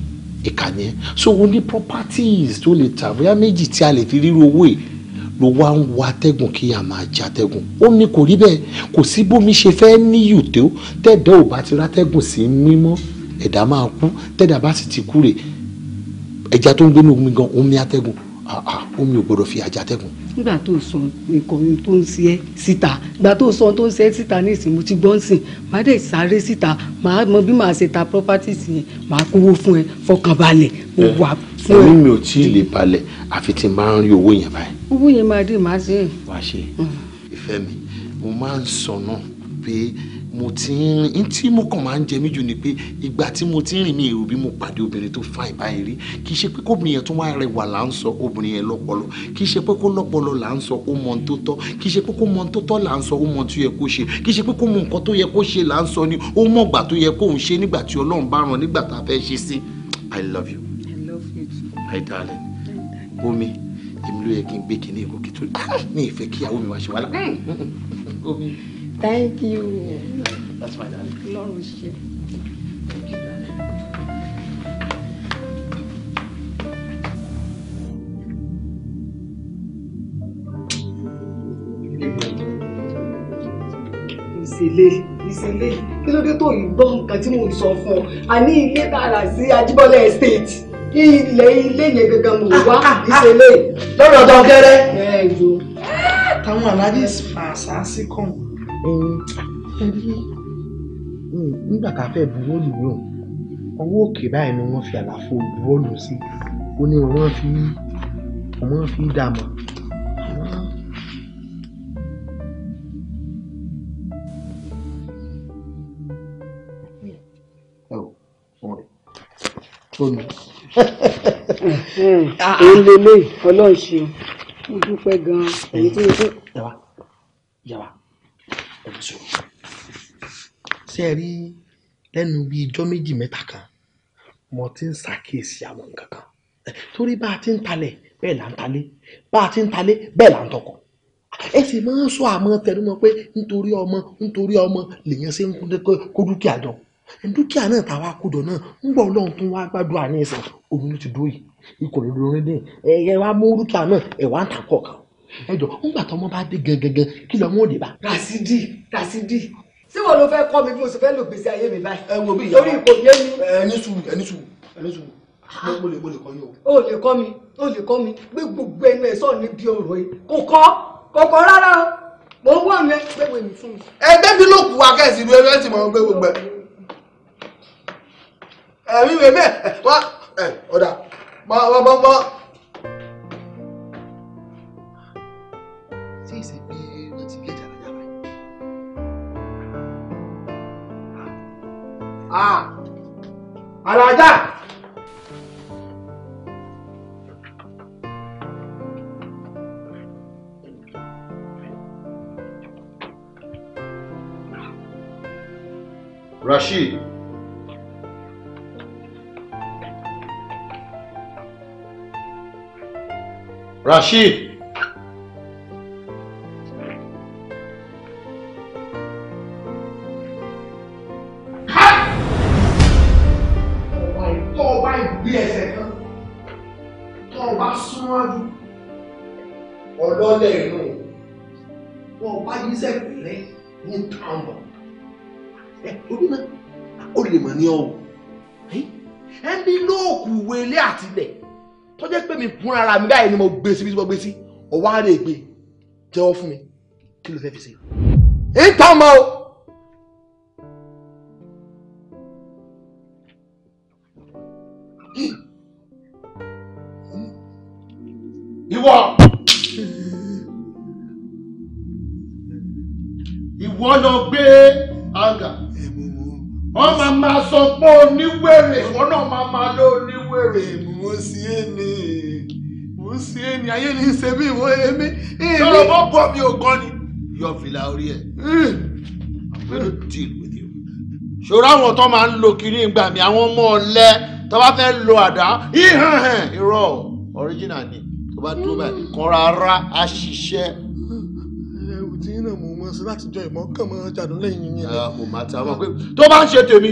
S1: ìkànnì ẹ̀ so o ní properties tó lè tà bóyá méjì tí a lè fi ríru owó yìí ló wá ń wa atẹ́gùn kí a máa jẹ atẹ́gùn omi kò rí bẹ́ẹ̀ kò sí bómi ṣe fẹ́ níyù tó tẹ́ẹ̀dẹ́ ò bá ti rátẹ́gùn sí mímọ́ ẹ̀dá máa kú tẹ́dá bá sì ti kú rè ẹja tó ń gbénu omi gan omi atẹ́gùn omi ò gbọdọ̀ fi ajá tẹ́gùn.
S2: nígbà tó sọ nǹkan tó ń ṣe ẹ́ síta nígbà tó sọ tó ń ṣe ẹ́ síta ní ìsìn mo ti gbọ́n sìn máa dẹ̀ sáré síta máa mọ bí màá ṣe ta properties yẹn máa kówó fún ẹ fọkànbalẹ̀ mo eh, wà fún ẹ.
S1: èmi ò tí ì lè balẹ̀ àfi tí n máa rí owó yẹn báyìí. owó yẹn máa dé màá ṣe. wàá ṣe mm. ìfẹ́ mi mo máa ń sọ náà pé mo ti ń rìn tí mo kàn máa ń jẹ mí jù ni pé ìgbà tí mo ti ń rìn ní èrò bí mo pàdé obìnrin tó fa ìbáyìí rí kì í ṣe pé kóbìnrin yẹn tó wá rẹwà là ń sọ obìnrin yẹn lọ́pọlọ kì í ṣe pé kó lọ́pọlọ là ń sọ ó mọ tó tọ́ kì í ṣe pé kó mọ tó tọ́ là ń sọ ó mọ tó yẹ kó ṣe kì í ṣe pé kó mọ nǹkan tó yẹ kó ṣe là ń sọ ni ó mọ ìgbà tó yẹ kóun ṣe nígbà tí Ọlọ́run bá ràn nígbà tá a fẹ́ ṣe sí I love you.
S2: I love you too.
S1: My darling. Omi èmi ló yẹ kí n gbé kinní ìkókè tó ní ah, Omi. Thank you. That's my darling. Lọ́run ṣe.
S2: ìsèlè ìsèlè kí ló dé tó yìí
S1: gbọ́ nǹkan tí mo sọ fún ọ a ní ilé tààrà sí Ajíbọ́lá estate ilẹ̀ ilé yẹn gangan mo wá ìsèlè. lọ́rọ̀ ọ̀dọ̀ gẹ́rẹ́. bẹ́ẹ̀ jo táwọn aláàjì
S2: fàṣà sí kàn
S1: ẹ̀rí nígbà tá a fẹ́ buwọ́lù náà ọwọ́ òkè báyìí ni wọ́n fi àlàfo buwọ́lù sí ó ní wọ́n fi wọ́n fi dààmú. tómi. èlé lè ọlọ́run ṣeun mo dúpẹ́ gan-an èyí tó yẹ kó. yàrá yàrá ọdún sọ. Ṣé ẹ rí lẹ́nu bí ijọ́ méjì mẹ́ta kan, mo ti ń ṣàkíyèsí àwọn nǹkan kan. Torí bá a ti ń talẹ̀, bẹ́ẹ̀ là ń talé. Bá a ti ń talé, bẹ́ẹ̀ là ń tọkọ̀. Ẹ sì máa ń sọ àmọ́ tẹnu mọ́ pé nítorí ọmọ, nítorí ọmọ lèèyàn ṣe ń kó dúkìá jọ. Dúkìá náà táa wá kó jọ náà, Ọlọ́run tó ń wá gbàdúrà ní òun ló ti dúró yìí. Ikọ̀ ló lórí dè. Ẹ wá mú dúkìá náà, ẹ wá ń tà kọ̀ọ̀kan ẹ jọ ńgbà tọmọ bá dé gangan kí lọ wọn ò lè bá. Rasidi Rasidi ṣé wọn ló fẹ́ kọ́ mi bí mo sì fẹ́ lò gbèsè ayé mi báyìí. ẹ wo bí ìyá lórí ipò yé mi. ẹ ní sùúrù ẹ ní sùúrù ẹ ní sùúrù mo lè mo lè kọ́ yín o. o lè kọ́ mi o lè kọ́ mi gbé gbogbo ẹnu ẹ̀ sọ̀rọ̀ níbi ọ̀rọ̀ yìí kò kọ́ kò kọ́ rárá o mo ń wọ̀ mi gbé wo mi fún mi. ẹgbẹ́ mi ló kù wá ìlú ẹgbẹ́ sì mọ̀ gbé gbogbo ẹ̀mí wẹ̀ bẹ́ẹ̀ wá ọ̀dà bọ́ bọ́ bọ́. ah, ala aja.
S2: Rashid. Rashid.
S1: gbá yìí ni mo gbé e síbi tí mo gbé e sí ọwọ́ àárẹ̀ gbé jẹ́wọ́ fún mi kí ló fẹ́ fi ṣe. ìtàn mọ́ o. ìwọ ìwọ lọ gbé àgà wọn máa máa sọ pé oníwèrè wọn náà máa máa lọ oníwèrè. èmi mo sì é ń ṣe é ayé ní í ṣe bí ìwọ èmi. sọ̀rọ̀ mọ́ kọ́ mi ò gan ni. yọ fìlà orí ẹ̀. Hmm. I'm gonna deal with you. ṣòro àwọn tó máa ń lo kiri ìgbà mi àwọn ọmọ ọ̀lẹ tó bá fẹ́ lo àdá ìhàn irọ́ original ni tó bá dúró báyìí kan rárá a ṣiṣẹ́. ẹ̀wù tí náà mo mọ̀ sí láti jọ ìmọ̀ kàn mọ́ jàdún lẹ́yìn yẹn. kò ah, má ta ọmọ pé tó bá ń ṣe tèmi.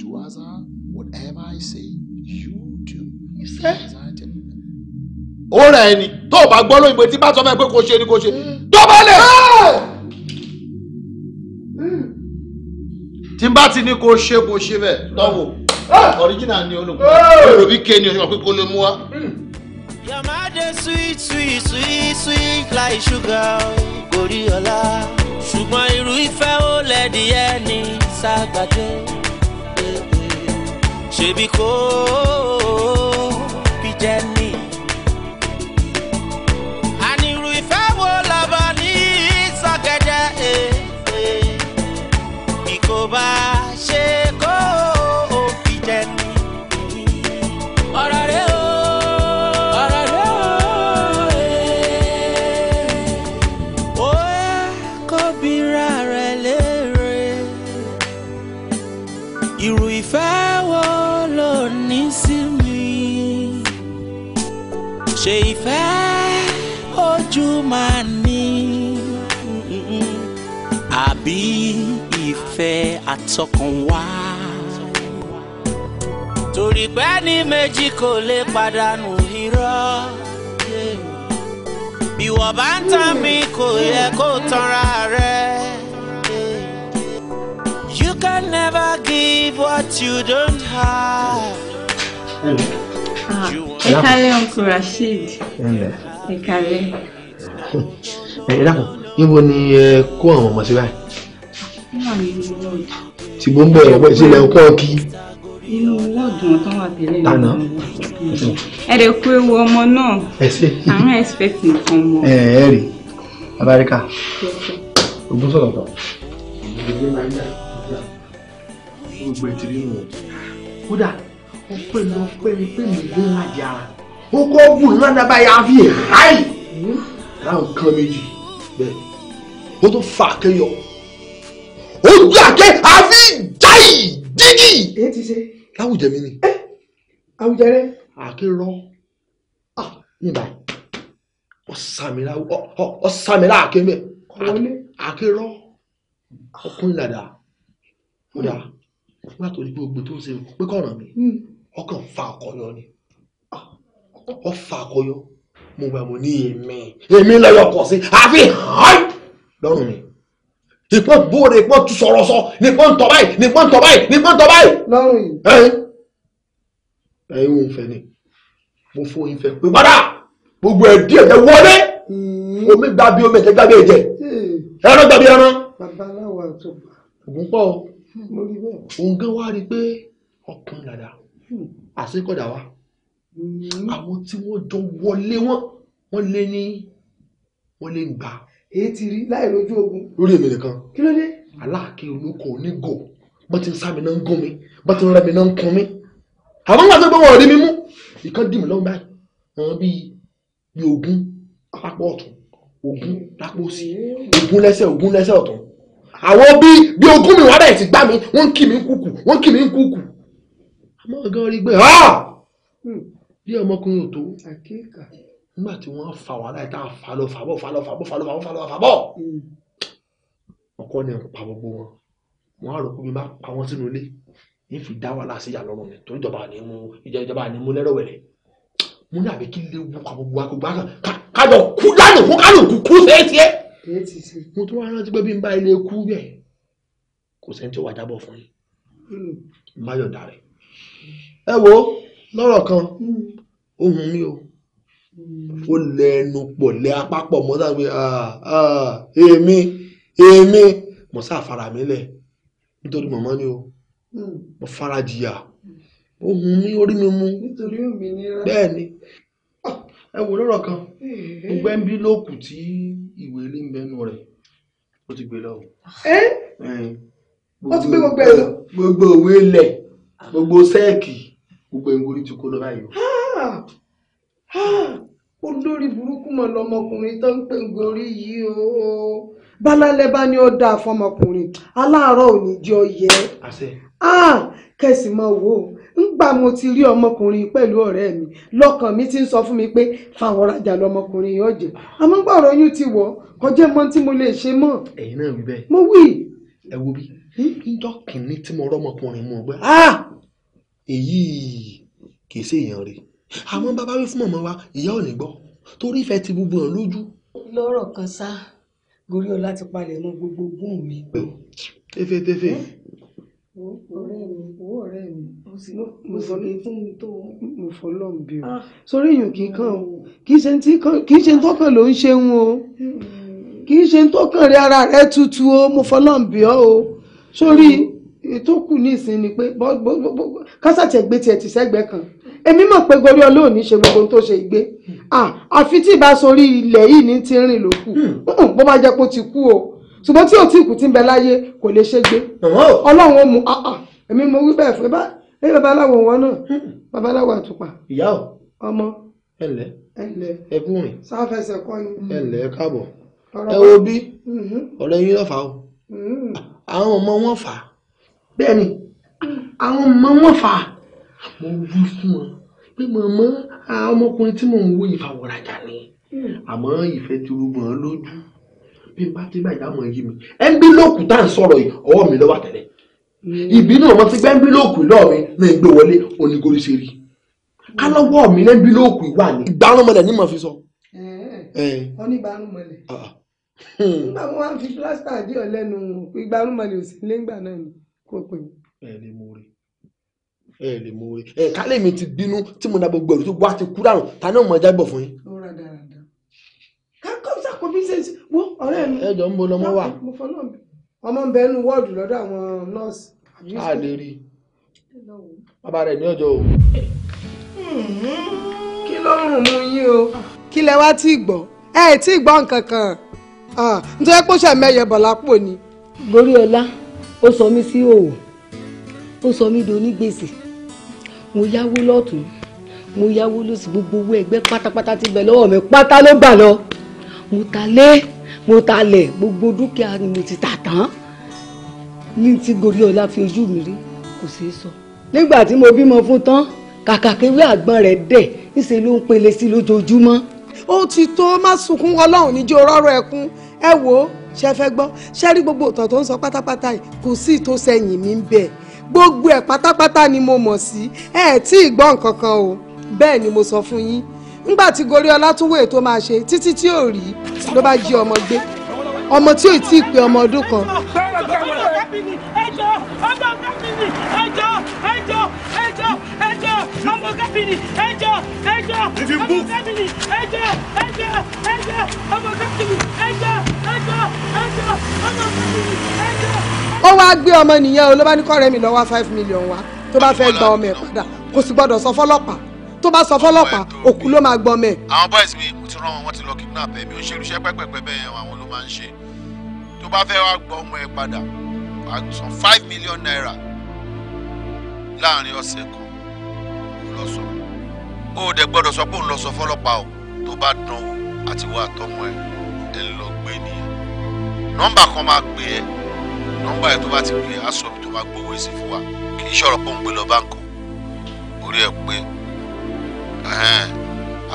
S1: do as I whatever I say you do. you say ó rẹ̀ ẹ́ tó o bá gbọ́ lóyìnbó tí bá sọ fún pé kò ṣe ni kò ṣe tó bá lè. tí n bá ti ní kò ṣe kò ṣe bẹ́ẹ̀ lọ́wọ́ original ni olùkọ́ èrò bí kéènì oṣù pé lè mú wa. yamade sweet sweet sweet sweet like sugar gori ọlá ṣùgbọ́n irú ìfẹ́ ó lẹ́dí ẹ̀ ní sàgbàdé ṣèbí kò bí jẹ́ ní. ìfẹ́ àtọkànwá. torí pé ní méjì kò lè pàdánù irọ́. bí bá ń tàn mí kò yẹ kó tanra rẹ̀. You can never give what you don't have.
S2: ẹ ah, kárẹ́ uncle Rasheed ẹ kárẹ́. ẹ
S1: dákun níbo ni ẹ kó àwọn ọmọ sí báyìí
S2: wà nínú wọ́ọ̀dù.
S1: tí mo ń bẹ̀rẹ̀ pẹ́ sílẹ̀ ọkọ̀ kí.
S2: inú wọ́ọ̀dù wọn tán wà tẹ́lẹ̀ náà.
S1: ẹ lè kó ewu ọmọ náà. ẹ ṣe. àwọn expect nǹkan mọ. ẹ ẹ rí abáríkà ogun sọ̀rọ̀ tán. gbogbo ẹ ti rí nù. kódà ó pè mí ó pè mí pè mí ló ń lajà ó kọ́ gùn náà dábàá yá fi ẹ̀ ráì láwọn nǹkan méjì bẹ́ẹ̀ ó tún fà kéèyàn ojú àkẹ́ àfi jáì dígì. èyí ti ṣe. láwùjẹ mi ni. àwùjẹ rẹ. àkérò yìnbà ọ̀sàmìlà ọ̀sàmìlà àkẹ́mẹ́ àkérò ọkùnrin dàda kódà nígbà tó di gbogbo tó ń ṣe pé kọ̀ọ̀nà mi ọkàn hmm. fa ọkọ̀yọ ni ah, ọfà àkọyọ mo gbà mo ní èmi èmi lọ́yọ̀ kọ̀ sí àfi hàn lọ́rùn mi nìpọ́n bóore nìpọ́n tún sọ̀rọ̀ sọ nìpọ́n tọ́ báyìí nìpọ́n tọ́ báyìí nìpọ́n tọ́ báyìí. lọ́rùn yìí. ẹyin ẹyin wo ìfẹ́ ni mo fún ìfẹ́ pé padà gbogbo ẹ̀ díẹ̀ ẹ wọlé hmm. omi gba bí omi ẹ̀jẹ̀ gba bí ẹ̀jẹ̀
S2: hmm. ẹran gba bí ẹran. babaláwo àtọ̀gbà. ògùn pọ̀ hmm,
S1: òun gan wá rí i pé ọkùnrin dàda àṣekọ̀dà wa àwọn tí wọ́n jọ wọlé wọn wọ́n lé ní wọ́n lé ń gbà èyí ti rí láì lójú ogun. lórí èmi nìkan. kí ló dé. aláàkè olóko onígò bó ti ń sá mi náà ń gún mi bó ti ń rẹ mi náà ń kun mi. àmọ́ wọn àti pé wọn ò rí mi mú. ìkan dì mí lọ́wọ́ báyìí wọn bíi bíi Ogun lápá ọ̀tún ogún lápá òsì ogún lẹ́sẹ̀ ogún lẹ́sẹ̀ ọ̀tún. àwọn bíi bíi ogún mi wà dẹ̀ ti gbá mi wọ́n ń kì mí kúkù wọ́n ń kì mí kúkù. àmọ́ ọ̀gá orí gbé hmm. bí ọmọkùnrin ò tó. àkíkà nígbà tí wọ́n fa wàhálà yìí tá a fa lọ fa bọ̀ fa lọ fa bọ̀ fa lọ fa bọ̀ fa lọ fa bọ̀ ọkọ ni pa gbogbo wọn wọn á rò pé mi máa pa wọn sínú ilé ní fi dá wàhálà sí ìyá mi tó ìjọba ni mo ìjọba ni mo lẹ́rọ̀ wẹ̀rẹ̀ mo ní àbí kí n lè wú pa gbogbo wa gbogbo àná kájọ kú dánù kú kánù kú kú sí etí ẹ. mo tún wá rántí pé bí n bá ilé kú bẹ́ẹ̀ kò sẹ́ni tí jábọ̀ fún yín hmm. má yọ̀ǹda ẹ wo lọ́rọ̀ kan hmm. ohun mi o ó lẹ ẹnu pọ̀ lẹ apá pọ̀ mọ́ sáà pé ah, ah, èmi èmi mo sá fara mi lẹ̀ nítorí màmá ni o hmm. mo fara jìyà ó hun mí orí mi mú bẹ́ẹ̀ ni ah, ẹ wò lọ́rọ̀ kan gbogbo ẹ̀ ń bí lóòkù tí ìwé rí ń bẹnu rẹ̀ ó ti gbé lọ.
S2: ó ti gbé gbogbo ẹ̀ lọ.
S1: gbogbo òwe lẹ̀ gbogbo sẹ́ẹ̀kì gbogbo ẹ̀ngórí ti kó lọ báyìí olórí burúkú mọ̀ lọmọkùnrin tó ń pè ń gorí yìí o balalẹ́ bá ní ó dáa fọmọkùnrin aláàárọ̀ ò ní jọ yẹ kẹsì mọ wò ó ńgbà mo ti rí ọmọkùnrin pẹ̀lú ọ̀rẹ́ mi lọ́kàn mi ti ń sọ fún mi pé fáwọn rajà lọmọkùnrin yóò jẹ àmọ́ gbàrọ̀ oyún ti wọ̀ kọjá mọ́ tí mo lè ṣe mọ́. ẹ̀yin náà wí bẹ́ẹ̀. mo wí. ẹ wo bí ńjọ́ kìnínní tí mo rọ́mọkùnrin mọ̀ gbẹ́. èyí kì í ṣèyàn rèé àwọn bàbá wí fún mọ̀mọ́ wa ìyá ò ní gbọ́ torí ìfẹ́ ti gbogbo hàn lójú.
S2: lọ́rọ̀ kan sá
S1: gorí ọlá ti palẹ̀ mọ́ gbogbo ogún mi. tẹ́fẹ́tẹ́fẹ́.
S2: ọ̀rẹ́ mi owó ọ̀rẹ́ mi mo sọ pé fún mi tó
S1: mo fọ́ lọ́n bí o. Ah. sórí èèyàn kì í kàn o kì í ṣe tọ́kàn ló ń ṣeun o kì í ṣe tọ́kàn rẹ ara rẹ tutù o mo fọ́ lọ́n bí ọ o sórí ètò kù ní ìsìn ni pé kásàtì ẹgbẹ́ tiẹ̀ ti sẹ́gbẹ́ kan èmi mọ̀ pé gorí ọlọ́ọ̀ni ṣe gbogbo tó ṣe ìgbé àfi tí ìbá sórí ilẹ̀ yìí ní ti rìn lókù bó bá jẹ́ pé ó ti kú o ṣùgbọ́n tí ò tí kù ti ń bẹ láyé kò lè ṣe gbé ọlọ́run ó mu èmi mo wí bẹ́ẹ̀ fún ẹ babaláwo wọn náà babaláwo àtùpà ọmọ ẹlẹ ẹlẹ ẹkùnrin sáfẹsẹ kọ ni ẹlẹ káàbọ̀ ẹ wo bí ọ̀rẹ́ yín lọ́fà o àwọn ọmọ wọn fà bẹ́ẹ̀ àwọn ọmọ wọn fà mo wí fún ọ pé màmá ọmọkùnrin tí mò ń wo ìfàwọ̀rajà ni hmm. àmọ́ ìfẹ́ ti rúgbọ̀n lójú bí n bá ti bàjẹ́ àmọ́ yí mi ẹ́ńbílòkù tá à ń sọ̀rọ̀ yìí ọwọ́ mi lọ́wọ́ tẹ̀lé hmm. ìbínú ọmọ ti gbé ẹ́ńbílòkù lọ́ọ̀ mi náà gbé wọlé onígorí ṣe rí hmm. kálọ́wọ́ mi lẹ́ńbílòkù wà ní. ìgbàlómọlẹ̀ ni mo fi sọ. onígbàlómọlẹ̀ ah, ah. nígbà wọn fi plásítà díẹ̀ lẹ́nu ìgbàlómọlẹ̀ òsì lẹ́ngbà náà ni kò pè ẹ lè mú wẹ ẹ kálẹ̀ mi ti bínú tí mo na gbogbo ẹ̀rù tó wá ti kú dànù ta ni ọmọ jábọ̀ fún yín. lọ́ra dáadáa kákọ́ sàkó vincent wo ọ̀rẹ́ mi. ẹ jọ ń bo lọmọ wa. ọmọ ń nu inú wọ́ọ̀dù lọ́dọ̀ àwọn nọ́ọ̀sì. a lè rí i bàbá rẹ̀ ní ọjọ́ o. Hmm, kí ló ń rùn mú yín o. kí lẹ wá tí gbọ́ ẹ ẹ tí gbọ́ nǹkan kan nítorí pé ó ṣe mẹ́yẹ bọ̀ ó sọ mí sí òwò ó sọ mí di onígbèsè mo yáwó lọ́tún mo yáwó lọ́sì gbogbo owó ẹgbẹ́ pátápátá ti bẹ̀ lọ́wọ́ mi pátá ló gbà lọ mo ta lé mo ta lẹ̀ gbogbo dúkìá ni mo ti tà tán ní ti gòrí ọlá fi ojú mi
S2: rí kò ṣeé sọ.
S1: nígbà tí mo bímọ fún tán kàkà kéwé àgbọn rẹ̀ dẹ̀ níṣẹ́ ló ń pele sí lójoojúmọ́. ó ti tó má sunkún ọlọ́run níjó rọ́rọ́ ẹkún ẹ wò ó ṣe fẹ́ gbọ́ ṣe rí gbogbo ìtàn tó ń sọ pátápátá yìí kò sí ìtòsẹ́yìn mi ń bẹ̀ gbogbo ẹ̀ pátápátá ni mo mọ̀ sí ẹ tí ì gbọ́ nǹkan o bẹ́ẹ̀ ni mo sọ fún yín nígbà tí Goriola tún wò ètò máa ṣe títí tí ò rí ló bá jí ọmọ gbé ọmọ tí ò tí ì pé ọmọ ọdún kan. ẹjọ́ ọmọ gáfìnì ẹjọ́ ẹjọ́ ẹjọ́ ẹjọ́ ọmọ gáfìnì ẹjọ́ ẹjọ́ ọmọ gáfìnì ẹjọ́ ẹjọ́ ẹjọ́ ọmọ gáfìnì ẹjọ́ ẹjọ́
S2: ẹjọ́ ọmọ
S1: gáfìnì ẹjọ́ ó wá gbé ọmọ nìyẹn o ló bá ní kọ́ rẹ̀ mi lọ́wọ́ five million wa tó bá fẹ́ gba ọmọ ẹ̀ padà kò sì gbọ́dọ̀ sọ fọlọ́pàá tó bá sọ fọlọ́pàá òkú ló máa gbọ́ ọmọ ẹ̀. àwọn boys mi mo ti rán wọn wọn ti lọ kidnap ẹ mi ò ṣe irúṣẹ́ pẹ́pẹ́pẹ́ bẹ́ẹ̀ àwọn ló máa ń ṣe tó bá fẹ́ wá gbọ́ ọmọ ẹ̀ padà wàá san five million naira láàrin ọ̀sẹ̀ kan lọ sọ ó dẹ̀ gbọ́dọ̀ sọ pé òun lọ sọ fọlọ́pàá o tó bá dán o àti wà tọmọ ẹ ẹ lọ gbé nìyẹn nọ́mbà kan máa gbé ẹ nọ́mbà ẹ̀ tó bá ti pè aṣọ mi tó bá gbowó èsì fún wa kì í ṣọ̀rọ̀ pọ̀ ń gbé lọ báńkì orí ẹ̀ pé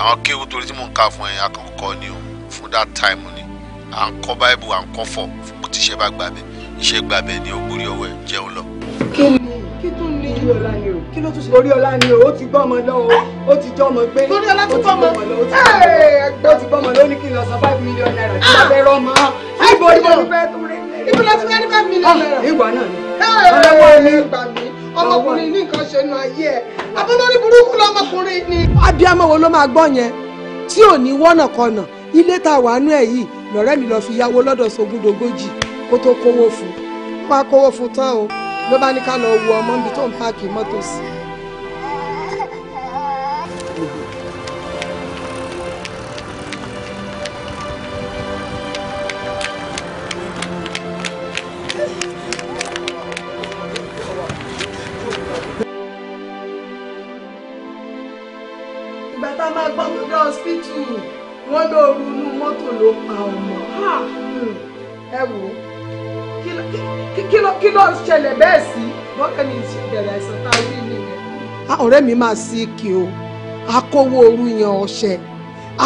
S1: àwọn kéwú torí tí mò ń kà fún ẹ akọ̀kọ̀ ni o fún that time ni à ń kọ́ báìbù à ń kọ́ fọ̀ fún kò tíṣẹ́ bá gbàbẹ̀ iṣẹ́ gbàbẹ̀ ni ó gbórí ọwọ́ ẹ̀ jẹun lọ. kí ni kí tún ní orí ọlá ni o kí ló tún ṣe orí ọlá ni o ó ti gbọ́ ọmọ lọ́wọ́ ó ti jọ́ ọmọ gbé orí ọlá ti gbọ́ ọmọ ó ti gbọ́ ọmọ lọ́wọ́ ó ní
S2: kí n lọ san five million naira tí wọ́n fẹ́ rọ́ ọmọ
S1: níbo ah! ni mo ti fẹ́ tún rí ibi lọ fún ẹni bá mi lọ lọ. Ah, ìwà náà ni. ọlọ́wọ́ ni gbà
S2: mí ọmọkùnrin ní
S1: nǹkan ṣe nu ayé ẹ̀ abúlórí burúkú lọmọkùnrin ni. abiyamọ wo ló máa gbọ́ yẹn tí ò ní wọ́nàkọnà ilé tá a wà nú ẹ̀ yìí lọ́rẹ́ mi lọ́ọ́ fi yáwó lọ́dọ̀ sógúndógójì kó tó kówó fún un. ó máa kówó fún tán o ló bá ní ká lọ wo ọmọ níbi tó ń páàkì mọ́tò sí i. lọ́sítù wọ́n lóoru inú mọ́tò ló pa ọmọ hmm. ẹ wò ó kí ló ṣẹlẹ̀ bẹ́ẹ̀ sí bọ́kẹ́ mi ti bẹ̀rẹ̀ àìsàn tá a rí nìyẹn. ọ̀rẹ́ mi máa sí kí o akówó oru yan ọṣẹ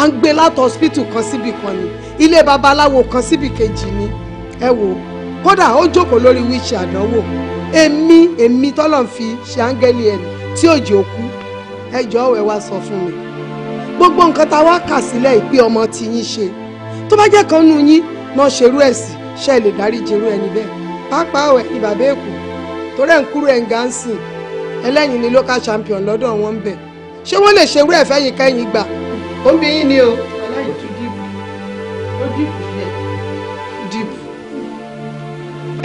S1: à ń gbé láti hospital kan síbi kan ni ilé babaláwo kan síbi kejì ni ẹ wò ó kódà ó jókòó lórí wíṣẹ àdánwò èmi èmi tọ́lọ̀ ń fi ṣe áńgẹ́lì ẹ̀ tí òjò kú ẹjọ́ ẹ̀ wá sọ fún mi gbogbo nǹkan tá a wá kà sílẹ̀ ìpè ọmọ tí yín ṣe tó bá jẹ́ kan nù yín náà ṣerú ẹ̀ sí ṣe lè dáríji irú ẹni bẹ́ẹ̀ pápá ọ̀wẹ̀ ni bàbá èkó torí ẹ̀ ń kúrò ẹ̀ ń ga ẹlẹ́yìn ni local champion lọ́dọ̀ wọn ń bẹ̀ ṣé wọ́n lè ṣerú ẹ̀ fẹ́yìn kẹ́yìn gbà ó yín ni o.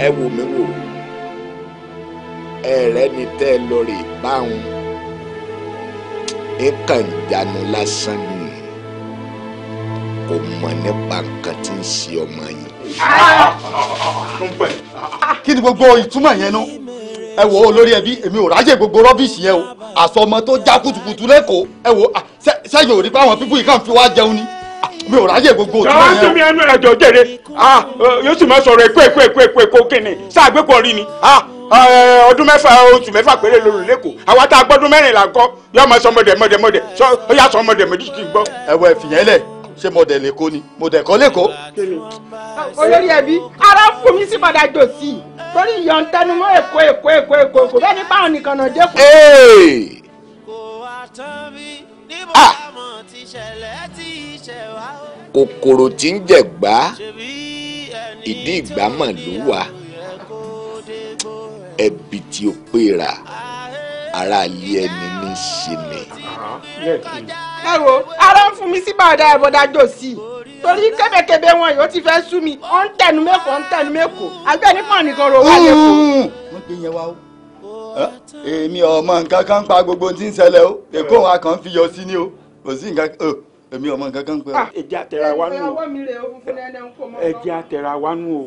S1: ẹ wò mí wò ẹ rẹ ni tẹ́ ẹ lọ rè bá nǹkan ìjánu lásán ni kò mọ̀ nípa nǹkan tí ń ṣe ọmọ yìí. kí ni gbogbo ìtumọ̀ yẹn nu ẹ wo olórí ẹbí èmi ò ráyè gbogbo rọ́bìsì yẹn o àsọmọ tó já kùtùkùtù lẹ́kọ̀ọ́ ẹ wo sẹ́yìn ò rí pé àwọn pípú yìí kàn fi wá jẹun ni mi ò ráyè gbogbo òtún ẹ̀yẹ o. jọ̀wọ́ mi ẹnu ẹ̀jọ̀ jèrè yóò sì máa sọ̀rọ̀ èkó èkó èkó èkó kíni sáà gbẹ́kọ̀ọ́ rí ni. Ah, eh, eh, ọdún mẹ́fà oṣù mẹ́fà péré lóru lẹ́kọ̀ọ́ àwa tá a gbọ́dún mẹ́rìnlá kọ́ yọ ọmọ sọ mọ̀dẹ̀ mọ̀dẹ̀ mọ̀dẹ̀ ó yà sọ mọ̀dẹ̀ mọ̀dẹ̀ kì í gbọ́. ẹ̀wọ̀ ẹ̀fìyàn lẹ̀ ṣé mọ̀dẹ̀ lẹ́kọ́ ni mọ̀dẹ̀ kọ́ lẹ́kọ́. olórí ẹbí ara fún mi sí padà jò sí i torí ìyọ̀n tẹnumọ́ èkó èkó èkó èkó kò bẹ́ẹ̀ ni báwọn nìkan náà dé kù. Ah! kòkòrò tí ń jẹ̀gbá ìdí ìgbámọ̀ ló wà ẹbí tí ó pèrà ara ilé ẹni ní ṣe ni. ẹ wo ara ń fún mi sí bàdá ẹ̀bọ̀dá jò sí torí kébékébé wọn yìí ó ti fẹ́ sú mi ó ń tẹnu mẹ́kọ̀ọ́ ó ń tẹnu mẹ́kọ̀ọ́ àgbẹ̀ nípa nìkan ro wá lẹ́kọ̀ọ́. wọ́n gbé yẹn wá o èmi ọmọ nǹkan kan pa gbogbo tí ń ṣẹlẹ̀ o èkó wa kan fi yọ sí ni o kò sí nǹkan kan èmi ọmọ nǹkan kan pa. Ah, ẹ̀jẹ̀ àtẹ̀ra wa nù o ẹ̀jẹ̀ àtẹ̀ra wa nù o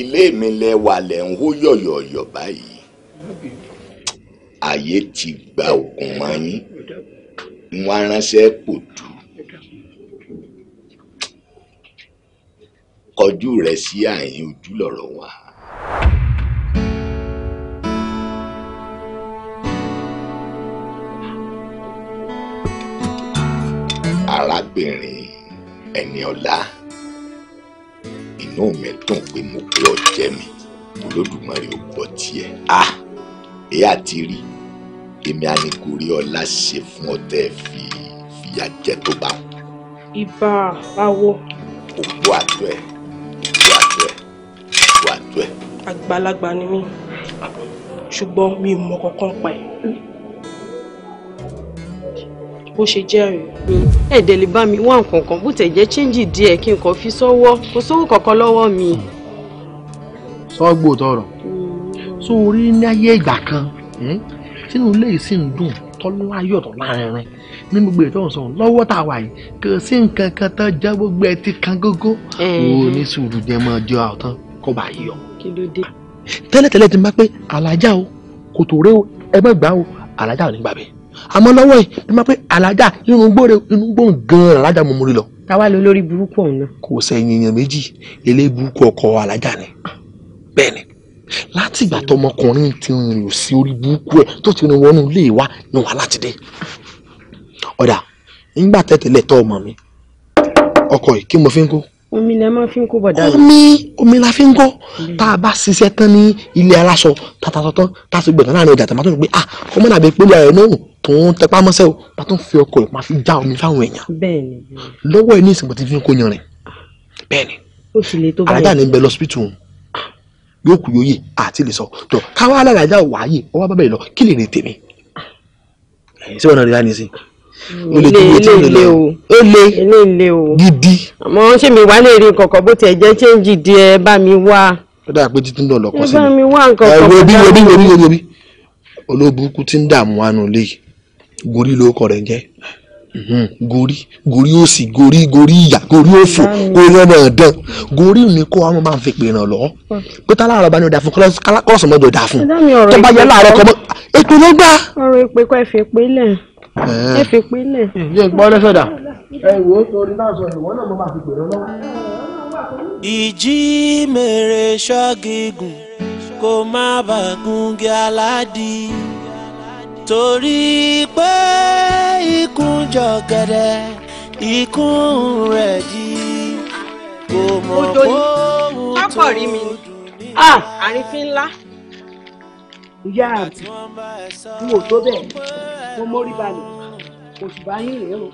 S1: ilé mi lẹ wà lẹ ń hó yọ̀yọ̀yọ̀ báyìí ayé ti gba òkun mọ́ yín wọ́n ránṣẹ́ kò dù kọjú rẹ̀ sí àyín ojú wa. arábìnrin ẹni ọlá inú mi dùn pé mo pé ọ̀jẹ́ mi olódùmarè ò gbọ́ tiẹ̀ a ah! èyí àti rí èmi àníkùrí ọlá ṣe fún ọ fi fìyà jẹ tó bá wọn. ibà awo. òkú àtọ ẹ òkú àtọ ẹ òkú àtọ ẹ. àgbàlagbà ni mí ṣùgbọ́n mi ò mọ kankan pa ẹ̀ bó ṣe jẹ́ rèé. ẹ̀ẹ́dẹ̀ lè bá mi wá nǹkan kan bó tẹ̀ jẹ́ chíńjì díẹ̀ kí nǹkan fi sọ́wọ́ kò sówó kankan lọ́wọ́ mi. sọ́gbò tọrọ so orí ní ayé ìgbà kan sínú ilé yìí sì ń dùn tọ́lá ayọ̀tọ̀ láàrin ní gbogbo ètò ọ̀sán lọ́wọ́ tá a wà yìí kò sí nǹkan kan tán jẹ́ gbogbo ẹ ti kan gógó wo ní sùúrù jẹ́ mọ́ ọjọ́ àwòtán kó bá yọ. tẹ́lẹ̀tẹ́lẹ̀ ti máa pé alájà o kò tó rẹ o ẹ má gbà o alájà ò ní gbà bẹ́ẹ̀ àmọ́ lọ́wọ́ ẹ̀ ẹ máa pé alájà irun gbóre irun gbóhùn gan-an alájà mo mórí lọ. táwa ló lórí burúkú ọ̀hún náà. kò sẹ́yìn èèyàn méjì eléyìí burúkú ọkọ alájà ni bẹ́ẹ̀ ni láti ìgbà tọmọkùnrin ti rìn lò sí orí burúkú ẹ̀ tó ti rìn wọnú ilé wa ni wàhálà ti dé. ọ̀dà nígbà tẹ́tẹ̀lẹ̀ tọ́ ọmọ mi ọkọ yìí kí mo fi ń kó omi la máa fi ń kó bọ̀dá rẹ̀. omi omi la fi ń kọ́ tá a bá ṣiṣẹ́ tán ní ilé aláṣọ tatatọ́tán tá a sì gbọ̀dọ̀ láàrin ọjà tàbátọ́ pé ah ọmọ nàbẹ pẹ̀lú náà tún tẹpá mọ́ṣẹ́ o bá tún fi ọkọ̀ ìpa fi já omi fáwọn èèyàn. bẹ́ẹ̀ni. lọ́wọ́ ẹ ní ìsìnkú ti fi ń kó yan rẹ̀. bẹ́ẹ̀ni. ó sì le tó báyìí. alájà ní bẹ lọ́sibítù yóò kú yóò yè àti lè sọ jọ káwá alájà wáyé ọwọ́ bàbá yìí lọ kí lè rè tèmi. ṣé wọn náà rí láàyè sí i o le o lè lọ o ele o gidi. àmọ́ ṣé mi wá lè rí kọ̀kọ́ bó tiẹ̀ jẹ́ change díẹ̀ bá mi wá. ó dà pé títí náà lọ kọ́ sí mi. ẹ bá mi wá nǹkan kan. ẹ wo bí wo bí wo bí wo ti ń dààmú wánu léyìí Gori ló kọ rẹ̀ ń jẹ́ mm-hmm. gori, gori òsì gori gorí ìyà gorí òfò gorí ọmọ ọdán gorí ni kó àwọn máa fi pèràn lọ pé tá láàárọ̀ bá ní ọ̀dà fún kọ́lọ́sì mọ́jọ dà fún tó bá yẹ láàárọ̀ kọ́ mọ́ ètò ló gbà. ọ̀rọ̀ ìpè kọ́ ẹ fi pé lẹ̀ ẹ fi pé lẹ̀. ǹjẹ́ ìgbọ́ lẹ́sọ̀dà. ẹ wò ó torí náà sọ ìwọ náà mo máa fi pèràn lọ́wọ́. ìjì mèrè ṣọ́gígùn kó má bàgùn gí aládìí torí pé ikùn jọ̀gẹ̀dẹ̀ ikùn rẹ̀ di kò mọ̀ kó ohun tó dùn ní. Ah, àrífín ńlá. ìyá àti n ò tó bẹ́ẹ̀ mo mórí balẹ̀ oṣù bá yín rèé o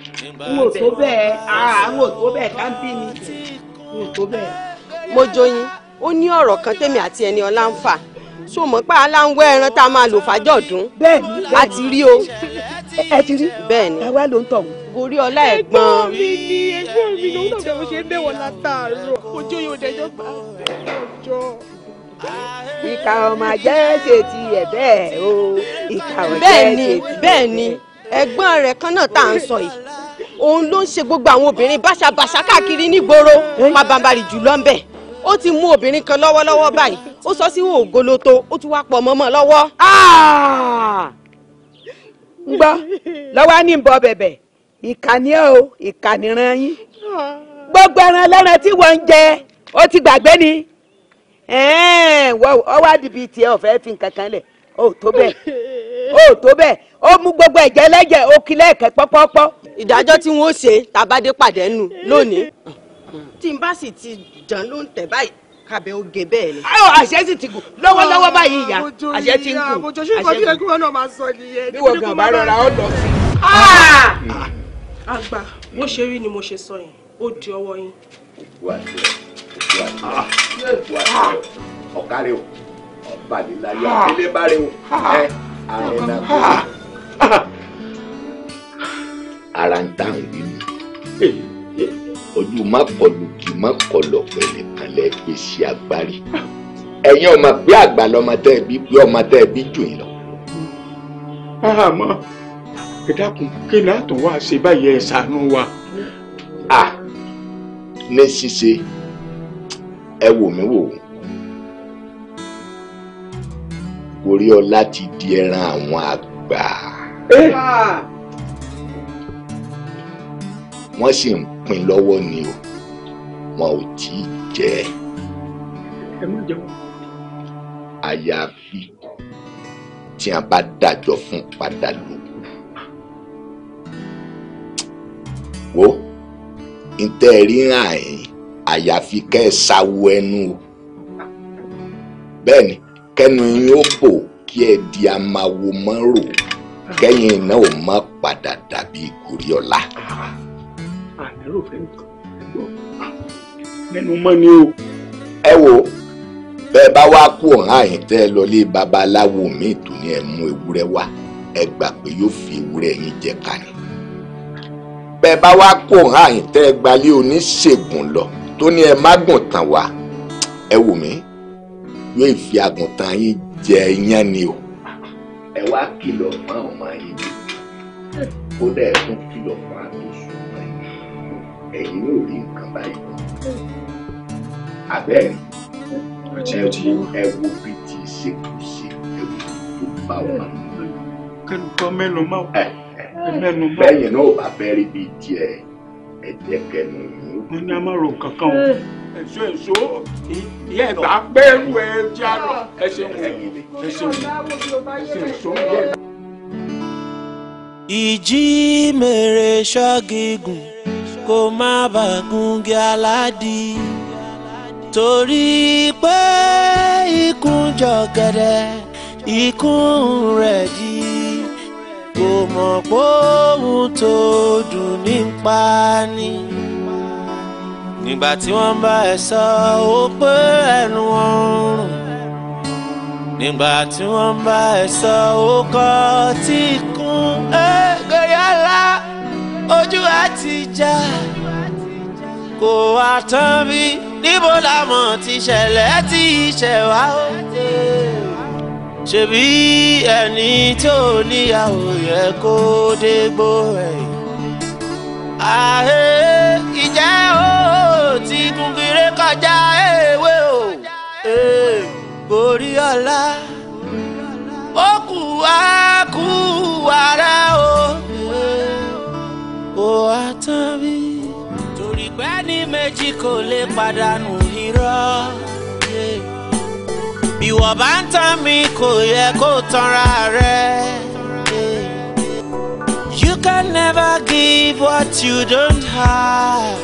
S2: n ò tó bẹ́ẹ̀
S1: ah, n ò tó bẹ́ẹ̀ ká ń bí mi n ò tó bẹ́ẹ̀. mo joyin ó ní ọ̀rọ̀ kan tèmi àti ẹni ọlá ń fà so mọ̀ pé aláǹwẹ̀ ẹran tá a máa lò fàjọ̀dún. bẹ́ẹ̀ni a ti rí o. ẹ ti rí bẹ́ẹ̀ni àwa ló ń tọ̀hún. gorí ọlá ẹ̀gbọ́n. ẹ̀gbọ́n mi ni ẹ̀gbọ́n mi ni òun náà mo ṣe ń bẹ̀wọ̀ látàárọ̀ ojú yóò dẹjọ́ gbà ọjọ́. ìkà ọmọ ajẹ́ ṣe ti ẹ̀ bẹ́ẹ̀ o ìkà ọ̀jẹ́ ṣe ti ẹ̀ bẹ́ẹ̀. bẹ́ẹ̀ni ẹ̀gbọ́n rẹ̀ kan náà tá à ń sọ yìí òun ló ń ṣe gbogbo àwọn obìnrin báṣabàṣá káàkiri nígboro pàbàmbarì jùlọ ń bẹ̀. ó ti mú obìnrin kan lọ́wọ́lọ́wọ́ báyìí ó sọ sí ògoloto ó ti wá pọ̀ mọ́mọ́ lọ́wọ́. ń ah!
S2: gbọ́ lọ́wọ́ á
S1: ní nbọ bẹ̀bẹ̀ ìkànnì ẹ̀ o ìkànnì ran yín gbogbo ẹran ẹlẹ́ran tí wọ́n ń jẹ ó ti gbàgbé ni ọ wá dìbì tiẹ̀ ọ̀fẹ́ fi nǹkan kan lẹ̀ ó tó bẹ́ẹ̀ ó tó bẹ́ẹ̀ ó mú gbogbo ẹ̀jẹ̀ lẹ́jẹ̀ ó kí pọ́pọ́pọ́. ìdájọ́ tí wọ́n ṣe tàbádé pàdé nù lónìí. Mm. tí n bá sì ti jàn ló ń tẹ̀ báyìí kàbẹ̀ oge bẹ́ẹ̀ ni. ayo àṣẹ sì ti gùn lọ́wọ́lọ́wọ́ báyìí ìyá àṣẹ ti ń gùn àṣẹ ti gùn. bí ẹgbẹ́ náà máa sọ nìyẹn. bí gan bá rọra ó lọ sí. Ah! àgbà bó ṣe rí ni mo ṣe sọ yẹn ó di ọwọ́ yín. òkú àti òkú ọ̀kárẹ́ o ọba níláyà ah! ilé bá rẹ o ah! ẹ ààrẹ náà kò rí. ara ń tàn yìí ojú má kọlù kì má kọlọ pẹ̀lẹ́ kan lẹ gbèsè agbárí ẹ̀yin ọmọ pé àgbà lọmọ tẹ bí pé ọmọ tẹ bí jù yín lọ. àmọ́ ẹ dákun kí látọ̀ wá ṣe báyìí ẹ ṣàánú wa. a ní ṣíṣe ẹ wò mí wò orí ọlá ti di ẹran àwọn àgbà. wọ́n sì ń pin lọ́wọ́ ni o wọn ò tí ì jẹ ẹ. ẹ má jẹun. àyàfi tí a bá dájọ́ fún padà lò. wo ntẹ́ ríran ẹ̀yìn àyàfi kẹ́ ẹ sáwó ẹnu o bẹ́ẹ̀ ni kẹ́nu yín ó bò kí ẹ di amáwo mọ́rò kẹ́yìn náà ó má padà dàbí ìkórè ọ̀la àníró fẹ́ǹkan nínú mọ́ ni o. ẹ wo bẹ́ẹ̀ bá wá kú ọ̀hán àyìn tẹ́ ẹ lọlé babaláwo míì tó ní ẹ mú ewúrẹ́ wá ẹ gbà pé yóò fi ewúrẹ́ yín jẹ kàní. bẹ́ẹ̀ bá wá kú ọ̀hán àyìn tẹ́ ẹ gbalé oníṣègùn lọ tó ní ẹ má gùn tàn wá ẹ wò mí yóò fi àgùntàn yín jẹ iyán ni o. ẹ wá kìlọ̀ fún àwọn ọmọ yín kó dẹ̀ tún kìlọ̀ fún àmì ẹ̀yin yóò rí nǹkan báyìí abẹ́rẹ́ ọtí ọtí ẹ bí ti ṣe kù tó bá wà lóyún. kẹlu kọ mẹnu má wọ mẹnu má. bẹ́ẹ̀ bá bẹ́ẹ̀rẹ̀ bíi tiẹ̀ ẹ jẹ́ kẹnu. mo ní a kankan o ẹ̀ṣọ́ ẹ̀ṣọ́ ìyá ẹ̀gbá pẹ́ẹ́rù ẹ̀ jẹ́ àrọ̀ ẹ̀ṣẹ̀ wò
S2: ẹ̀ṣẹ̀ wò ẹ̀ṣẹ̀ ẹ̀ṣọ́
S1: ìjì mèrè ṣáàgìgùn kó má bàgúngẹ aládì torí pé ikùn jọ̀gẹ̀dẹ̀ ikùn rẹ̀ di kò mọ̀ póhùn tó dùn ní pa ni nígbà tí wọ́n bá ẹ sọ ó pé ẹnu wọn nígbà tí wọ́n bá ẹ sọ ó kọ́ tí kún ẹgbẹ̀rẹ́ àlá ojú àtijọ́ kò wá tán bí níbo la ti ṣẹlẹ̀ tí ìṣẹ̀ wá ó dé ṣebí ẹni tí ò níyàwó yẹ kó dégbò ẹ̀yìn àhẹ ìjẹ́ ó ti gungire kọjá ewé o borí ọlá ó kù á kú wàrà àtàbí. torí pé ní méjì kò lè pàdánù irọ́. bí bá ń tán mi kò yẹ kó tanra rẹ̀. You can never give what you don't have.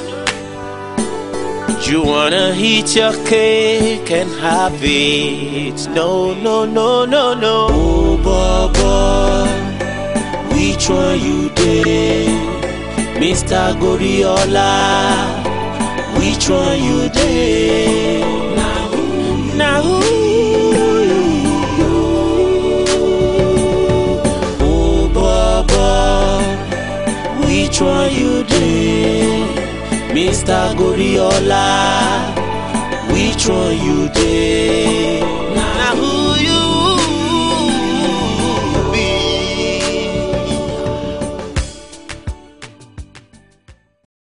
S1: You wanna eat your cake and have it. No, no, no, no, no. Oh, Baba, which one you did? mr goriola which one you
S2: dey na who oh Baba,
S1: which one you dey mr goriola
S2: which one you dey.